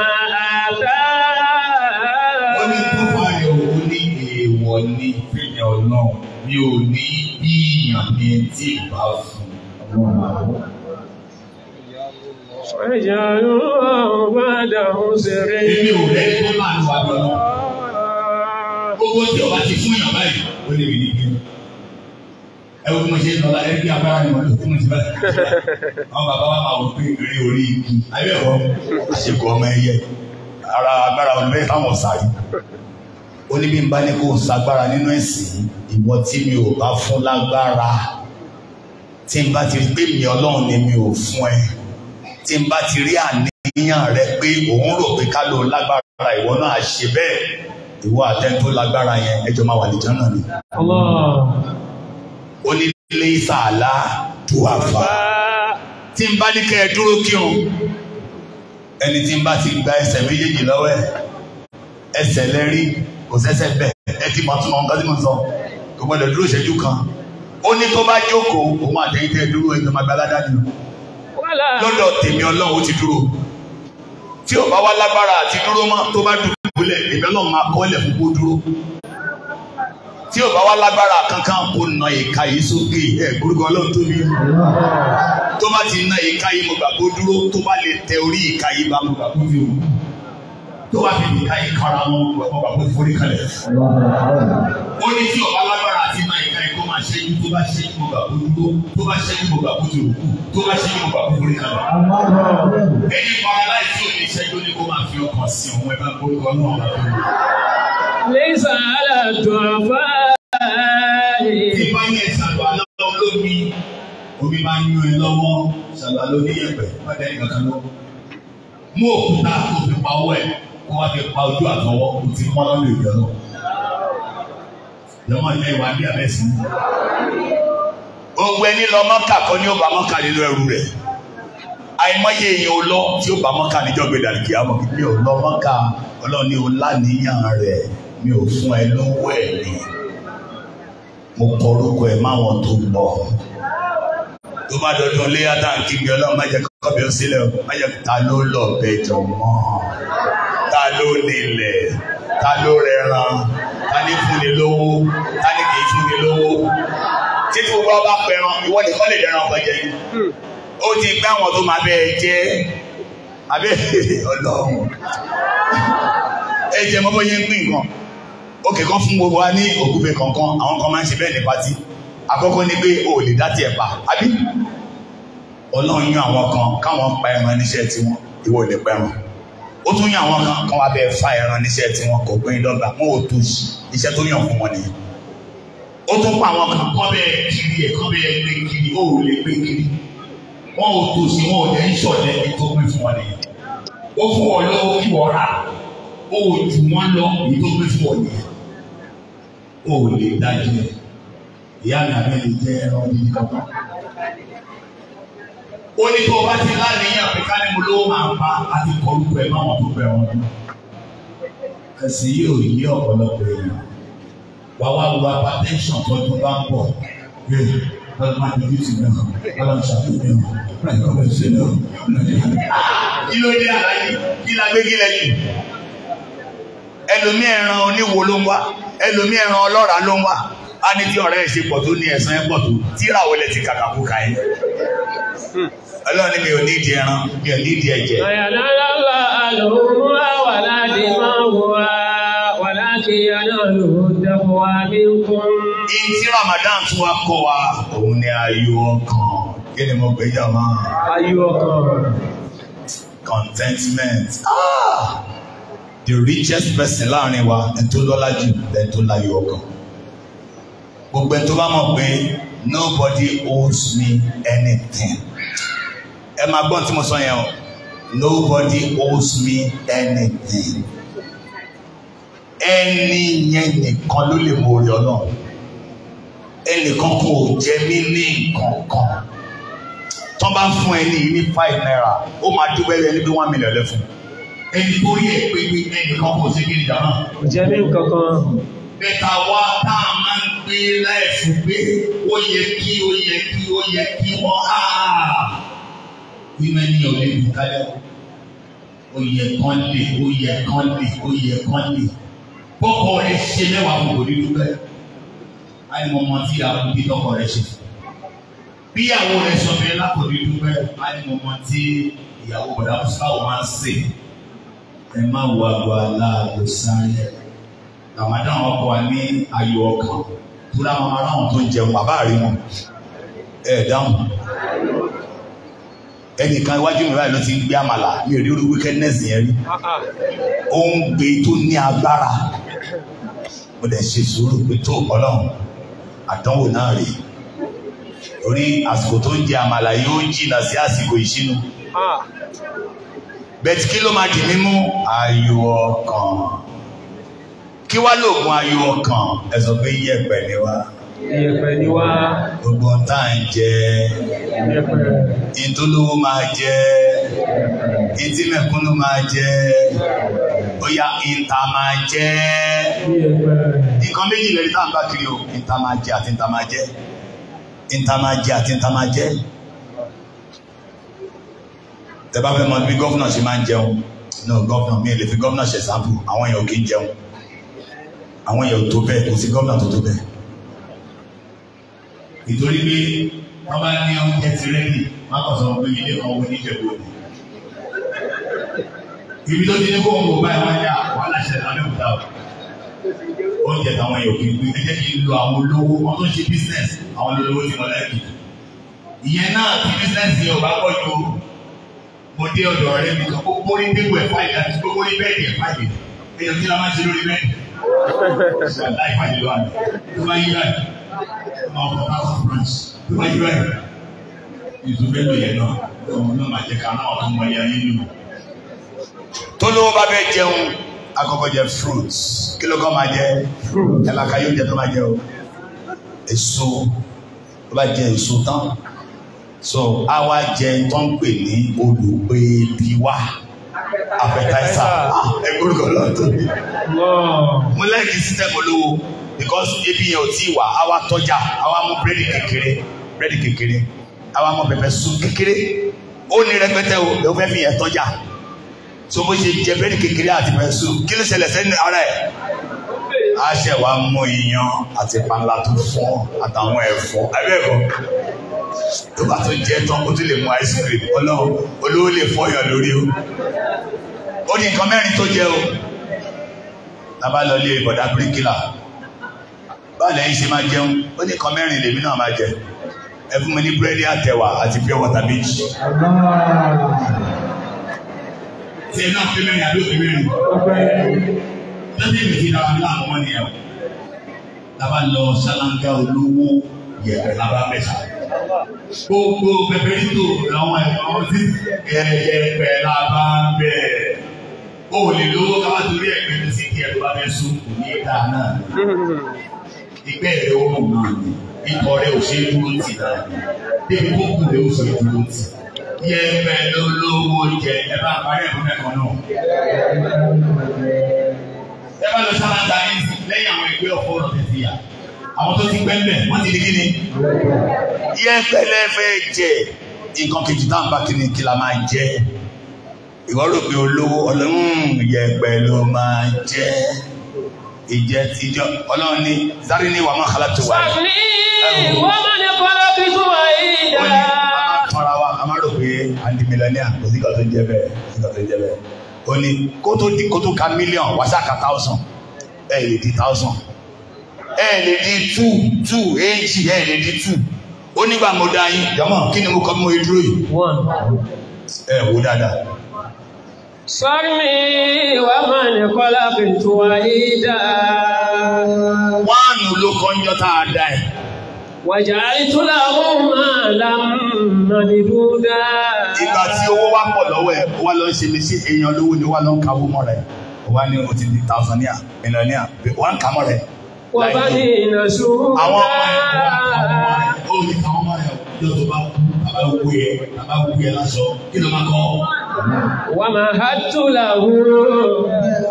mi ò ní bíyàn ní tí ò bá fún Ọjà ló wà dáhùn sẹ́rẹ́. Èmi ò rẹ̀ tó máa ń wà lọ́wọ́. Owó tí ọba ti fún ìyàn báyìí, ó lè rí ní bí. Ẹ wo bí mo ṣe ń lọ́la, ẹ bí agbára ni wọ́n ti fún ìṣẹ́ báyìí. Àwọn bàbá wa máa wọ pé eré orí igi. Ayé ẹ̀wọ̀n, àṣekọ̀ ọmọ ẹyẹ. Ara agbára ọmọ ẹ̀ táwọn sáré ó ní bí n bá ní kó sagbára nínú ẹ̀sìn ìwọ tí mi ò bá fún lágbára tí n bá ti pè mí ọlọ́run ni mi ò fún ẹ tí n bá ti rí àníyàn rẹ pé òun rò pé ká ló lágbára ìwọ náà ṣe bẹ́ẹ̀ ìwọ àtẹ́ntó lágbára yẹn ẹjọ́ máa wà ní jọ́nà ni. ó ní ilé ìsàlá duhafa tí n bá ní kẹ́ ẹ dúró kírun ẹni tí n bá ti gba ẹsẹ̀ méjèèjì lọ́wọ́ ẹ̀ ẹsẹ̀ lẹ́rí kò sẹ́sẹ̀ bẹ́ẹ̀ ẹ ti mọ̀ tún mọ̀ nǹkan tí mo sọ kò gbọ́dọ̀ dúró ìṣẹ́jú kan ó ní tó bá jókòó òun àtẹ̀yìn tẹ́ dúró ẹ̀jọ̀ máa gbalada nù lọ́dọ̀ tèmi ọlọ́run ó ti dúró tí ò bá wá lágbára àti dúró mọ́ tó bá dùbúlẹ̀ èmi ọlọ́run máa kọ́ ilẹ̀ fún dúró tí ò bá wá lágbára kankan kó na ìka yìí sókè ẹ gbórúkọ ọlọ́run tóbi tó bá ti na ìka yìí mo gbà kó dúró tó bá lè tẹ orí ìka yìí bá mo gbà kó fi òun tó bá fi lè káyé kára wọn ọ̀pọ̀ bàbá forí kalẹ̀. ó ní tí ọba lágbára àti máa ìka ẹ̀kọ́ máa ṣẹ́yìn tó bá ṣẹ́yìn mo gbà kójú tó tó bá ṣẹ́yìn mo gbà kójú òkú tó bá ṣẹ́yìn mo gbà kó forí kalẹ̀. ẹni para láì tí ò ní ṣẹ́yìn ó ní kó máa fi ọkàn sí ọmọ ẹ bá gbórúkọ náà. lẹ́sà àlàtọ̀ àbá. ìbáyé ìsàlọ̀ aláwọ̀ olómi omi máa ń yún ẹ lọ́wọ́ ìsàlọ̀ alóníyẹ̀pẹ̀ má dẹ́ kan lọ́wọ́ mú òkúta kó pa owó ẹ̀ kó wá fi pa ojú àtọwọ́ kò ti pọ́n lọ́nà ìjọ náà. Ìjọba ilé ìwà bí abẹ́ sí. Gbogbo ẹni lọ mọ́kà kọ́ ni ó bá mọ́kà nínú ẹrù rẹ̀. Àìmọye èèyàn ò lọ tí ó bá mọ́kà níjọ́ gbẹ̀dà kí á mọ̀ kí mi ò lọ mọ́kà ọlọ́ni ò láníyàn rẹ̀ mi ò fún ẹ lówó ẹ̀ rí. Mo kọ orúkọ ẹ̀ máwọn tó gbọ́ tó bá dọdún léyà tá à ń kí mi ọlọ́run má jẹ́ kọ́bí ó sílẹ̀ má jẹ́ ta ló lọ bẹ jọ mọ́ ta ló nílẹ̀ ta ló rẹran ta ní fúnni lówó ta ní kì í fúnni lówó títí gbogbo ọba pẹran ìwọ nìkan lè rẹran ọkọ jẹ hmm. ó ti gbá àwọn tó máa bẹ ẹ jẹ abẹ Ọlọ́run ẹ jẹ mọ bóyá ń pín nǹkan ó kẹkọọ fún gbogbo wa ní òkúfe kankan àwọn kan máa ń ṣe bẹ́ẹ̀ ní pati àkọ́kọ́ ni pé o lè dá tiẹ̀ pa àbí Ọlọ́run yún àwọn kan káwọn pa ẹran níṣẹ́ tiwọn ìwọ lè pa ẹran ó tún yàn wọn kan kan wá bẹ́ẹ̀ fa ẹran níṣẹ́ tí wọn kò gbé dọ́gba wọn ò tó yìí iṣẹ́ tó yàn fún wọn nìyẹn ó tún pa àwọn kan kọ́ bẹ́ẹ̀ kiri ẹ̀ kọ́ bẹ́ẹ̀ gbé kiri ó lè gbé kiri wọn ò tó sí wọn ò lè ṣọ̀lẹ́ ní tó gbé fún wọn nìyẹn ó fún ọ lọ́wọ́ kí wọ́n rà ó jù wọ́n lọ ní tó gbé fún ọ nìyẹn ó lè dájú ẹ̀ ìyá mi àbẹ́lẹ̀ jẹ́ ẹran ní kankan ó ní tó o bá ti láàníyàn pé ká ní mo lówó máa pa àti kọlùkù ẹ̀ máa wọ́n tó bẹ̀ wọ́n lọ. ẹ̀sìn yìí ò yí ọ̀pọ̀lọpọ̀ èèyàn wà wá lu hypertension tó tó bá ń bọ̀ lọ́dún máa dojú sí náà lọ́dún ṣàtúnyẹ̀ náà lọ́dún máa ṣe náà lọ́dún. Ah, kí ló dé àlàyé kí la gbé gílẹ̀ jù ẹlòmí ẹran oníwo ló ń wá ẹlòmí ẹran ọlọ́ra ló ń wá a ní tí ọ̀rẹ́ ẹ̀ ṣe pọ̀ tó ní ẹ̀sán ẹ̀ pọ̀ tó tíra wọlé ti kàkàkùkà yẹn. Ọlọ́run ni mi ò nídìí ẹran, mi ò nídìí ẹ̀jẹ̀. Ọ̀yàlọ́lọ́lọ́ Ramadan tún wá kọ́ wa, òun ni ayọ̀ ọkàn. Kí ni mo gbé jà máa? Ayọ̀ ọkàn. Contentment. Ah! The richest person láàrin wa, ẹni tó lọ́lá jù, ẹni tó láyọ̀ ọkàn. Gbogbo ẹni tó bá mọ̀ pé nobody owes me anything ẹ máa gbọ́n tí mo sọ yẹn o nobody owes me anything ẹni yẹn nìkan ló lè mọ orí ọ̀nà ẹnìkan kò jẹ mí ní nǹkan kan tó bá fún ẹni yìí ní five naira ó máa dúpẹ́ ẹni bí one million lẹ́fún ẹni tó yẹ pé ẹnìkan kò sí kí dáná. kò jẹ mí nǹkan kan bẹ́ta wá tá a máa ń gbé láìsí pé ó yẹ kí ó yẹ kí ó yẹ kí wọ́n á. Ah, women ní ọ̀lẹ́ ìbùkálẹ̀ oyè kan lè oyè kan lè oyè kan lè bọ́kọ rẹ̀ ṣe mẹ́wàá kò ní dúpẹ́ ánimọ̀ mọ̀ tí àwọn òbí tọkọ rẹ̀ ṣe bí ìyàwó rẹ̀ sọ fẹ́ lákò ní dúpẹ́ ánimọ̀ mọ̀ tí ìyàwó bọ̀dá bùsáwò máa ń sè ẹ má wo àgọ́ aláàbò sáré ramadan ọkọ wa ní ayọ̀ ọkàn tó láwọn aráàlú tó ń jẹun bàbá rí wọn ẹ dáhùn ẹnìkan iwájú mi báyìí ló ti ń gbé àmàlà mi ò rí orí wickedness yẹn rí ó ń gbé tó ní agbára mo dẹ̀ ṣe sùúrù pé tó ọlọ́run àdánwò náà rèé torí àsìkò tó ń jẹ àmàlà yóò jìnnà sí àsìkò ìṣínú bẹ́ẹ̀ kí ló máa dì mí mú ayò ọkàn kí wá lóògùn ayò ọkàn ẹ pé yẹ̀pẹ̀ ni wá ìyẹ̀pẹ̀ ni wá. gbogbo ń tà ń jẹ ìtòlówó máa jẹ ìtí mẹ̀kúnnù máa jẹ bóyá ìta máa jẹ nǹkan méjì lẹ́yìn tá à ń bá kiri o ìta máa jẹ àti ìta máa jẹ ìta máa jẹ àti ìta máa jẹ tẹ́ fẹ́ mọ̀ bí gọ́fúnà ṣe máa ń jẹun no gọ́fúnà mi lè fi gọ́fúnà ṣe sáàpù àwọn èèyàn ò kí ń jẹun àwọn èèyàn ò tó bẹ́ẹ̀ kò sí gọ́fúnà tó tó bẹ́ẹ̀ ìtorí pé wọ́n bá ní oúnjẹ ti rẹ́dì wọ́n kàn sọ pé ilé kan wo níjẹ̀ bò ní. ibi tó ti ní kó wọ́n báyìí wọ́n yà ah, wàhálà ṣẹlẹ̀ lábẹ́kúta o. oúnjẹ táwọn èèyàn kì í gbé jẹ́ kí n lo àwọn olówó wọ́n tó ń ṣe bísínẹ́sì àwọn olówó ti wọ́n lẹ́kì. ìyẹn náà tí bísínẹ́sì yẹn ò bá pọ̀ ju mo dé ọ̀dọ̀ rẹ mi kan gbogbo orí dégò ẹ̀ fáyì àti gbogbo orí bẹ́ẹ̀dì ẹ̀ fáyì èèyàn tí a máa ń ṣe lórí bẹ́ẹ̀dì. ṣàlàyé fàyè lọ́wọ́ àná tó bá yí báyìí ọkọ̀ of France tó máa yọ ẹ̀ ìdúgbẹ́ lò yẹn náà ọmọ náà máa jẹ ká náà ọdún wọlé ayé nínú. tó lówó bá bẹ jẹun àkọ́kọ́ jẹ fruits kí ló kọ́ máa jẹ ẹ máa ka yóò jẹ tó máa jẹ o èso tó bá jẹ èso tán so a wá jẹ tó ń pè ní olùgbé bí wá appetizer ẹgbẹ́ olùkọ́ lọ́tọ́ mi mo lẹ́yìn sí tẹ́kọ̀ọ́ lówó because ebi yẹn ò tí ì wà àwa tọ́jà àwa mú búrẹ́dì kékeré búrẹ́dì kékeré àwa mú pẹpẹ sùn kékeré ó ní rẹpẹtẹ o ló fẹ́ fi yẹn tọ́jà so bó ṣe jẹ búrẹ́dì kékeré àti pẹpẹ sùn kí ló ṣẹlẹ̀ sẹ́ni ara ẹ̀ a ṣẹ̀ wá mú iyán àti panla tó fún àtàwọn ẹ̀fọ́ abẹ́ẹ̀kọ́ tó bá tó jẹ tán ó tún lè mú ice cream ọlọ́run olówó lè fọyàn lórí o ó ní nǹkan mẹ́rin tó jẹ o tá a bá bíríkìlà báàlẹ̀ yìí ṣe máa jẹun ó ní kan mẹ́rin lèmi náà máa jẹ ẹ fún mi ní búrẹ́dì àtẹ̀wà àti pure water beach. ṣe náà fi mẹ́rin àbí òfin mẹ́rin. lọ́sẹ̀ ìrètí náà fi láàmú wọn nìyẹn o. lábàá lọ ṣáláńgá olówó yẹ̀rẹ̀ lábàá mẹ́ta. gbogbo pẹpẹ títò làwọn ẹ̀fọn sí ẹ̀ẹ́dẹ̀ẹ̀pẹ̀ lábàá bẹ́ẹ̀ o lè lówó káwá torí ẹ̀gbẹ́ ní sí kí ẹ̀rọ bá fẹ́ sún kò ní náà ìgbẹ́ rẹ̀ ó rò wò ní ikọ̀ rẹ̀ ò ṣe é dúró tì náà débi kókù rẹ̀ ó ṣe é dúró tì. yẹ ẹgbẹ́ lólówó jẹ ẹ bá parí ẹ̀kọ́ mẹ́kan náà. ẹ bá lọ sábà ta ẹ̀ lẹ́yìn àwọn ẹgbẹ́ ọ̀fọ́ ọ̀rọ̀ tẹ̀ sí yà àwọn tó ti pẹ́ńbẹ̀ wọ́n ti di kí ni. yẹ pẹ̀lẹ́ fẹ́ jẹ nǹkan kejì tá à ń bá kí ni kí la máa jẹ ìwọ rò pé olówó ọlọ́run hmm, yẹpẹ ló máa jẹ ìjẹ ìjọ ọlọ́run ní sáré ní wàmọ́ kálátì wà. sàmì wọ́n ní kọ́lá fi fún wa yìí dá. wọ́n ní a tọ́ra wa a máa rò pé andy millionaire kò sí kàtó jẹ bẹ́ẹ̀ kò sí kàtó jẹ bẹ́ẹ̀. ó ní kótó di kótó ka mílíọ̀n wàṣà ka thousand ẹ̀ lè di thousand ẹ̀ lè di two two èjì ẹ̀ lè di two ó nígbà mo dá yín jọmọ kí ni mo kọ́ mo dúró yìí. ẹ wò dáadáa. Sọ́rìmí wà máa ní kọ́lá pẹ̀tù wà ìdá. Wáànù ló kọjọ́ táa dá ẹ̀. Wàjà ìtúlà ohun máa lámà ní dúdá. Ìgbà tí owó wá pọ̀ lọ́wọ́ ẹ̀, wá lọ ṣe lè ṣe èèyàn lówó ni wá lọ ń kawó mọ́ rẹ̀. Wá ní o ti di tàùsàníà, ìlànìà, wá ń kà mọ́ rẹ̀. Wà bá ní ìnà sùúrù dáa. Àwọn ọmọ ẹ̀ wọ́n ní àwọn ọmọ rẹ̀ yóò tó bá kú, bàbá wú ẹ̀, bàbá wú ẹ̀ lásọ, kí ló máa kọ́? ومهدت له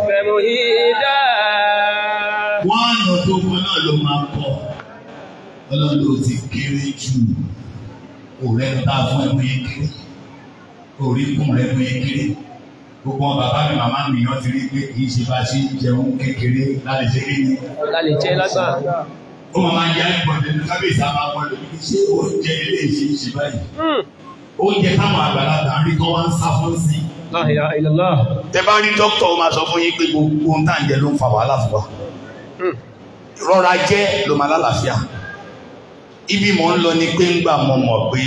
تمهيدا wọ́n àná tó kọ́ náà ló máa pọ̀ ọlọ́run ti kéré jù òrẹ́ ń bá fún ẹ̀mú yẹn kéré oríkùn rẹ̀ mú yẹn kéré gbogbo wọn bàbá mi màmá mi yàn ti rí pé kì í ṣe bá ṣe ń jẹun kékeré lálẹ́ jẹ́ kékeré. lálẹ́ jẹ́ lágbàá. ó máa ń yá ìbọn nínú kábíyèsí àbáwọlé ṣé oúnjẹ ilé ìṣe ìṣe báyìí. Hmm oúnjẹ táwọn àgbàlagbà ń rí kọ́ wá ń sá fún sí. tẹ bá rí dókítà ó máa sọ fún yín pé gbogbo ohun tá à ń jẹ ló ń fa wàhálà fún wa hmm. rọra jẹ ló máa lálàáfíà ibi mò ń lọ ni pé ńgbà mo mọ̀ pé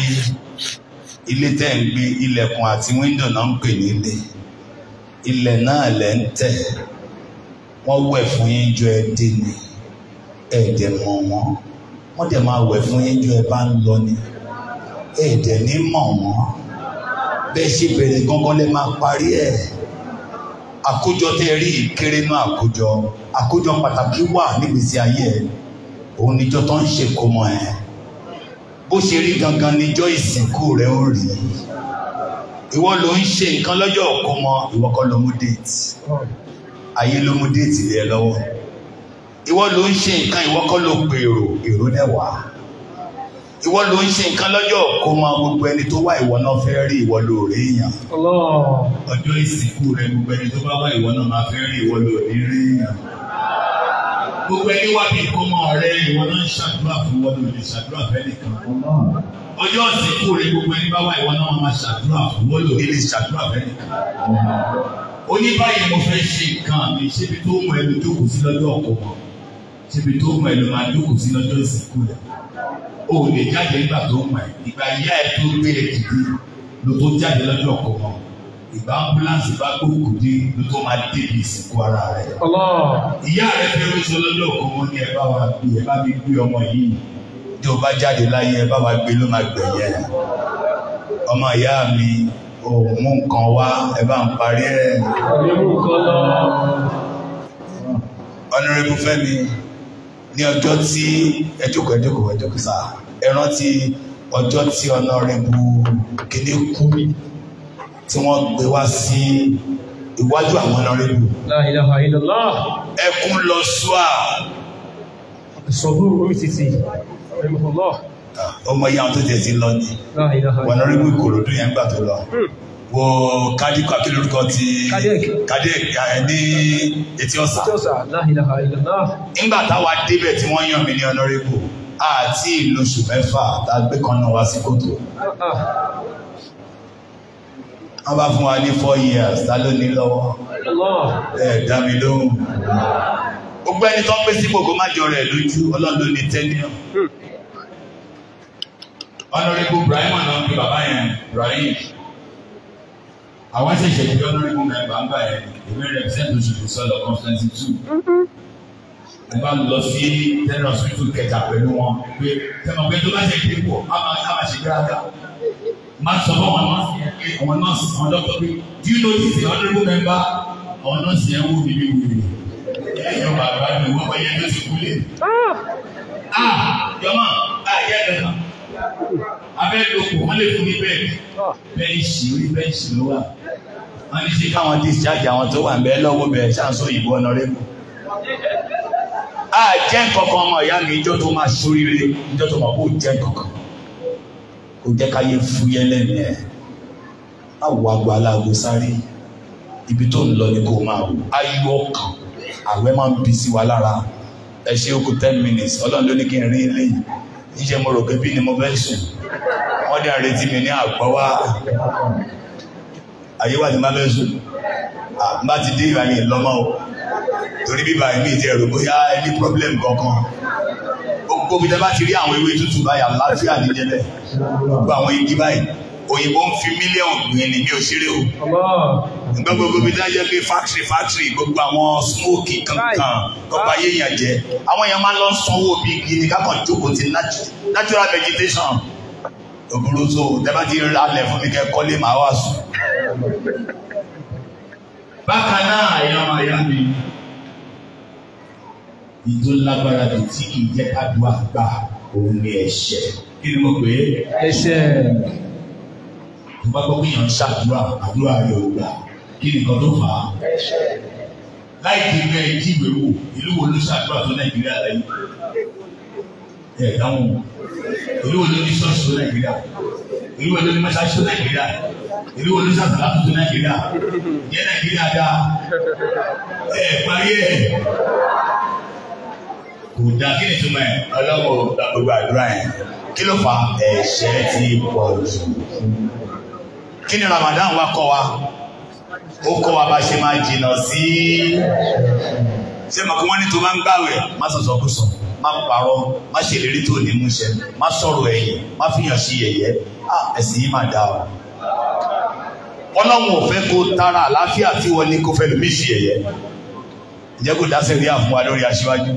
ilé tẹ́ ń gbé ilẹ̀kùn àti wíńdò náà ń pè nílé ilẹ̀ náà lẹ́ ń tẹ̀ wọ́n wẹ̀ fún yín jọ ẹ dé ni ẹ̀ dẹ̀ mọ̀ wọ́n wọ́n dẹ̀ máa wẹ̀ fún yín jọ ẹ bá ń lọ ni ẹ̀dẹ̀ ní mọ̀ wọ́n bẹ́ẹ̀ ṣe bẹ̀rẹ̀ gangan lẹ máa parí ẹ̀ àkójọ tẹ́ rí kéré náà àkójọ àkójọ pàtàkì wà nígbèsí ayé ẹ̀ òun níjọ́ tó ń ṣe kó mọ ẹ̀ bó ṣe rí gangan níjọ́ ìsìnkú rẹ̀ ó rí ìwọ ló ń ṣe nǹkan lọ́jọ́ kó mọ ìwọ kọ́ ló mú déètì ayé ló mú déètì lé lọ́wọ́ ìwọ ló ń ṣe nǹkan ìwọ kọ́ ló pèrò èrò dẹ̀ wá ìwọ ló ń ṣe nǹkan lọ́jọ́ kó mọ gbogbo ẹni tó wá ìwọ náà fẹ́ rí ìwọ lóore èèyàn. ọjọ́ ìsìnkú rẹ gbogbo ẹni tó bá wá ìwọ náà máa fẹ́ rí ìwọ lóore rí èèyàn. gbogbo ẹni wá bí ìkómọ rẹ ìwọ náà ń ṣàdúrà fún ìwọ lóore ṣàdúrà fẹ́ nìkan. ọjọ́ ìsìnkú rẹ gbogbo ẹni bá wá ìwọ náà máa ṣàdúrà fún ìwọ lóore ṣàdúrà fẹ́ nìkan. ó báyìí mo fẹ́ ṣe nǹkan mi ṣébi tó mọ ẹni jókòó sí lọ́jọ́ ọ̀pọ̀ ṣébi tó mọ ẹni máa jókòó sí lọ́jọ́ ìsìnkú rẹ̀ o lè jáde nígbà tó ń pẹ́ ìgbà ìyá ẹ̀ tó gbé ẹ̀ dìde ló tó jáde lọ́jọ́ ọkọ̀ wọn ìgbà ambulance bá gbóògùn dé ló tó máa débi ìsìnkú ara rẹ̀. ìyá rẹ̀ fẹ́ ló sọ lọ́jọ́ ọkọ̀ wọn ni ẹ bá wa gbé ẹ bá mi gbé ọmọ yìí tí o bá jáde láyé ẹ bá wa gbé ló máa gbẹ̀yẹ ọmọ ìyá mi ò mú nǹkan wá ẹ bá ń parí ẹ. ọ̀nà rẹ̀ mi ní ọjọ́ tí ẹjọ́kọ̀ ẹjọ́kọ̀ ẹjọ́kọ̀ sá ẹ rántí ọjọ́ tí ọ̀nàrẹ́bù kéde kú tí wọ́n gbé wá sí iwájú àwọn ọ̀nàrẹ́bù. La ilaha illallah. ẹkún lọ sùá. sọ̀rọ̀ orí títì ọmọ ìyá àwọn tó tẹ̀ sí lọ ni ọ̀nàrẹ́bù Ìkòròdú yẹn gbà tó lọ. Hmm wo kádìkù àkílẹ̀ orúkọ ti kádìkù ní etí ọ̀sà. nígbà táwa débẹ̀ tí wọ́n yàn mí ní ọ̀nàrẹ́bù àti ìlú oṣù mẹ́fà tá a gbé kan náà wá sí kòtò. Ah, ah. wọ́n bá fún wa ní four years tá ló ní lọ́wọ́ ẹ̀ dá mi lóhùn. gbogbo ẹni tó ń pèsè gbogbo májọ rẹ̀ lójú ọlọ́run ní tẹ́lẹ̀ hmm. ọ̀nàrẹ́bù Ibrahim náà ń bí bàbá yẹn Ibrahim àwọn ṣẹ̀ṣẹ̀ bí honourable member ń bá yẹn ìwé rẹ̀ sẹ́ńtò ṣùkú sọ̀lọ̀ conference two. ẹ bá lọ sí tẹ́lẹ̀ hospital kẹta pẹ̀lú wọn pé tẹ́lẹ̀ pé tó bá ṣe dé pọ̀ á máa ṣe gíráàgà. má sọ fún àwọn nọ́ọ̀sì yẹn pé àwọn nọ́ọ̀sì àwọn dọ́kítọ̀ pé do you know this is honourable member àwọn nọ́ọ̀sì yẹn wù mí wù mí. ẹ̀yọ́ bàbá mi wọ́n ah ah yẹ abẹ́ lóko wọ́n lè fún mi bẹ́ẹ̀ bẹ́ẹ̀ ṣì rí bẹ́ẹ̀ ṣì wọ́n ní ṣe káwọn discharge àwọn tó wà bẹ́ẹ̀ lọ́wọ́ bẹ́ẹ̀ ṣàǹsó ìbò ọ̀nà rẹ̀ mú. a jẹ́ kankan ọmọ ìyá mi ìjọ tó máa ṣoríire ìjọ tó máa kó jẹ́ kankan kò jẹ́ káyé fúyẹ́ lẹ́nu ẹ̀ àwọ̀ àgbà aláàgbò sáré ibi tó ń lọ ni kò máa wò ayọ̀ ọkàn àwẹ̀ máa ń bí sí wa lára ẹ ṣe ó ten minutes ọlọ́run ló ní kí n rí ilé yìí níṣẹ́ mo rò pé bí ni mo fẹ́ sùn wọ́n dẹ̀ retí mi ní àgbọ̀ wá ayé wà ní mábẹ́sù àbá ti dé ìràyè lọ́mọ́ o torí bíbá ẹ̀mí ìdí ẹ̀rọ bóyá ẹni pọ́blẹ́mù kankan gbogbo bí tẹ́lá ti rí àwọn ewé tútù báyà láfíà níjẹ́ bẹ́ẹ̀ gbogbo àwọn igi báyìí òyìnbó ń fi mílíọ̀nù gbìn ní mi ò ṣeré o nǹkan gbogbo bí tẹ́lá yẹ pé fáktìrì fáktìrì gbogbo àwọn smoke kankan gbogbo ayé èèyàn jẹ àwọn èèyàn máa ń lọ sanwó bí igi ní kákan jókòó ti natural vegetation òbúrú tó tẹ́bá ti ra lẹ̀ fún mi kẹ́ kọ́lé màá wà sùn. bákan náà ẹ̀yàn máa yá mi ìjó lágbára jù tí kì í jẹ́ kádùá gbà òun ni ẹ̀ṣẹ̀ kí ni mo pè é. ẹ̀ṣẹ̀. tó bá gbọ́ pé èèyàn ń ṣàdúrà àdúrà rẹ̀ ò gbà kí ni nǹkan tó fà á. ẹ̀ṣẹ̀. láì ti bẹ ìdí ìwé wò ìlú wo ló ṣàdúrà tó nàìjíríà lẹ́yìn ẹ̀ dáhùn ìlú wo ló ní ṣọ́ọ̀ṣì tó nàìjíríà ìlú wo ló ní mọ́ṣáláṣí tó nàìjíríà ìlú wo ló ṣàtàlá tó tó nàìjíríà yẹ nàìjíríà dá ẹ parí ẹ kò dá kí ni túmọ̀ ẹ ọlọ́wọ́ gbogbo àdúrà ẹ kí ló fa ẹ̀ṣẹ̀ ti pọ̀ jù kí ni Ramadan wa kọ́ wa ó kọ́ wa bá ṣe máa jìnnà sí ṣé màkúmọ́ni tó máa ń gbàwẹ̀ má sọ̀sọ̀ kú sọ̀rọ̀ má parọ́ má ṣèlérí tó ní múṣẹ má sọ̀rọ̀ ẹ̀yìn má fìyàn sí yẹ̀yẹ́ ẹ̀sìn yìí má dáa o ọlọ́run ò fẹ́ kó tara àlàáfíà tí wọ́n ní kó fẹ́ lómi ṣe yẹ̀yẹ́ ìjẹ́ kó dáṣẹ́ rí àfún wa lórí aṣíwájú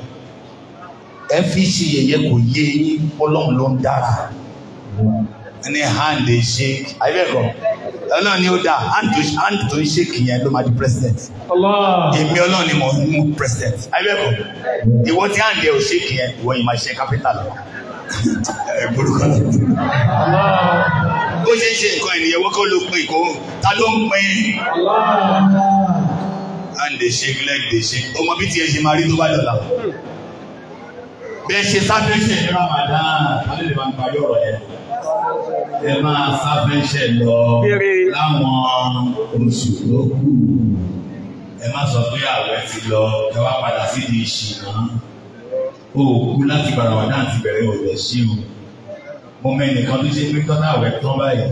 ẹ fi ṣe yẹ̀yẹ́ kò yé ọlọ́run ló ń dára ní hand dey shake àyẹ̀bẹ̀kọ̀ ọlọ́run ni ó dá hand tó ń shake yẹn ló máa di president èmi ọlọ́run ni mo mú president àyẹ̀bẹ̀kọ̀ ìwọ tí hand yẹn ò shake yẹn ìwọ yìí máa ṣe capital <laughs> ẹ̀ burúkú bó ṣe ń ṣe nǹkan ènìyàn wọ́kọ́ ló pin ìkó ta ló ń pin hand dey shake leg dey shake ọmọ bí tiẹ̀ ṣe máa rí tó bá dọ̀la bẹ́ẹ̀ ṣe sáfẹ́ ṣe ní Ramadan alẹ́ lè máa ń parí ọ̀rọ̀ ẹ máa sáfẹ́ṣẹ̀ lọ láwọn oṣù tó kù ẹ má sọ pé ààrẹ ti lọ ẹ wá padà sídìí ìṣìnà òkú láti padà wà náà ti bẹ̀rẹ̀ òbẹ̀ sí o mo mẹ́nìkan tó ṣe pé tọ́lá àwẹ̀ tán báyìí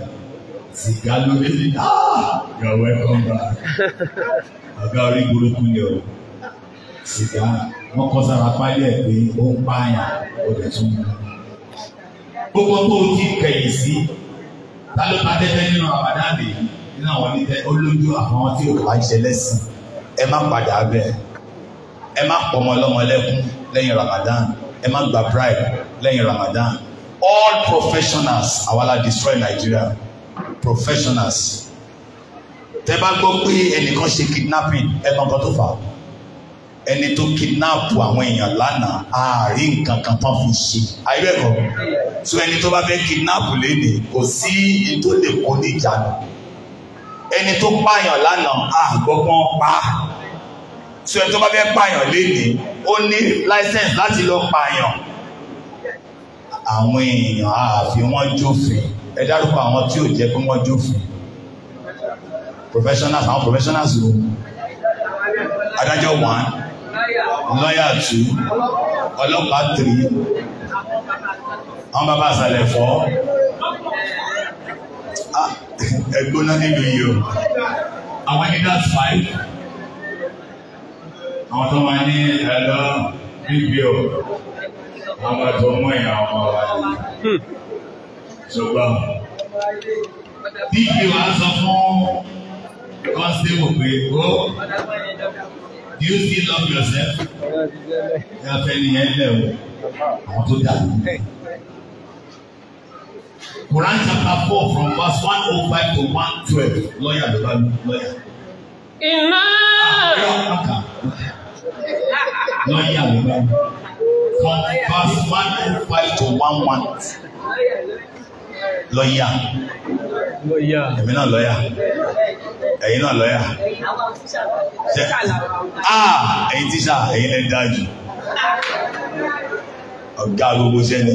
sìgá ló lé ní ìyàwó ẹ̀ kàn bá ọ̀gá orí burúkú ni o sìgá wọ́n kọ́ sára pálí ẹ̀ pé ó ń pààyàn ó tún mú un gbogbo tó o ti kẹ̀yìn sí ta ló ta tẹ́tẹ́ nínú Ramadan yìí nínú àwọn onítẹ olójú àwọn tí o bá ṣe lẹ́sìn ẹ má padà bẹ́ẹ̀ ẹ má pọmọ lọ́mọ lẹ́kún Ramadan ẹ má gba bribe lẹ́yìn Ramadan all professionals àwa la destroy Nigeria professionals tẹ bá gbọ́ pé ẹnìkan ṣe kidnapping ẹ mọ̀ nǹkan tó fà á ẹni tó kidnapu àwọn èèyàn lánàá ààrí nǹkan kan tán fi ṣe àìbẹ̀kọ́ so ẹni tó bá fẹ́ kidnapu lénìí kò sí ètò lè kó níjànú ẹni tó pààyàn lánàá àgbọ́gbọ́n pa so ẹni tó bá fẹ́ pààyàn lénìí ó ní license láti lọ pààyàn àwọn èèyàn àfi wọ́n jófin ẹ dárúkọ àwọn tí ò jẹ́ pé wọ́n jófin professionals àwọn professionals o adájọ́ one lọ́yà tù ọlọ́pàá tìrì àwọn bàbá àsàlẹ̀ fọ́ ah, ẹgbóná nílùú yìí o àwọn ní that five àwọn tó máa ní ẹlọ níbi o àwọn tó mú ẹ̀yà ọmọ wa yìí ṣùgbọ́n dídì wa sọ fún constable pé ó. Do you still love yourself? Ẹ afẹ́ ni ẹ lẹ̀ o, àwọn tó dà mí. Quran chapter four from verse one oh five to one twelve lọ́yà ló bá lọ́yà. Iná. Ah, lọ́yà ló bá from verse one oh five to one one lọ́yà èmi náà lọ́yà ẹ̀yin náà lọ́yà ẹ̀yin tíṣà ẹ̀yin lẹ́ dájú ọ̀gá gbogbo iṣẹ́ ni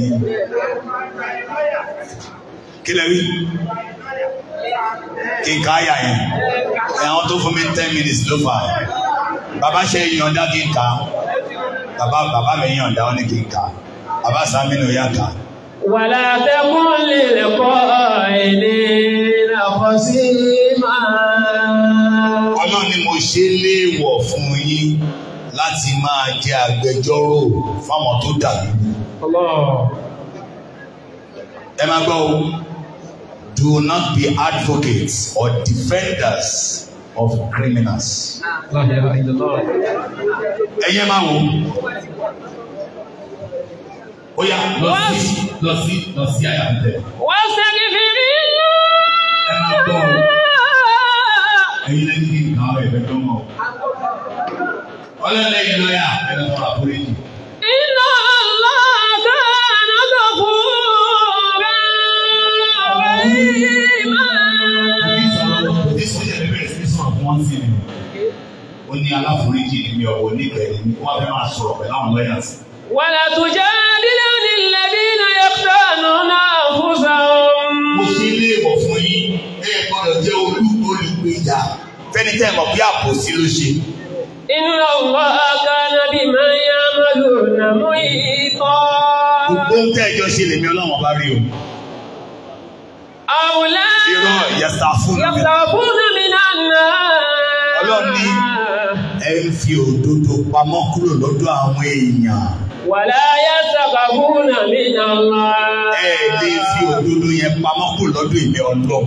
kí lẹ rí kí n káyà yẹn ẹ̀wọ̀n tó fún mi ten minutes ló fà bàbá ṣe yọ̀ǹda kí n kà bàbá bàbá mi yọ̀ǹda ó ní kí n kà bàbá sàmínú yà kà wàlá tẹ́kùn lè lẹ́kọ́ ẹni àkọ́ sí máa. ọlọ́run ni mo ṣe léèwọ̀ fún yín láti máa jẹ agbẹjọ́rò fáwọn tó dàbí. ẹ máa gbọ́ o do not be advocates or defenders of criminals. ẹ̀yẹ́ máa wò ó ó yá lọ sí lọ sí lọ sí àyà tẹ. wọ́n sẹ́ni fìrí. ẹ máa bọ̀ ọ́ ẹ̀yin lẹ́yìn kí n kàn ọ́ ẹ̀fẹ́ tó mọ̀ ọ́ ọlọ́lẹ́yìn lọ́yà ẹ̀rọ ọ̀rọ̀ àforíjì. iná lọ dáná tó kú rẹ̀ rẹ̀ máa. ó ní aláforíjì ni mi ò wò nígbà yìí wọ́n fẹ́ máa sọ̀rọ̀ pẹ̀lú àwọn lọ́yà sí. wàlá tó jẹ́ lẹ́dínà yẹ̀kúránù náà fúnṣà òun. mo ṣe fún yín ẹ gbọ́dọ̀ jẹ́ olùgbèjà fẹ́ni tẹ́ ẹ̀ mọ̀ bí àpò sí ló ṣe. inú ọ̀gbọ́n agbára bí máa ń yá mọ́lù nàmú ìkọ́. gbogbo ń tẹ́jọ́ ṣe lèmi ọlọ́run bá rí o. àwòlẹ́ irọ́ yẹ̀sàfún mi náà ọlọ́run ní ẹ ń fi òdodo pamọ́ kúrò lọ́dọ̀ àwọn èèyàn wàláyà sàkàbúnà mí nà lọ. ẹ lè fi òdodo yẹn pamọ́ kò lọ́dún ìmẹ́ ọlọ́.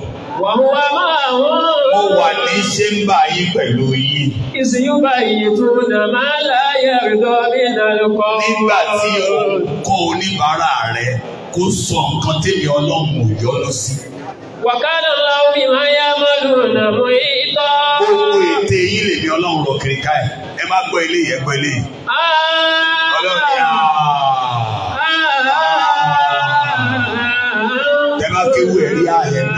wà wá máa wọ́n. ó wà ní ṣémbà yín pẹ̀lú yín. ìsìnyúbà yìí tún nà máa láyà rìndọ́ mí nígbà tí o kọ́ oníbàárà rẹ kó sọ nǹkan tẹ́lẹ̀ ọlọ́run ò yọ́nú sí wàkánà láwùmí máa yá mọ́lù nàmú ìtọ́. gbogbo ète yìí lè ní ọlọ́run rọ kiri ká ẹ̀ ẹ má gbọ́ eléyìí ẹ gbọ́ eléyìí. Ah. Ah. Ah. ẹ má kéwú ẹ̀rí ààyè bèbè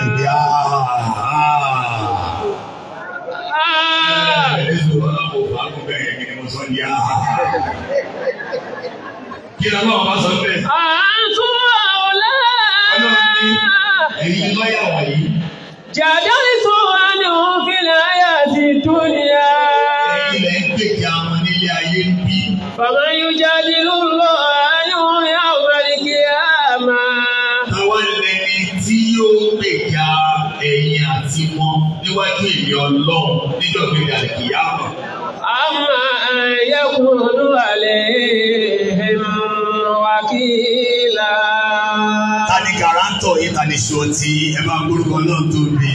Kí ni ọlọ́run bá sọ bẹ́ẹ̀? ẹ̀yin lọ́yà wọ̀nyí. jàdánì tó wà ní òun fi láyà àti dúnìá. ẹ̀yin lẹ ń pèkè àwọn nílé ayé ń bí. fàmà yóò jáde lọ́lọ́ àníwọ̀n yà òbẹ̀rẹ̀ kí á máa. táwa lẹni tí yóò pèkè ẹ̀yin àti wọn níwájú èmi ọlọ́run níjọba ìdàgbìyà mọ̀. àmọ́ ẹ̀yẹ́kùn olúwa lè hẹ́mú wákìí ní guarantor international ti ẹ máa gbórúkọ náà tóbi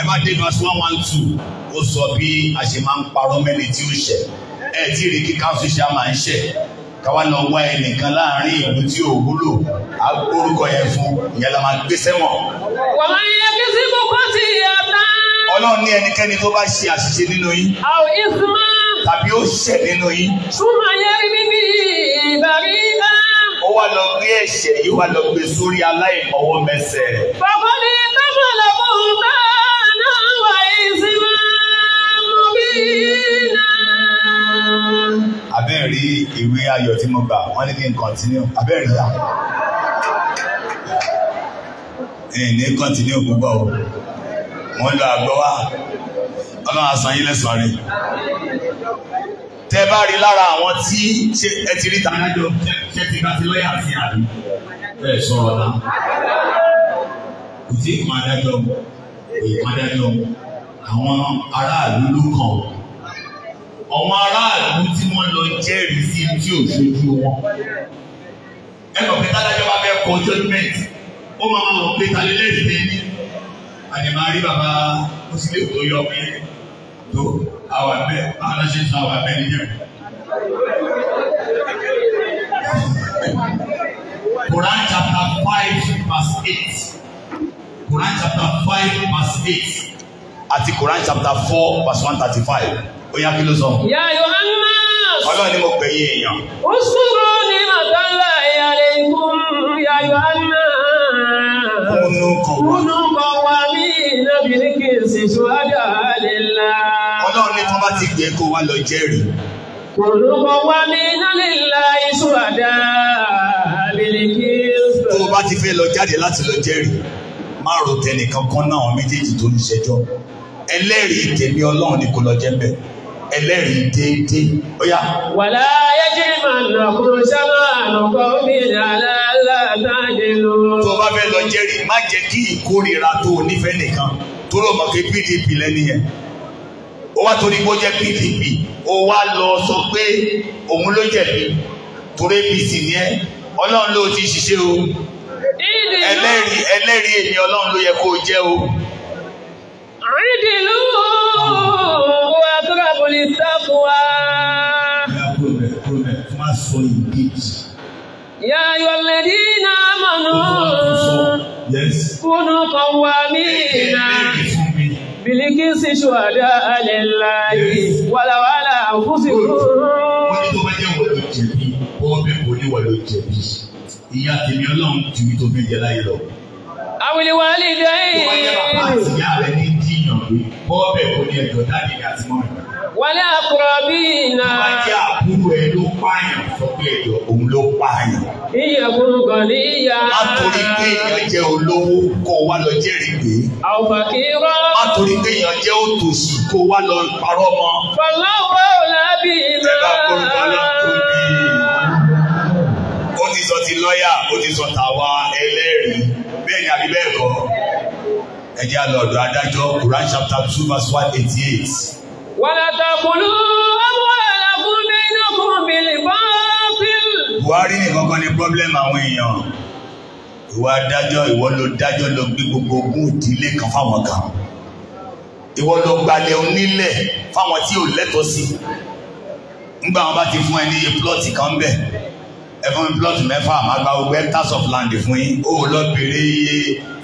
ẹ bá dé one one two ó sọ bí a ṣe máa ń parọ́ mẹ́ni tí ó ṣẹ̀ ẹ tí ì rí kí council ṣe máa ń ṣẹ̀ káwa lọ wá ẹnìkan láàrin ìlú tí ò wúlò á gbórúkọ yẹn fún ìyẹn la máa gbé sẹ́wọ̀n. wàhálà yẹn kí sí kókó ti yẹ ọlọ́run ní ẹnikẹ́ni tó bá ṣe àṣìṣe nínú yín. àwọn ìsúnmọ́. tàbí ó ṣẹ̀ nínú yín. súnmọ́ yẹn níbi ìbàrí wá lọ gbé ẹ̀ṣẹ̀ yìí wá lọ gbé sórí aláìmọwọ́ mẹsẹ̀. bàbá mi bàbá làbọ̀ bá náà wà ìsinmi mi náà. abẹ́rẹ́ ìwé ayọ̀ tí mo gbà wọ́n ní kí n kọ́ntínú abẹ́rẹ́ yà. ẹ̀yìn ní kọ́ntínú púpọ̀ o wọ́n lọ àgbọ̀ wá ọlọ́run àsan yín lẹ́sàn-án rẹ̀ tẹ bá rí lára àwọn tí ṣe ẹ ti rí tàdájọ ṣe ti ká ti lọ́yà sí àbí ẹ sọ̀rọ̀ náà kò tí ì kan adájọ́ kò ì kan adájọ́ àwọn aráàlú ló kàn àwọn aráàlú tí wọ́n lọ jẹ́rìí sí tí ò ṣojú wọn ẹ lọ pé tádájọ́ bá fẹ́ kọ judgement ó máa ń lọ pé talẹ́lẹ́sì ní àdèmà rí bàbá ó sì lè tó yọ pé tó àwa bẹ́ẹ̀ aláṣẹ sọ àwa bẹ́ẹ̀ níjẹ̀. Quran chapter five verse eight Koran chapter five verse eight àti Koran chapter four verse one thirty five ó yá kí ló sọ. Yà Yohana. Ọlọ́run ni mo pè yín èèyàn. Ó sọ̀rọ̀ ní àtàlà ìyàlẹ̀ ìkún Yà Yohana. Kúnú kọ̀ wá. Kúnú kọ̀ wá ní ìnàbìrì kìí ṣèṣọ́ àjà àlè ńlá bá ti gbé kó wá lọ jẹ́rìí. Olùkọ́ wa ní Nálílá Ìṣúwàdà Àbílíkì. Tó o bá ti fẹ́ lọ jáde láti lọ jẹ́rìí, má ro tẹnìkan kan náà àwọn méjèèjì tó ń ṣẹjọ́. Ẹlẹ́rìí tèmi Ọlọ́run ni kò lọ jẹ́ bẹ́ẹ̀. Ẹlẹ́rìí déédéé. Ó yá. Wàlá ayẹ́jẹ́ máa nà kúrò sábà àlùkò mi nàlá látàdé lò. Tó o bá fẹ́ lọ jẹ́rìí, má jẹ́ kí ìkórìíra tó o nífẹ̀ẹ́ nìkan. Tó lọ́ọ́ mọ̀ pé PDP lẹ́nìyẹn ó wá torí pé ó jẹ́ PDP ó wá lọ sọ pé òun ló jẹ̀bi torí APC ni ẹ ọlọ́run ló ti ṣiṣẹ́ o ẹlẹ́rìí ẹlẹ́rìí èmi ọlọ́run ló yẹ kó o jẹ́ o. rídìlú wa kúrò bòlí sáfù wa. Ya ayọ̀ lẹ́dí náà mọ̀nà. Kúnú kan wà mí náà bilikisi ṣuhada alẹ́láyé wàlàwàlà àfúsì kúrò. wọ́n ní tó bá jẹ́ wọ́n ló jẹ̀bi wọ́n bẹ̀ kó ní wọ́n ló jẹ̀bi ìyá tèmi ọlọ́run ju tó fi jẹ láyé lọ. àwìlíwálì dẹ́yìn. tó bá jẹ́ bàbá àti ìyá rẹ̀ ní díyàn pé wọ́n bẹ̀ ní ẹ̀jọ̀ dáàbì àti mọ́rin. wálé àkùrọ̀ bíi náà. tó àbúrò ẹ̀ ló pààyàn sọ pé ẹ̀jọ̀ òun ló pààyàn ìyẹ̀kùn kan ní ìyá. látòrí kéèyàn jẹ́ olówó kó wá lọ jẹ́rìí pé. àwùfà kì í rọ́. látòrí kéèyàn jẹ́ òtòṣì kó wá lọ parọ́ mọ́. pàlọ́ wọ́n ò iná. ẹ bá kórìkà látòrí ó ti sọ ti lọ́yà ó ti sọ tàwa ẹlẹ́rìí bẹ́ẹ̀ ni àbí bẹ́ẹ̀ kọ́ ẹ àlọ́dọ̀ adájọ́ Quran chapter two verse one eighty eight. wàlàtà kùlù ọmọ ẹ̀rọ kún mi kún mi lè bọ́ buhari nìkankan ni problem àwọn èèyàn ìwọ adájọ́ ìwọ ló dájọ́ ló gbé gbogbo ogún ìdílé kan fáwọn kan ìwọ ló gbalẹ̀ onílẹ̀ fáwọn tí ò lẹ́tọ̀ọ́ sí nígbà wọn bá ti fún ẹ ní plọ́ọ̀tì kan bẹ̀ ẹ fún mi plọ́ọ̀tì mẹ́fà máa gba gbogbo hectares of land fún yín ó lọ béèrè iye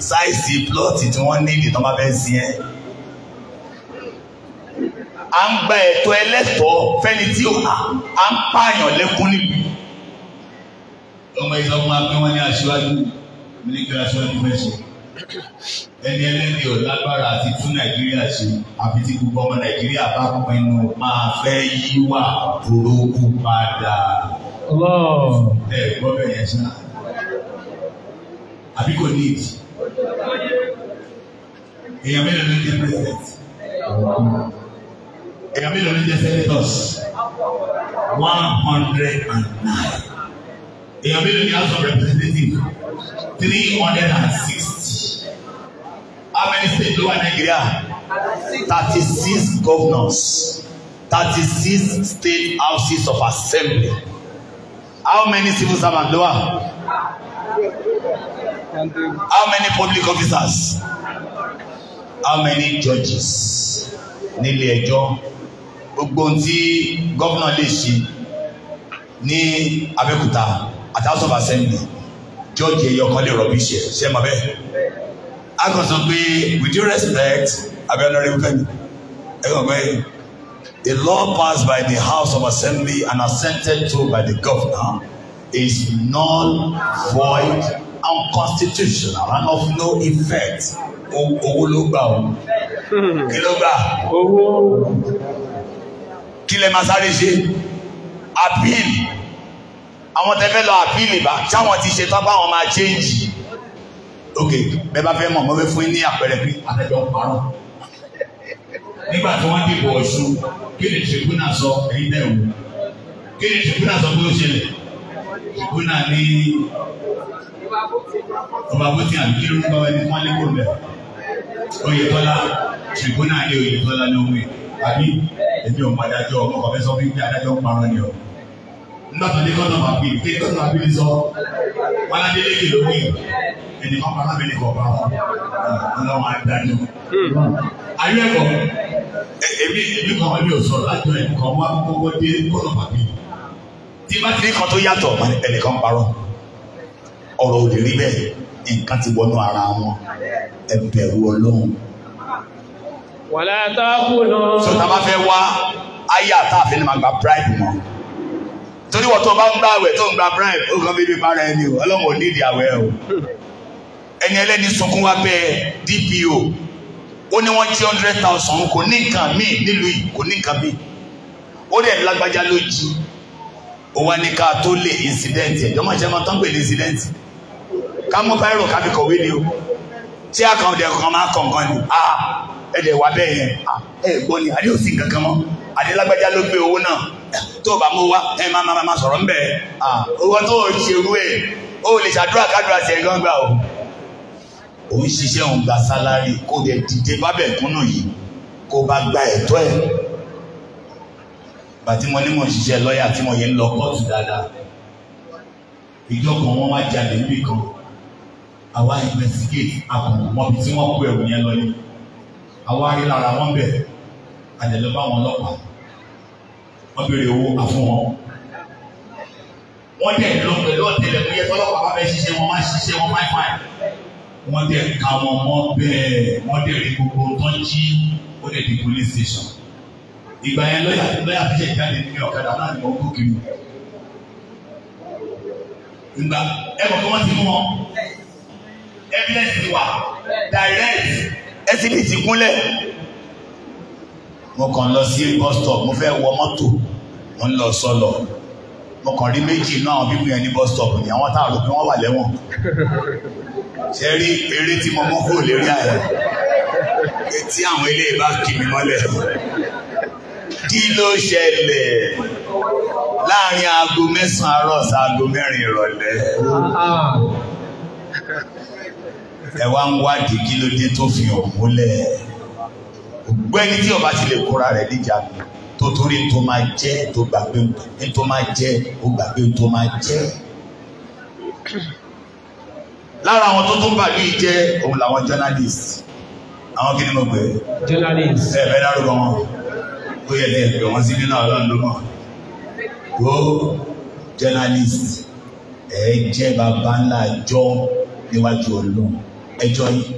sáìsì plọ́ọ̀tì tí wọ́n ní ìdìtàn bá fẹ́ sí ẹ à ń gba ẹ̀tọ́ ẹlẹ́tọ̀ọ́ fẹ́ni tí ó à ń pààyàn lẹ́kún nílùú ọmọ ìsọ máa pẹ́ wọ́n ní aṣíwájú mi aṣíwájú fẹ́ ẹni ẹlẹ́ni ò lágbára àti tún nàìjíríà ṣe àfi tí gbogbo ọmọ nàìjíríà bá pinnu máa fẹ́ yíwà burúkú padà. ẹ gbọ́ bẹ́ẹ̀ yẹn ṣá àbí kò ní ìdí èèyàn mélòó ló jẹ́ president èèyàn mélòó ló jẹ́ senators one hundred and nine èèyàn mélòó ní house of representatives three hundred and sixty how many states ló wà Nàìjíríà thirty six governors thirty six state houses of assembly how many civil servants ló wà how many public officers how many judges nílé ẹjọ́ gbogbo ohun tí gómìnà lè ṣe ní Abẹ́òkúta àti house of assembly jọ́ọ̀jì ẹ̀yọ kan lè rọ̀bì ṣe ṣe mọ̀ bẹ́ẹ̀. a kàn sọ pé with due respect abẹ́rẹ́ rẹ̀ fẹ́mi ẹ kàn pé a law passed by the house of assembly and assented to by the governor is non void and constitutional and of no effect owó ló gbà o kí ló gbà owó kí lè máa sáré ṣe appeal àwọn tẹ́fẹ́ lọ àpíìlì bá sáwọn ti ṣe tọ́pá àwọn máa chéǹjì ok bẹ́ẹ̀ bá fẹ́ mọ̀ mo fẹ́ fún yín ní àpẹẹrẹ pé àtẹ̀jọ́ parọ́ nígbà tí wọ́n dìbò Ọ̀ṣun kí ni tribunal sọ ẹ̀yin náà wò kí ni tribunal sọ pé ó ṣẹlẹ̀ tribunal ní ọba bóti àbí kí ló ń bá wẹ́n ní wọ́n lé kó lẹ̀ Oyètọ́lá tribunal ní Oyètọ́lá ló ń wí àbí èmi ò mọ adájọ́ ọmọkọ̀ fẹ́ sọ fún mi adájọ́ ń parọ́ ni ọ̀ ńlọ́tọ̀ ní gọ́dọ̀ máa bí pé gọ́dọ̀ máa bí sọ wàládélé kìlọ̀ wí ẹni kan kan lábẹ́lẹ̀ kọ̀ bá wọn ọlọ́wọ́n adájọ́. ayé ẹ̀kọ́ èmi èmi kan wà ní òsọ lájọ ẹ̀ kan wá kọ́kọ́ dé gọ́dọ̀ máa bí. tí bá ti ní kan tó yàtọ̀ ẹnìkan parọ́ ọ̀rọ̀ ò lè rí bẹ́ẹ̀ nǹkan ti wọnú ara wọn ẹ ọlọ́run. wàlá tá a sọ ni màá gba bribe torí wọ́n tó bá ń gba àwẹ̀ tó ń gba bribe ó kàn bíbí para ẹni o ọlọ́run ò nídìí àwẹ̀ o ẹni ẹlẹ́ni sunkún wá bẹ́ DPO ó ní wọ́n jí hundred thousand kò ní nǹkan míì nílùú yìí kò ní nǹkan míì ó dẹ̀ lágbájá ló jí ó wá ní ká tó lè incident ẹ̀ jọ́mọ̀ ṣe máa tán pè ní incident ká mú báyìí ká fi kọ̀wé ni o tí àkàndẹ̀ kan máa kọ̀ọ̀kan ni ẹ̀dẹ̀ wà bẹ́ẹ̀ yẹn ẹ̀ gbọ́ ni adé ò sí nǹkan kan mọ́ adé lágbájá ló gbé owó náà tó bá mú wá ẹ máa máa máa sọ̀rọ̀ ńbẹ̀ owó tó o ṣe wú ẹ̀ o lè ṣàdúrà kádùrà sí ẹ̀gbọ́n gbà o òun ṣiṣẹ́ òun gba sálárì kó dẹ̀ dìde bábẹ̀ kúnnù yìí kó bá gba ẹ̀tọ́ ẹ̀ bàtí mo ní mò ń ṣiṣẹ́ lọ́ọ̀yà tí mo yẹ ń lọ kóòtù dáadáa ìjọ kan wọ́n wá jalè níbì kan àwa investigate àkànmọ́ bí tí wọ́n kó ẹ̀rù yẹn lọ yìí àwa rí lára wọn bẹ̀ àdẹ̀lọ́bá wọn ọlọ́pàá wọ́n béèrè owó àfún wọn. wọ́n dẹ̀ lọ pẹ̀lú ọ̀tẹlẹ̀múyẹ́ tọ́lọ́pàá bá bẹ́ẹ̀ ṣiṣẹ́ wọn máa ṣiṣẹ́ wọn máa fàì. wọ́n dẹ̀ ka wọn mọ́ bẹ́ẹ̀ wọ́n dẹ̀ rí gbogbo tán jí wọ́n dẹ̀ di police station. ìgbà yẹn lọ́yà lọ́yà fi ṣe jáde ní ọ̀kadà náà ni wọ́n kó kiri. ìgbà ẹ mọ̀ wọ́n ti mú wọn evidence wa direct ẹ ti lè ti kúnlẹ̀ mo kàn lọ sí bus stop mo fẹ́ wọ mọ́tò mo ń lọ sọlọ mo kàn rí méjì náà àwọn bíbí yẹn ní bus stop ni àwọn táwọn òpin wọn wà lẹ́wọ̀n ṣe rí eré tí mo mú kúrò lérí àyà tí àwọn ilé bá kì mí mọ́lẹ̀ kí ló ṣẹlẹ̀ láàrin aago mẹ́sàn-án àárọ̀ sí aago mẹ́rin ìrọ̀lẹ́ ah, ah. ẹ wá ń wádìí kí ló dé tó fi hàn múlẹ̀ gbogbo ẹni tí ọba ti lè kóra rẹ̀ níjànú tó torí tó máa jẹ́ tó gbàgbé tó máa jẹ́ ó gbàgbé tó máa jẹ́ lára àwọn tó tún bàbí jẹ́ òun làwọn journalist àwọn kí ni mo é journalist ẹ bẹ dárúkọ wọn ó yẹ lẹ́yìn pé wọ́n sí nínú ọlọ́run ló mọ̀ ó journalist ẹ jẹ́ bàbá ńlá ẹjọ́ níwájú ọlọ́run ẹjọ́ yìí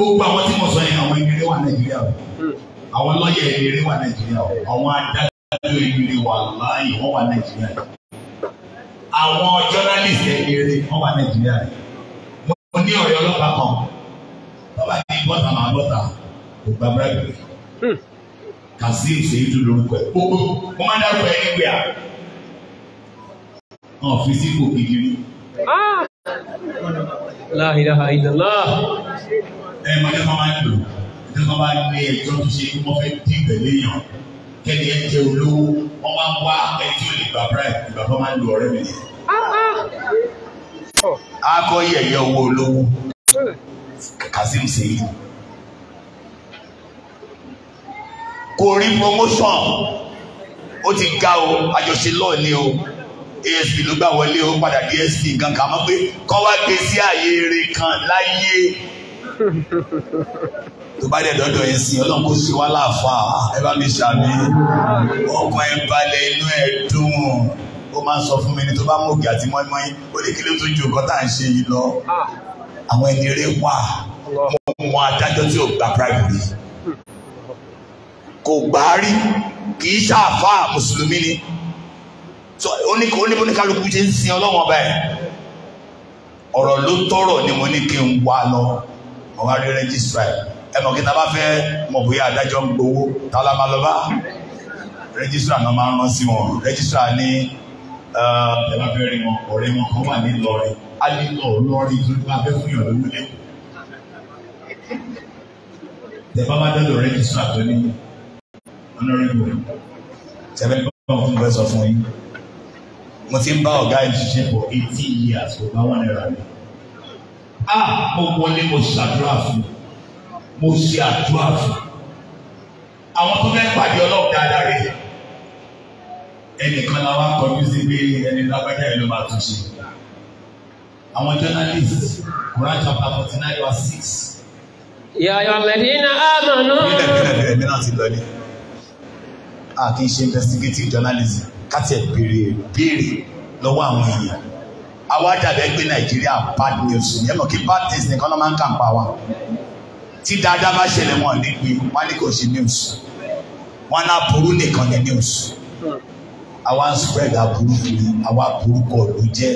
gbogbo àwọn tí mo sọ yẹn àwọn eléré wà nàìjíríà o hmm. àwọn lọ́yà eléré wà nàìjíríà o àwọn adájọ́ eléré wà láàyè wọ́n wà nàìjíríà o àwọn journalist eléré wọ́n wà nàìjíríà o mo ní ọ̀rẹ́ ọlọ́pàá kan bàbá ní bọ́tà máa bọ́tà kò gba bíráìbì hmm. kazeem seyidu lórúkọ ẹ gbogbo mo máa dárúkọ ẹ nígbè à wọn fi sípò kékeré. Ah! La ilaha illallah ẹ mọ̀lẹ́ kan máa ń lò ẹ̀dẹ́ kan bá ní ẹjọ́ tó ṣe kí wọ́n fẹ́ dín ìgbẹ̀lẹ́ yàn kẹ́ni ẹ jẹ́ olówó wọ́n máa wá ẹni ò lè gbà bribe ìgbà kan máa ń ọ̀rẹ́ mi akọ yẹyẹ owó olówó Kazeem Seyid kò rí promotion ó ti ga o àjọṣe lọ́ọ̀ ni o asp ló gbà wọlé o padà dsp nǹkan kà mọ́ pé kọ́ wá gbé àyè eré kan láyé tó bá dẹ̀ dọ́dọ̀ yìí sí ọlọ́run kó ṣe wá láàfà ah, ẹ bá mi ṣàmì ọkàn ẹ balẹ̀ inú ẹ dùn ó máa ń sọ fún mi ní tó bá mú òkè àti mọ́ínmọ́ín ó ní kí ló tún ju nǹkan tá à ń ṣe yìí lọ àwọn ẹni eré wà mọ adájọ́ tí ò gba primary kò gbà rí kì í ṣàfà mùsùlùmí ni oníkálukú ṣe ń sin ọlọ́wọ́n bẹ́ẹ̀ ọ̀rọ̀ ló tọrọ ni mo ní kí n wá lọ ọ̀wá rí rẹ́jísírà ẹ̀ ẹ mọ̀ kí n ta bá fẹ́ mọ̀ bóyá adájọ́ ń gbowó tálá máa lọ bá rẹ́jísírà náà máa ń rán sí wọn rẹ́jísírà ní ẹ bá fẹ́ rí wọn ọ̀rẹ́ wọn kan wà ní Ìlọrin á ní lọ lọ́rin tó bá fẹ́ fún ìyàn lówó lẹ́kọ̀ọ́ tẹ̀fọ́ bá dọ́dọ̀ rẹ́jísírà tó ní ọ̀nàrẹ́bù tẹ̀fẹ́ bá wọn fún yín mo ti ń bá ọ̀gá ìṣiṣẹ́ for eighteen years kò bá wọn náírà lọ a ah, mo wọlé mo ṣàdúrà fún mo ṣe àdúrà fún àwọn tó fẹ́ pàdé ọlọ́run dáadáa rẹ̀ ẹnìkan la wá kọjú sí pé ẹni lágbájá yìí ló máa tún ṣe àwọn journalist Quran chapter forty nine verse six. yàyọ̀ lẹ́dínà àmàlú. nílẹ̀ nílẹ̀ nílẹ̀ mi náà ti lọ ní. a kì í ṣe investigative journalism ká tiẹ̀ béèrè béèrè lọ́wọ́ àwọn èèyàn àwa dàbẹ̀ gbé nàìjíríà bad news yẹn mọ̀ kí bad news nìkan ló máa ń kàn pa wa tí dáadáa bá ṣẹlẹ̀ wọn nígbì wọn ní kò ṣe news wọn náà burú nìkan ní news àwa ń spread aburú kiri àwa burúkọ ló jẹ́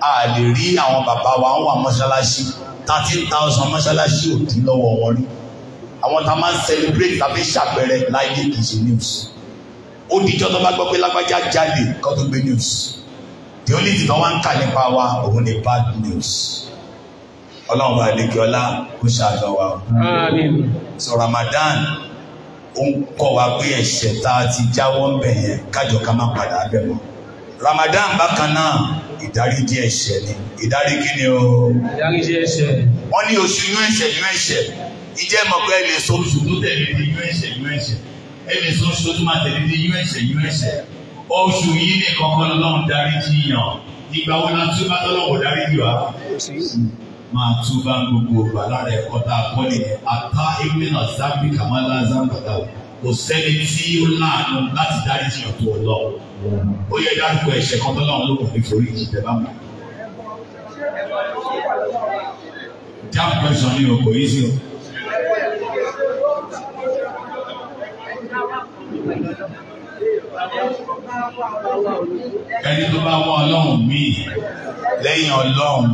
a lè rí àwọn bàbá wa ń wà mọ́ṣáláṣí thirteen thousand mọ́ṣáláṣí ò dín lọ́wọ́ wọn rí àwọn tá a máa ń celebrate tàbí ṣàpẹẹrẹ láyé kì í ṣe news ó dijọ́ tó bá gbọ́ pé lágbájá jáde kó tó gbé news the only thing wọ́n ń kà nípa wa òun ni bad news ọlọ́run bá lè kí ọlá kó ṣàjọ wa so Ramadan ó ń kọ́ wa pé ẹ̀ṣẹ̀ tá a ti jáwọ́ ń bẹ̀ yẹn kájọ ká má padà bẹ̀ mọ́ Ramadan bákan náà ìdáríjì ẹ̀ṣẹ̀ ni ìdárí ni o. ìdáríjì ẹ̀ṣẹ̀. wọ́n ní oṣù inú ẹ̀ṣẹ̀ inú ẹ̀ṣẹ̀ ìjẹ́ mọ̀ pé ẹ lè so oṣù tó tẹ̀lé ní inú ẹ̀ṣẹ̀ inú ẹ̀ṣẹ̀ ẹ lè so oṣù tó máa tẹ̀lé ní inú ẹ̀ṣẹ̀ inú ẹ̀ṣẹ̀ oṣù yìí ní kankan lọ́wọ́ darí jiyàn nígbà wo náà túbá tọ́lọ́wọ́ darí jù wá. máa túbá gbogbo bàlá rẹ̀ kọ́tà kọ́lé ata ewé náà zambi kamala zambata o kò sẹ́ni tí ó láàánú láti darí jiyàn tó lọ. ó yẹ dárúkọ ẹ̀ṣẹ̀ kan tọ́lọ́wọ́ ló kò fi forí jì tẹ́ bá mọ̀. jam question ni o kò yí sí o. Thank you ẹni tó bá wá ọlọ́run míì lẹ́yìn ọlọ́run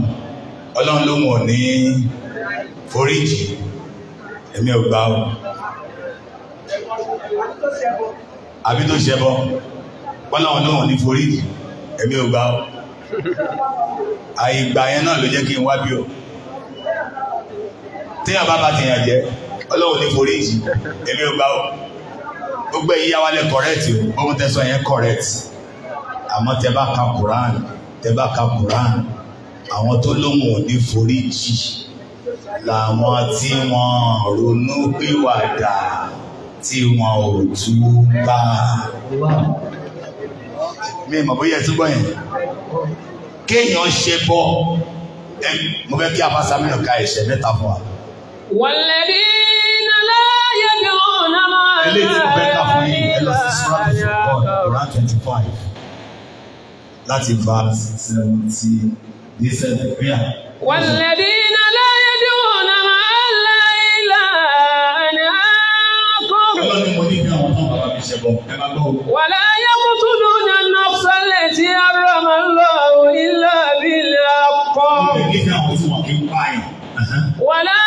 ọlọ́run ló wọ̀ ní foríjì èmi ò gbà ó àbí tó ṣẹbọ ọlọ́run ló wọ̀ ní foríjì èmi ò gbà ó àìgbà yẹn náà ló jẹ́ kí n wá bí o téèyàn bá bá tèèyàn jẹ́ ọlọ́run ní foríjì èmi ò gbà gbogbo ẹ̀yà wa lẹ correct gbogbo tẹ̀sán yẹn correct àmọ́ tẹ bá ka Quran tẹ bá ka Quran àwọn tó lóhùn ò ní forí jì làwọn tí wọ́n ronú pìwàdà tí wọ́n ò túbà. mi mọ̀ bóyá ẹ túbọ̀ yẹn kéèyàn ṣe bọ́ ẹ mo fẹ́ kí abasa mi nà ka ẹ̀ṣẹ̀ mẹ́ta fún wa. wàlẹ́bí nàlá yẹ̀dọ̀ eléyìí ọbẹ̀ kà fún yín ẹ lọ sí sura tó fi kọ́ Quran twenty five láti verse seventy dé seven bíyà. والذين لا يدعون مع الله إلها آخر ولا يقتلون النفس التي حرم الله إلا بالحق ولا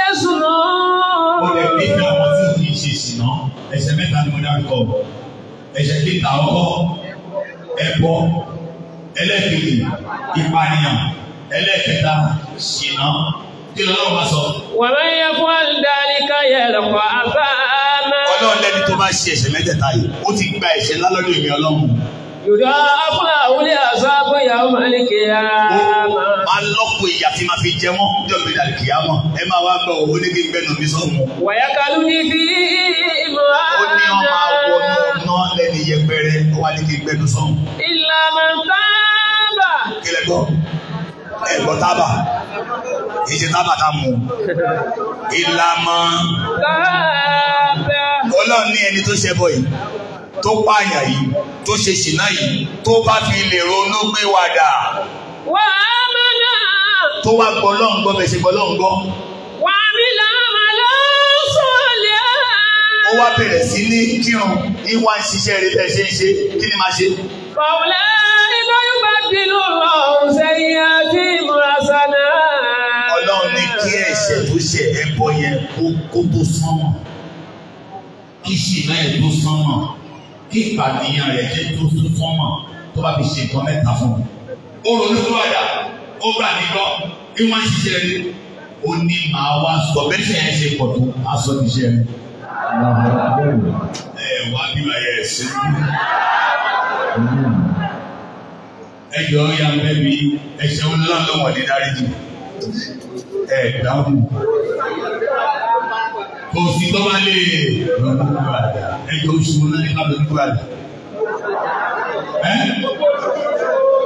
يزنون ẹ̀ṣẹ̀ mẹ́ta ni mo dárúkọ ẹ̀ṣẹ̀ kíta ọkọ ẹbọ ẹlẹ́kejì ìpànìyàn ẹlẹ́kẹta ṣìnà kí lọ́wọ́ bá sọ. wàmẹ́ yẹ fún àlùdarí káyẹ̀ lọ́kọ̀ àbá náà. ọlọ́run lẹ́ni tó bá ṣe ẹ̀ṣẹ̀ mẹ́tẹ̀ẹ̀ta yìí ó ti gba ẹ̀ṣẹ̀ ńlá ìmì ọlọ́run. yorùbá afúnà àwúlé àṣọ àgbóyàwó màlíkè yàrá máa alọ́pọ̀ ìyà tí ma fi jẹ mọ́ jọ̀ọ́ mi dàrí kìá mọ́ ẹ máa wá gbọ́ owó ní kí n gbẹ́nu mi wàyà kalu ní bí ìbò àná. ó ní ọmọ àwọn ọmọ náà lẹ́ni yẹpẹrẹ wà ní kí n gbẹ́nu sọ́mu. ìlànà tábà. kílẹ̀ gbọ́ ẹ̀gbọ́n tábà kì í ṣe tábà tá a mú ìlànà. tábà. ọlọ́run ní ẹni tó ṣẹ́ bọ̀ yìí tó pààyàn yìí tó ṣe ṣìnà yìí tó bá fi lè ronú pé wàdà wà á mọ̀nà. tó wá gbọ́ lọ́n gbọ́ bẹ̀ ṣe gbọ́ lọ́n gbọ́. wà á mi là má lọ sọ̀lẹ̀. ó wá bẹ̀rẹ̀ sí ní kírun ní wá ń ṣiṣẹ́ rẹ bẹ́ẹ̀ ṣe ń ṣe kí ni máa ṣe. bàwùlẹ̀ iná yóò bá di lóòrọ̀ sẹ́yìn àti ìmúrasánà. ọlọ́run ní kí ẹ̀ṣẹ̀ tó ṣe ẹbọ yẹn kó tó sánmọ̀ kí ṣìnà ẹ̀ tó sánmọ̀ kí ìpànìyàn rẹ̀ tó sánmọ̀ tó bá fi ṣe nǹkan mẹ́ta fún un olùdókòwàdà ó gbà nígbọ́ bí wọ́n ṣiṣẹ́ rí ó ní màá wá sọ bẹ́ẹ̀ ṣe ẹ ṣe pọ̀ tó aṣọ níṣẹ́ rí. ẹ wá bí wàá yẹ ẹsẹ. ẹ jọ ya mẹ́bi ẹ̀ṣẹ̀ ńlá ló wọ̀ ní dáríjì ẹ dáhùn kò sí tọ́ba lè ẹ jọ oṣù wọn ní kábọ̀ nígbà rẹ̀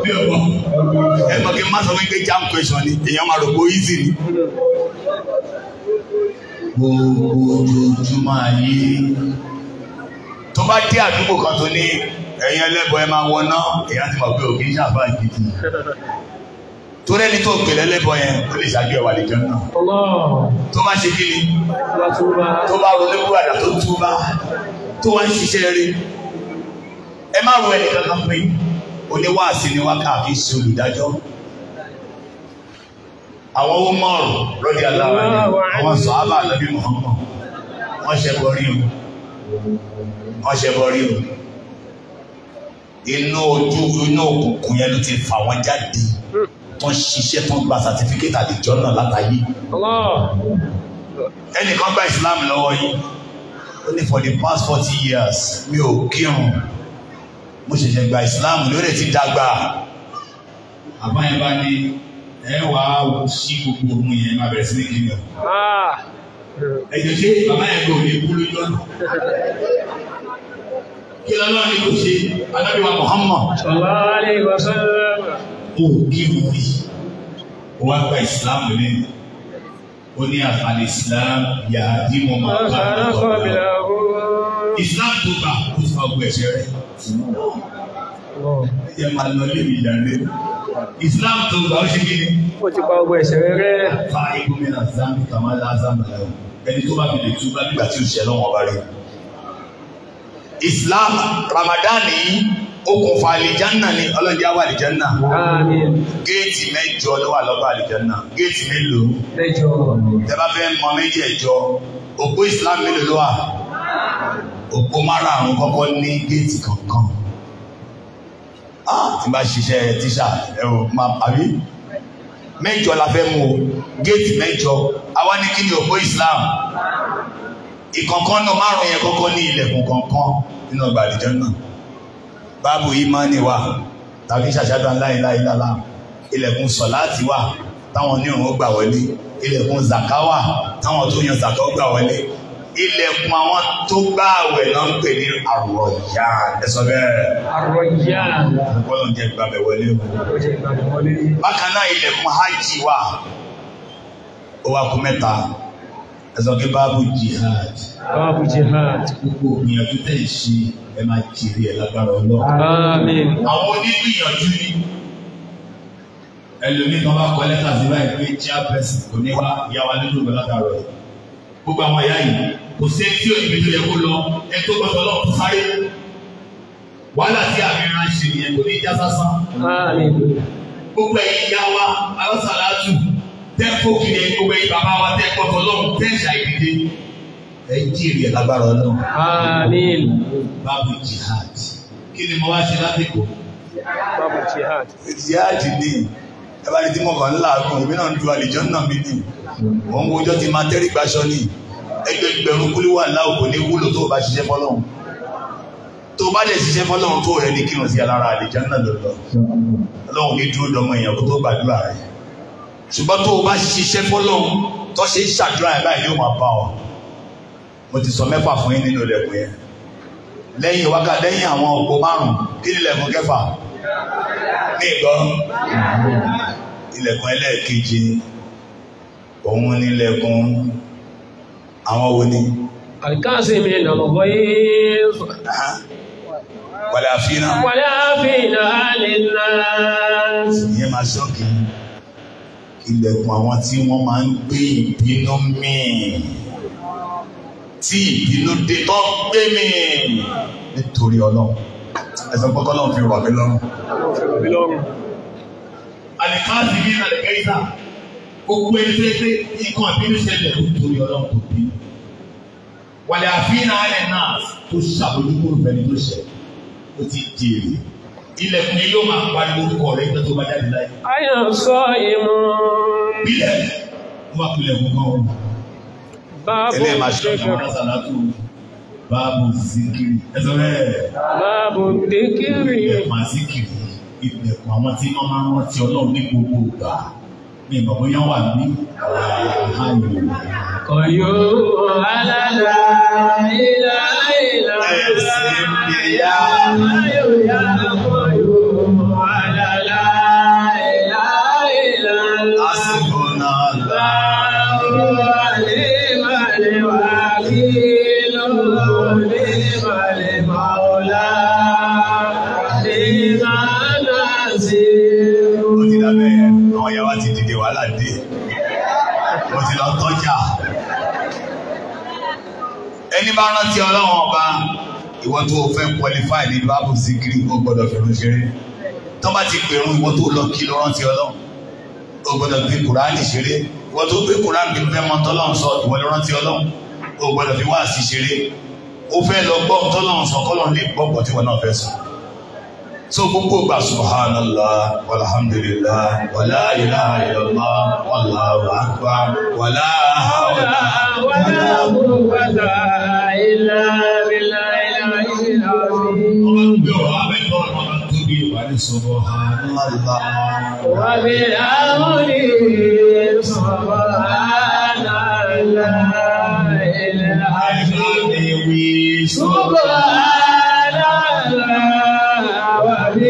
ẹ mọ̀ kí n má sọ wípé jam question ni èèyàn máa rò pé easy ni. gbogbo ojoojúmọ́ ayé tó bá dé àdúgbò kan tó ní ẹ̀yin ẹlẹ́bọ̀ ẹ máa wọná èèyàn ti mọ̀ pé òkè ṣàfà gidi torí ẹni tó gbèlè ẹlẹ́bọ yẹn ó lè ṣàgbé ẹ̀wà lè jẹun náà. tó bá ṣe kí ni tó bá ronú wúwàdà tó túbà tó wá ń ṣiṣẹ́ rí ẹ má ro ẹnì kankan pé oníwàásí ni wá káàkiri ṣe olùdájọ́ àwọn Umar rọ́dí aláwọ̀ àwọn sọ̀hábà nàbí Muhammad wọ́n ṣe bọ́ rí o wọ́n ṣe bọ́ rí o inú ojú inú òkùnkùn yẹn ló ti fà wọ́n jáde tó ń ṣiṣẹ́ tó ń gba sàtífíkẹ́tì àdìjọ́ náà látàyè ẹnìkan gba Islam lọ́wọ́ yìí ó ní for the past forty years mi ò kírun mo ṣẹ̀ṣẹ̀ gba islam lórí ti dàgbà àbáyẹn bá ní ẹ wà á sí gbogbo ohun yẹn máa bẹ̀rẹ̀ sí ní kingdom. Ah. ẹ̀jẹ̀ ṣé bàbá yẹn kò ní kú lójú ọ̀nà. kí lọ́nà ni kò ṣe anábìwá Muhammad. sallallahu alaihi wasallam. kò kí wọ́n rí wọ́n gba islam lónìí ó ní àfàlẹ́ islam yàrá bí wọ́n máa bá a lọ́wọ́. islam tó bá a máa bu ẹ̀ṣẹ̀ rẹ̀. Ẹ̀jẹ̀ máa lọ ilé mi ìyàrá Islam tó gbà ó ṣe kí ni. Ó ti pa ọgbọ ẹ̀ṣẹ̀ rẹ̀. Fa gómìnà Zambi Kamala Zambala o. Ẹni tó bá fi lè túbá nígbà tí ó ṣẹ̀ lọ́wọ́ ọba rẹ̀. Islam Ramadan yìí okùnfà àlìjánà ni ọlọ́njẹ́ àwọn àlìjánà géètì mẹ́jọ ló wà lọ́gbà àlìjánà géètì mélòó tẹ́bá fẹ́ mọ méjì ẹ̀jọ òpó Islam mélòó ló wà òpó márààrún kọ́kọ́ ní géètì kankan ah, tí bá ṣiṣẹ́ tíṣà ẹ̀rọ máa àbí mẹ́jọ la fẹ́ mú o géètì mẹ́jọ àwa ní kí ni òpó Islam ìkọ̀ọ̀kan náà márùn yẹn kọ́kọ́ ní ilẹ̀kùn kọ̀ọ̀kan nínú ọgbà àdìjọ náà báàbù ìmánì wà tàbí ṣàṣàdá láìláìláà ilẹ̀kùn sọ̀láàtì wà táwọn onírun ó gbà wọlé ilẹ̀kùn zàká wà táwọn tó yan zàká ó gbà wọlé ilẹ̀kùn àwọn tó gbá àwẹ̀ náà ń pè ní àròyà ẹ̀sọ́ bẹ́ẹ̀. àròyà. bọ́lá ń jẹ́ gbàgbẹ́ wọlé o. bákan náà ilẹ̀kùn hajj wà ó wà kú mẹ́ta ẹ̀sọ́ pé báàbù jihad. báàbù jihad. gbogbo ìgbìyànjú tẹ̀ ń ṣe ẹ máa jèrè ẹ̀ lágbára ọlọ́run. àwọn onígbìyànjú ni ẹlòmíì kan bá kọ lẹ́tà sí báyìí pé chairperson kò ní wá ìyá wa nínú ìgbàlá gbogbo àwọn ẹ̀yà yìí kò sí ẹni tí ò níbi tó yẹ kó lọ ẹ tó gbọ́dọ̀ lọ kó sáré wàhálà tí àmì máa ń ṣe nìyẹn kò ní í já sásán. gbogbo ẹ̀yin ìyá wa alásàlátù tẹ́kọ̀ kiri ẹni gbogbo ẹ̀yin bàbá wa tẹ́kọ̀ tọ́lọ́mù tẹ́ṣà ìdílé ẹ̀ ń jèrè lágbára ọlọ́run. bábù jihad kí ni mo wá ṣe lásìkò. bábù jihad. jihad ni ẹ bá rí tí mo kàn ń làágùn èmi náà ń du àlìjọ́ náà mi nì mò ń wojọ́ ti máa tẹ́rí gbaṣọ nìyí ẹgbẹ́ gbẹ̀rún kúlí wà láòkò ní wúlò tó bá ṣiṣẹ́ fọ́lọ́run tó bá dẹ̀ ṣiṣẹ́ fọ́lọ́run tó rẹ̀ ní kírun sí alára àlejò náà lọ́dọ̀ ọlọ́run ní dúró dọmọ èèyàn kó tó gbàdúrà rẹ̀ ṣùgbọ́n tó bá ṣiṣẹ́ fọ́lọ́run tó ṣe ń ṣàdúrà ẹ̀ báyìí yóò máa bá ọ mo ti sọ mẹ́fà fún yín nínú ilẹ̀kùn yẹn lẹ́yìn wákàtí lẹ́yìn àwọn òpó márùn-ún kí ni ilẹ̀kùn kẹfà ní ìgbọ́ ilẹ̀kùn ẹlẹ́ẹ̀kejì òun ni ilẹ̀kùn àwọn wo ni. àlìkáàsì mi nà mọ̀ bọ́yé. wàlẹ́ àfihàn. wàlẹ́ àfihàn àlìlá. ìyẹn máa ṣọ́ọ̀kì ilẹ̀kùn àwọn tí wọ́n máa ń gbé ìbínú míì tí ìbínú dé tó gbé míì nítorí ọlọ́run ẹ̀sán pọ́kọ́ lọ́run fi rọ̀ mí lọ́rùn. àlìkáàsì mi nà lè gẹ́ ìta gbogbo ẹgbẹ́ pé nǹkan àbínú ṣẹlẹ̀ ló torí ọlọ́run tó bí. wàlẹ̀ àfihàn alẹ́ náà tó ṣàbójúkú ìfẹ́ni tó ṣẹ̀ ó ti jèrè ilẹ̀kùn yìí yóò máa pariwo orúkọ rẹ̀ nígbà tó bá jáde láyé. ayọ̀ sọ ìmọ̀. bílẹ̀ ló wà pílẹ̀ mú náà. báàbò ṣe kàn. ẹlẹ́ẹ̀ máa ṣe ọ̀nà báàbò zikiri. ẹ sọ báàbò zikiri. ilẹ̀kùn àzikiri ilẹ̀kùn àwọn tí wọ́n máa ń rántí ọlọ́run ní gbogbo ìgbà mi mọ̀ bóyá wà ní àhánì òwò. Kọ̀yó alálà ìlà ìlà ìyá ayò yá. lọ tọ́jà ẹni bá rántí ọlọ́run ọba ìwọ tó o fẹ́ qualify ní báàbù síkírì o gbọ́dọ̀ fẹ́ràn ṣeré tó bá ti pèrún ìwọ tó lọ kí ló rántí ọlọ́run o gbọ́dọ̀ fi kùránì ṣeré ìwọ tó gbé kùránì kí ló fẹ́ mọ tọ́lọ́run sọ ìwọ ló rántí ọlọ́run o gbọ́dọ̀ fi wáàsí ṣeré o fẹ́ lọ gbọ́ tọ́lọ́run sọ kọ́lọ́run lè gbọ́ pọ̀ tí wọn náà fẹ́ sọ. سبحان سبحان الله والحمد لله ولا إله إلا الله والله أكبر ولا حول ولا قوة إلا بالله العظيم سبحان الله وبالأمر سبحان الله إلا سبحان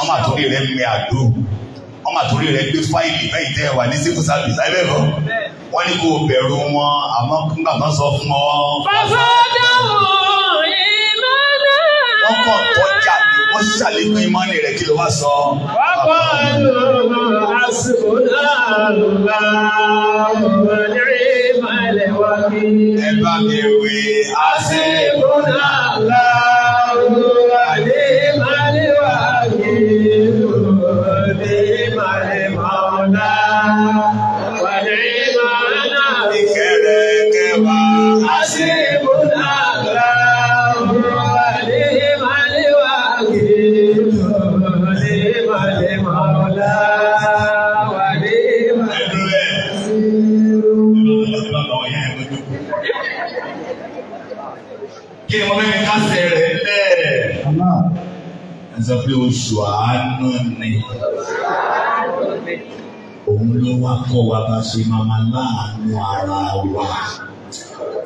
ọmọ àtòrí rẹ̀ mẹ́ àdó ọmọ àtòrí rẹ̀ gbé fáìlì bẹ́ẹ̀ tẹ́ wà ní civil service láìpẹ́ lọ wọ́n ní kó o bẹ̀rù wọn àmọ́ nígbà kan sọ fún ọ. bàbá ìmọ̀lẹ́. wọ́n kọ̀ kọjá wọ́n ṣàlékún ìmọ̀lẹ́ rẹ̀ kí ló wá sọ. bàbá lòlò àsìkò láàrúbá ọmọdé ìmọ̀lẹ́ wá kí. ẹ bá mi wí àsìkò náà láàrúbá. ṣùánú ni òun ló wá kọ́ wa bá ṣe máa máa láàánú ara wa.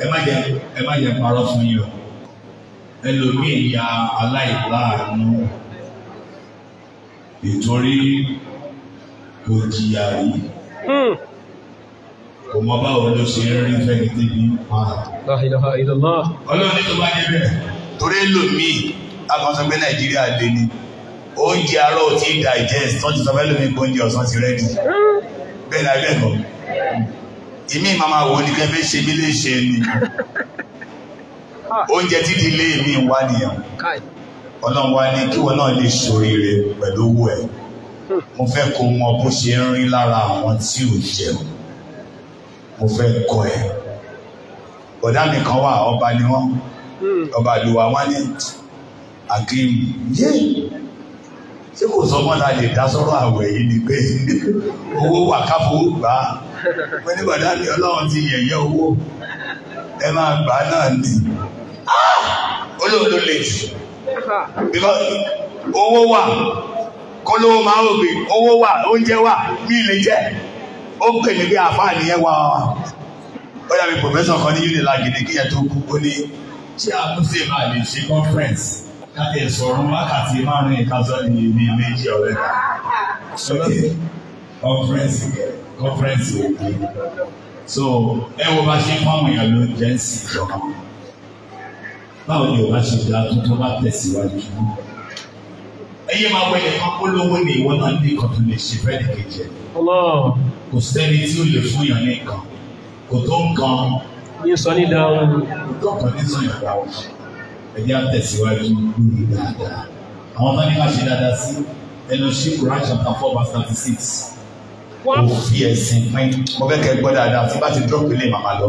ẹ má jẹ ẹ má jẹ parọ́ fún yín o ẹlòmíì ya aláìláàánú ìtorí kò jìyà rí hmm. kò mọ báwo ló ṣe rí fẹ́ni débi pa. ọlọ́run tó bá débẹ̀ torí ẹlòmíì a kàn sọ pé nàìjíríà lé ní oúnjẹ àárọ̀ ò digest tán ti sọ fẹ́ lómi pé oúnjẹ ọ̀sán ti rẹ́dì bẹ́ẹ̀ ni abẹ́kọ̀ ìmí màmá wo ni kẹfẹ́ ṣe mí lè ṣe ni oúnjẹ tí di ilé mi wá nìyẹn ọlọ́run wá ní kíwọ náà lè ṣoríire pẹ̀lú owó ẹ̀ mo fẹ́ kó mọ bó ṣe ń rí lára àwọn tí ò jẹun mo fẹ́ kọ ẹ̀ ọ̀dà mi kan wà ọba ni wọ́n hmm. ọba àlùwà wá ní akéwì yéé tí kò sọ́gbọ́n la lè dá sọ́rọ̀ àwẹ̀ yìí ni pé owó wà káfó gbà á pé nígbàdá ni ọlọ́run ti yẹ̀yẹ́ owó ẹ máa gbà á náà ni ah! olóòlò lè jù owó wà kólówó máa ń rògbè owó wà oúnjẹ wà mí lè jẹ ó pè mí bí àfáà nìyẹn wà wà ó yà mí pòfẹ́sọ̀ kan ní unilagidi kí ẹ tó kú ó ní ṣé àkúnṣe máa lè ṣe conference láti ẹ̀sọ̀rún wákàtí márùn-ún ìkájọ́ ní ibi méjì ọ̀rẹ́ conference conference so ẹ wo bá ṣe fáwọn èèyàn ló ń jẹ́ ń sìn ìjọba báwo ni o bá ṣe dá tuntun bá tẹ̀síwájú ẹyẹ máa wọ ẹ̀kan polówó ni ìwọ náà ní nǹkan tó lè ṣe fẹ́ẹ́ nìkan jẹ. kò sẹ́ni tí ó lè fún yàn ní nǹkan kò tó nǹkan. ní sọ ní dáhùn. kò tó nǹkan ní sọ yàn dáhùn ẹ̀dí àtẹ̀síwájú lórí dáadáa. Àwọn tán ní ká ṣe dáadáa sí ẹnu ṣí Quran chapter four verse thirty six. Kò fi ẹ̀sìn pín. Mo fẹ́ kẹ́ gbọ́ dáadáa tí bá ti drop ilé màmá lọ.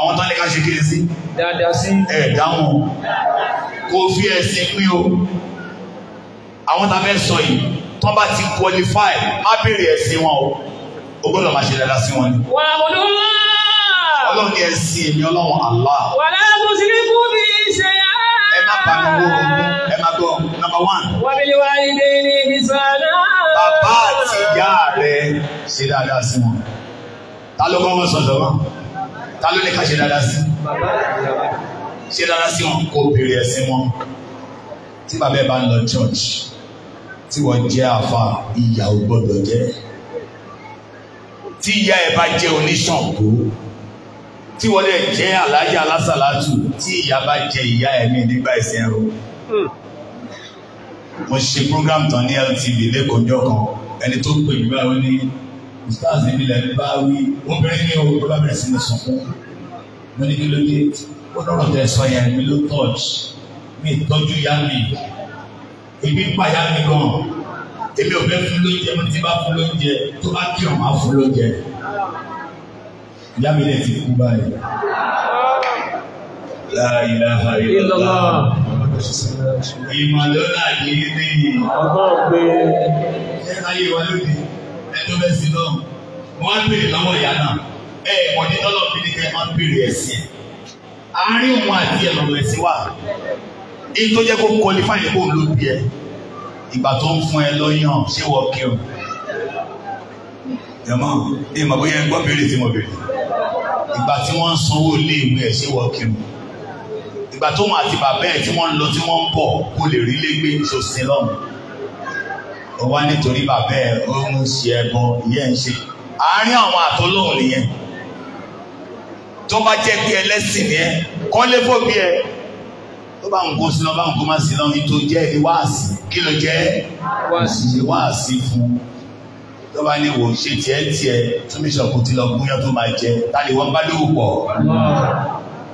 Àwọn tán ní ká ṣe kiri sí. Dáadáa sí. Ẹ dáhùn. Kò fi ẹ̀sìn pín o. Àwọn tá a fẹ́ sọ yìí, tán bá ti qualify, má béèrè ẹ̀sìn wọn o. O gbọ́dọ̀ máa ṣe dáadáa sí wọn ni. Wà á wọlé wọn. Ọlọ́run ni ẹ̀sìn èmi ọlọ́run Allah. Wà á lẹ́yìn kùsìlì ṣe yá. number one. wàbílí wa ni délé ìsọ̀nà. bàbá àti ìyá rẹ ṣe dáadáa sí wọn. ta ló kọ́ wọn sọ̀tọ̀ wọn ta ló ní ká ṣe dáadáa sí. ṣe dáadáa sí wọn kó béèrè ẹ̀sìn wọn. tí bàbá ẹ bá ń lọ church tí wọ́n jẹ́ àfa ìyàwó gbọ́dọ̀ jẹ́ tí ìyá ẹ bá jẹ́ oníṣàngó tí wọ́n lè jẹ́ alájà alásàlátù tí ìyá bá jẹ ìyá ẹ̀mí nígbà ìsìn ẹ̀rọ. mo ṣe program tán ní LTV lẹ́kọ̀ọ́ ọjọ́ kan ẹni tó pè mí báwo ní ustaz ìbílẹ̀ bá wí obìnrin ní owó bá bẹ̀rẹ̀ sí ní sọ̀kún mo ní kí ló dé ó lọ́rọ̀ tẹ sọ yẹn mi ló touch mi tọ́jú yá mi ebi ń pa yá mi gan èmi ò fẹ́ fún lóúnjẹ mo ti bá fún lóúnjẹ tó bá kí ọ̀ máa fún lóúnjẹ yámilẹ̀ ti kú báyìí la ilaha illallah ìmọ̀lọ́lá ní ilé yìí ọgbọ́n pé ayé wa lóde ẹjọ́ bẹ́ẹ̀ sí náà wọ́n á béèrè lọ́wọ́ ìyá náà ẹ ọ̀dí tọ́lọ̀ fi ní kẹ́ máa ń béèrè ẹ̀sìn àárín òun àti ẹ̀lọ́rọ̀ ẹ̀sìn qualify kó ló bí ẹ ìgbà tó ń fún ẹ lọ́yàn ṣé wọ́n kí o. jọ̀mọ́ ìmọ̀ bóyá ẹ gbọ́ béèrè tí mo béèrè ìgbà tí wọ́n ń sanwó iléèwé ẹ̀ ṣé wọ́n kiri ìgbà tóun àti bàbá ẹ̀ tí wọ́n ń lọ tí wọ́n ń bọ̀ kó lè rí légbé ṣòṣin lọ́nà ó wá nítorí bàbá ẹ̀ ó ń ṣe ẹbọ ìyẹn ń ṣe àárín àwọn àtọ́lóhùn nìyẹn tó bá jẹ́ pé ẹlẹ́sìn ni ẹ kọ́lé fòbí ẹ tó bá ń kó sí lọ bá ń kó má sí lọ jẹ́ ìwáàsí kí ló jẹ́ ìwáàsí fún un tó bá ní wò ṣe tiẹ̀ tiẹ̀ tún bí sọ̀kù ti lọ gúnyá tó máa jẹ ta ni wọ́n bá lówó pọ̀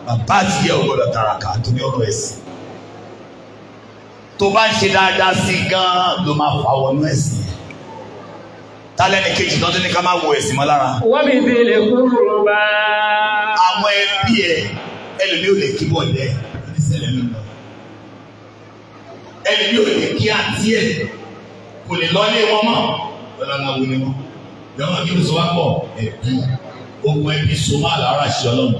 bàbá àti ìyá ò gbọ́dọ̀ tàràkà torí ọ̀rọ̀ ẹ̀sìn tó bá ń ṣe dáadáa sí gan-an ló máa fà wọnú ẹ̀sìn yẹn tálẹ́nì kejì tó tún ní ká máa wo ẹ̀sìn mọ́ lára. wọ́n mi ti lè kúrò bá. àwọn ẹbí ẹ ẹlòmí ò lè kí bọ̀dẹ́ ìṣẹ̀lẹ̀ ẹlòmí ò lè kí àǹtí ẹ kò lè lọ ilé wọn mọ́ ọlọ́lá wo ni wọ́n jọ̀wọ́n kí ló sọ wá pọ̀ ẹ̀bí okùn ẹbí so má làárà ṣe ọlọ́run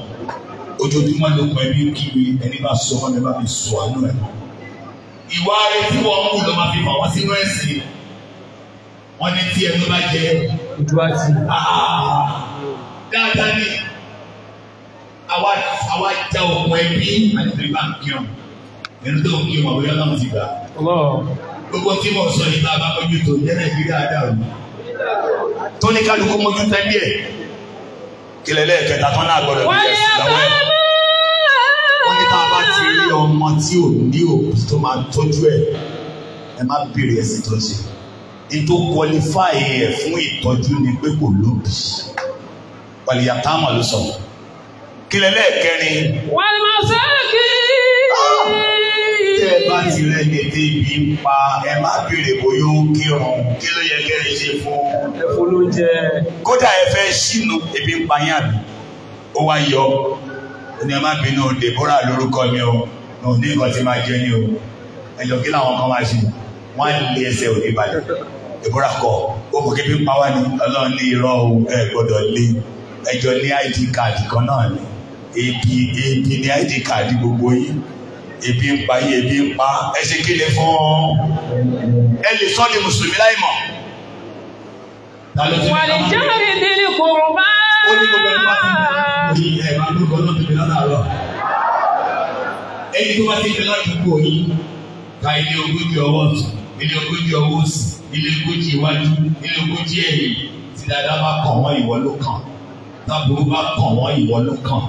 ojoojúmọ́ ni okùn ẹbí kíbi ẹni bá so mọ́ mi bá fi so àánú ẹ̀ ìwà rẹ tí wọ́n mú ló máa fi mọ̀ wọ́n sínú ẹ̀sìn wọ́n ní tí ẹnu bá jẹ ìdúrásì dáadáa ni àwa àwa já okùn ẹbí àti ìbá ń kírun ẹni tó ń kírun àwọn yọ̀ọ́ náà ti gbà gbogbo tí mo sọ yìí tá a bá mójú tó jẹ́ nàìjíríà dàrú tó kálukú mójú tẹ́lẹ̀ ẹ̀ kílẹ̀ lẹ́ẹ̀kẹta tán náà gbọ́dọ̀ bí ẹ̀sìn lọ́wọ́ wọ́n ní tá a bá ọmọ tí ò ní òbí tó máa tọ́jú ẹ̀ ẹ má béèrè ẹ̀sìn tó ṣe ètò qualify ẹ̀ fún ìtọ́jú ni pé kò lóbi pàlìyàtàmọ̀ ló sọ kílẹ̀ lẹ́ẹ̀kẹrin. wàlúmọ̀ sẹ́ẹ̀kì. Ah! bá ti rẹ kété ibi ń pa ẹ má béèrè bóyá ó kírun kí ló yẹ kẹ́ ẹ ṣe fún. ẹ fún ló jẹ. kódà ẹ fẹ́ sínú ebi ń pa yín àbí ó wá yọ ó ní ẹ má bínú Deborah lórúkọ mi o ní òní nǹkan tí máa jẹ ní o ẹjọ kí làwọn kan máa ṣe wọn á lé ẹsẹ̀ òní balẹ̀ Deborah kọ ó kò kébi ń pa wá ní Ọlọ́run ní irọ́ ẹ gbọ́dọ̀ lé ẹjọ ní id card kan náà ni èdè èdè ní id card gbogbo yìí ebi ń pa ebi ń pa ẹ ṣe kéde fún ẹ lè sọ di mùsùlùmí láì mọ̀. wàlẹ̀ jáde délé kòrò bá. ó ní gbogbo ẹni bá ti ní ẹ máa ń gbọ́ lọ́dún mi lọ́dún àárọ̀. ẹni tó bá ti bẹ ládùúgbò yìí ka ilé ogójì ọwọ́ ọ̀tún ilé ogójì ọwọ́ òsì ilé ogójì iwájú ilé ogójì ẹ̀yìn tí dáadáa bá kàn wọ́n ìwọ ló kàn tábùrú bá kàn wọ́n ìwọ ló kàn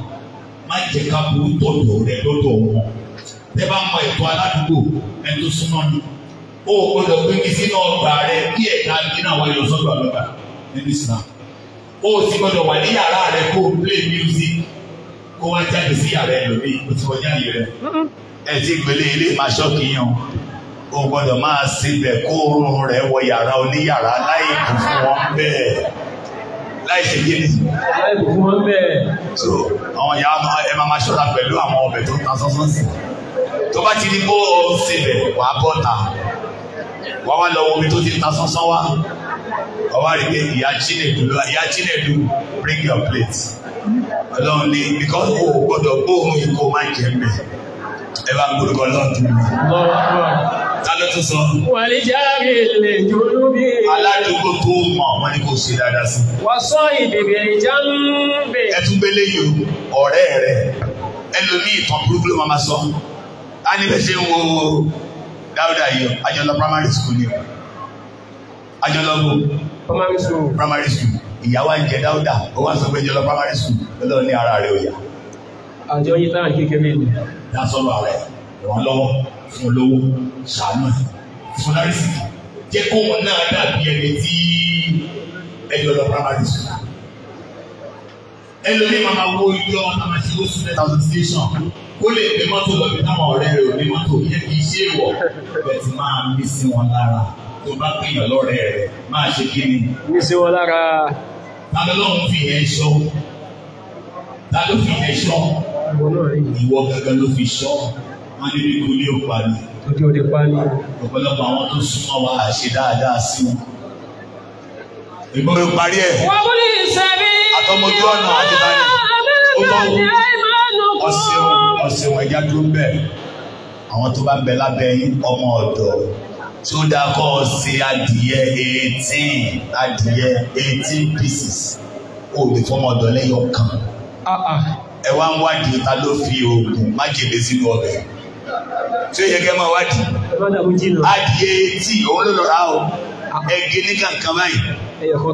má jẹ́ ká burú tọ̀dọ̀ rẹ lọ́dọ̀ wọn tẹ́ bá mọ ètò aládùúgbò ẹni tó súnmọ́ ni o gbọ́dọ̀ gbé ní sínú ọgbà rẹ kí ẹ̀dá bí náà wáyé lọ́sọ́dọ̀ àlọ́gbà nínú Islam o sì gbọ́dọ̀ wà ní yàrá rẹ kó o play music kó wá jáde sí yàrá ẹlòmí o ti wọ́n jáde rẹ ẹ ti gbélé ilé máa ṣọ́ọ̀kì yàn o gbọ́dọ̀ máa síbẹ̀ kó oorun rẹ wọ yàrá oníyàrá láì kù fún wọn bẹ́ẹ̀ láì ṣe kíni. láì kù fún wọn bẹ́ẹ̀. so àwọn yàrá ẹ máa máa ṣọ́ra pẹ̀lú àwọn ọbẹ̀ tó ta sọ́sọ́sì tó bá ti di bó o ṣe bẹ̀ wàá bọ́ ta wàá wá lọ wo omi tó ti ta sánsán wá wàá wá rí pé ìyá Chinedu ìyá Chinedu bring your plate ọlọ́run ní because o gbọ́dọ̀ gbóhùn ikú o máa jẹ́ mbẹ́ ẹ bá ń gbórúkọ ọlọ́run tó lù ta ló tún sọ. wàlí járe lè jòlú bí. aládùúgbò tó mọ̀ wọ́n ní kò ṣe dáadáa sí. wọ́n sọ ìbèbè ìjà ń bè. ẹ tún gbélé ọ̀rẹ́ rẹ̀ ẹlòmíì tán burúkú ló máa ma sọ a ní bẹ́ẹ̀ ṣe ń wo dáúdà yìí àjọlọ primary school ni o àjọlọ bò primary school primary school ìyàwó àjẹ dáúdà ó wá sọ pé àjọlọ primary school lọ́dọ̀ ní ara rẹ̀ òyà. àjọ yìí táwọn kékeré ni. dasọ́rọ̀ ààrẹ ràn lọ́wọ́ fún olówó ṣàánú fún lárísì jẹ́ kóun náà dàbí ẹni tí àjọlọ primary school ẹlòmíì máa wo ilé ọ̀nà àti oṣù mẹ́ta ọ̀sán station ó lè gbé mọ́tò lọ́bi táwọn ọ̀rẹ́ rẹ̀ ò ní mọ́tò yẹ kí ṣé wọ̀ bẹ́ẹ̀ ti máa mí sí wọn lára tó bá pèèyàn lọ́rẹ́ rẹ̀ máa ṣe kí ni. mí sí wọn lára. ta ló lóun fi yẹn ṣọ́ ta ló fi yẹn ṣọ́ ìwọ gangan ló fi ṣọ́ wọn ní bí kulé ò parí. ojú òde parí. ọ̀pọ̀lọpọ̀ àwọn tó súnmọ́ wa ṣe dáadáa sí wọn. ìgbọ́n mi parí ẹ̀. wọ́n mú ní ìṣẹ́bí. àtọmọjú ọ̀nà àti ó bá wù ọ̀sẹ̀ òun. Ọlọ́run ṣe wọn ẹja dúró bẹ́ẹ̀ àwọn tó bá ń bẹ lábẹ́ yín ọmọ ọ̀dọ̀ tí ó dákọ́ ṣe adìyẹ eighteen adìyẹ eighteen pieces ó lè fọmọ ọ̀dọ̀ lẹ́yìn ọ̀kan ah, ah. ẹ wá ń wádìí ta ló fi oògùn májèlé sínú ọbẹ̀ tí ó yẹ kẹ́ máa wádìí adìyẹ eighteen òun ló lọ rà ó ah. ẹgbẹ́ ní kankan báyìí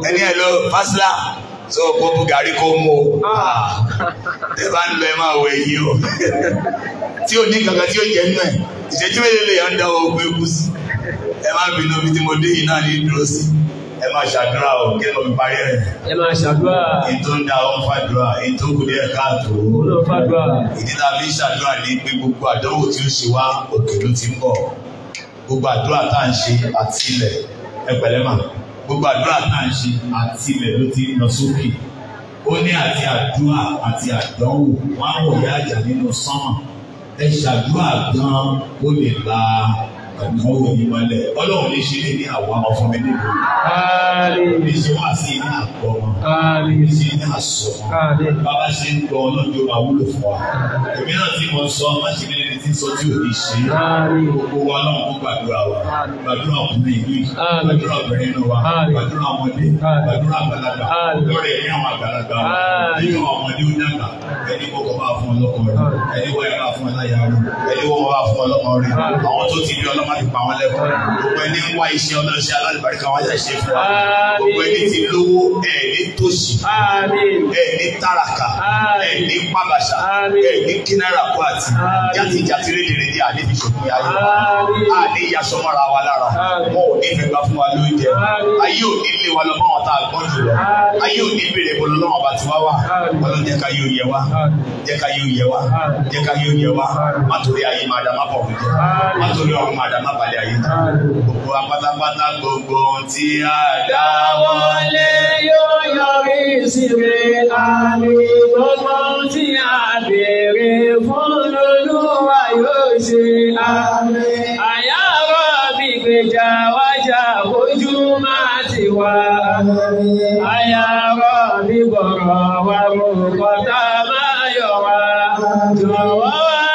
ẹni ẹ lọ fásilà so kó bu gàrí mú o tẹ bá ń lọ ẹ máa wọ èyí o tí o ní kankan tí o jẹ nínú ẹ ìṣẹ́jú mélòó lè yàn dáwọ́ ogun ewu sí ẹ má bínú omi tí mo dé yìí náà ní dúró sí ẹ máa ṣàdúrà o kí ló fi parí rẹ. ẹ máa ṣàdúrà. ètò ń da ọ ń fàdúrà ètò kò ní ẹ̀ka àtò. ó lọ fàdúrà. ìdí tá a fi ń ṣàdúrà ní pé gbogbo àdánwò tí ó ṣe wá òkè ló ti ń bọ̀ gbogbo àdúrà tá à ń ṣe àti ẹ pẹ̀lẹ́ màá gbogbo àdúrà tá à ń ṣe àti ilẹ̀ ló ti ń lọ sókè ó ní àti àdúrà àti àdánwò wọn á wòye àjà nínú sánmà ẹ ṣàdúrà gan ó lè la mo rò mí mọ́lẹ̀ ọlọ́run lè ṣe lè ní àwọn ọmọ mi níbo. lè ṣe wá sí iná àgbọ̀ wọn. lè ṣe iná bàbá ṣe ń gbọ́ ọlọ́jọ́ máa wúlò fún wa. èmi náà tí mo sọ má ṣe lè ti sọ tí ò ní ṣe. gbogbo wa náà kó gbàdúrà wa. gbàdúrà ọkùnrin ìlú gbàdúrà obìnrin inú wa. gbàdúrà ọmọdé. gbàdúrà àgbàlagbà. lórí ẹ̀mí àwọn àgbàlagbà. nínú ọmọdé ó dàgbà. ẹni kọ́kọ́ bá fún ọlọ́kọ rẹ̀. ẹni wọ́n yára fún ọláyà rẹ̀. ẹni wọ́n bá fún ọlọ́kọ rẹ̀. àwọn tó ti di ọl kọ́lọ́ má pa wọn lẹ́kọ̀ọ́ gbogbo ẹni ń wá iṣẹ́ ọlọ́ṣẹ́ alálùbáríkà wá ṣe ṣe fún wa gbogbo ẹni ti lówó ẹ̀ ní tòṣì tàràkà ẹ̀ ní pàbàṣà ẹ̀ ní kínára pàtì jáde jáde rédèrèdè àdébí ṣòkun ayé àdé yaṣọ mọ́ra wa lára wọn ò ní fẹ́ gbà fún wa lóúnjẹ ayé ò ní lé wa lọ báwọn tá a gbọ́n jù lọ ayé ò ní béèrè bọ́lọ́ náà bá ti wá wà ọlọ́run jẹ́ ká yóò yẹ wá jẹ́ ká yóò yẹ wá jẹ́ ká yóò yẹ wá má torí ayé máa dá má bọ̀ wọ́n jẹ́ má torí ọ̀run máa padà má balẹ̀ ayé tán gbogbo apátápátá gbogbo tí a dá wọlé yóò yọrí sí rere àmì gbogbo tí a béèrè fún lolúwa yóò ṣe àmì àyàrá bìgbèjà wájà ojú máa ti wá àyàrá bíbọ̀rọ̀ wa mú kọ́tà máa yọ̀ wá jọ̀wọ́ wá.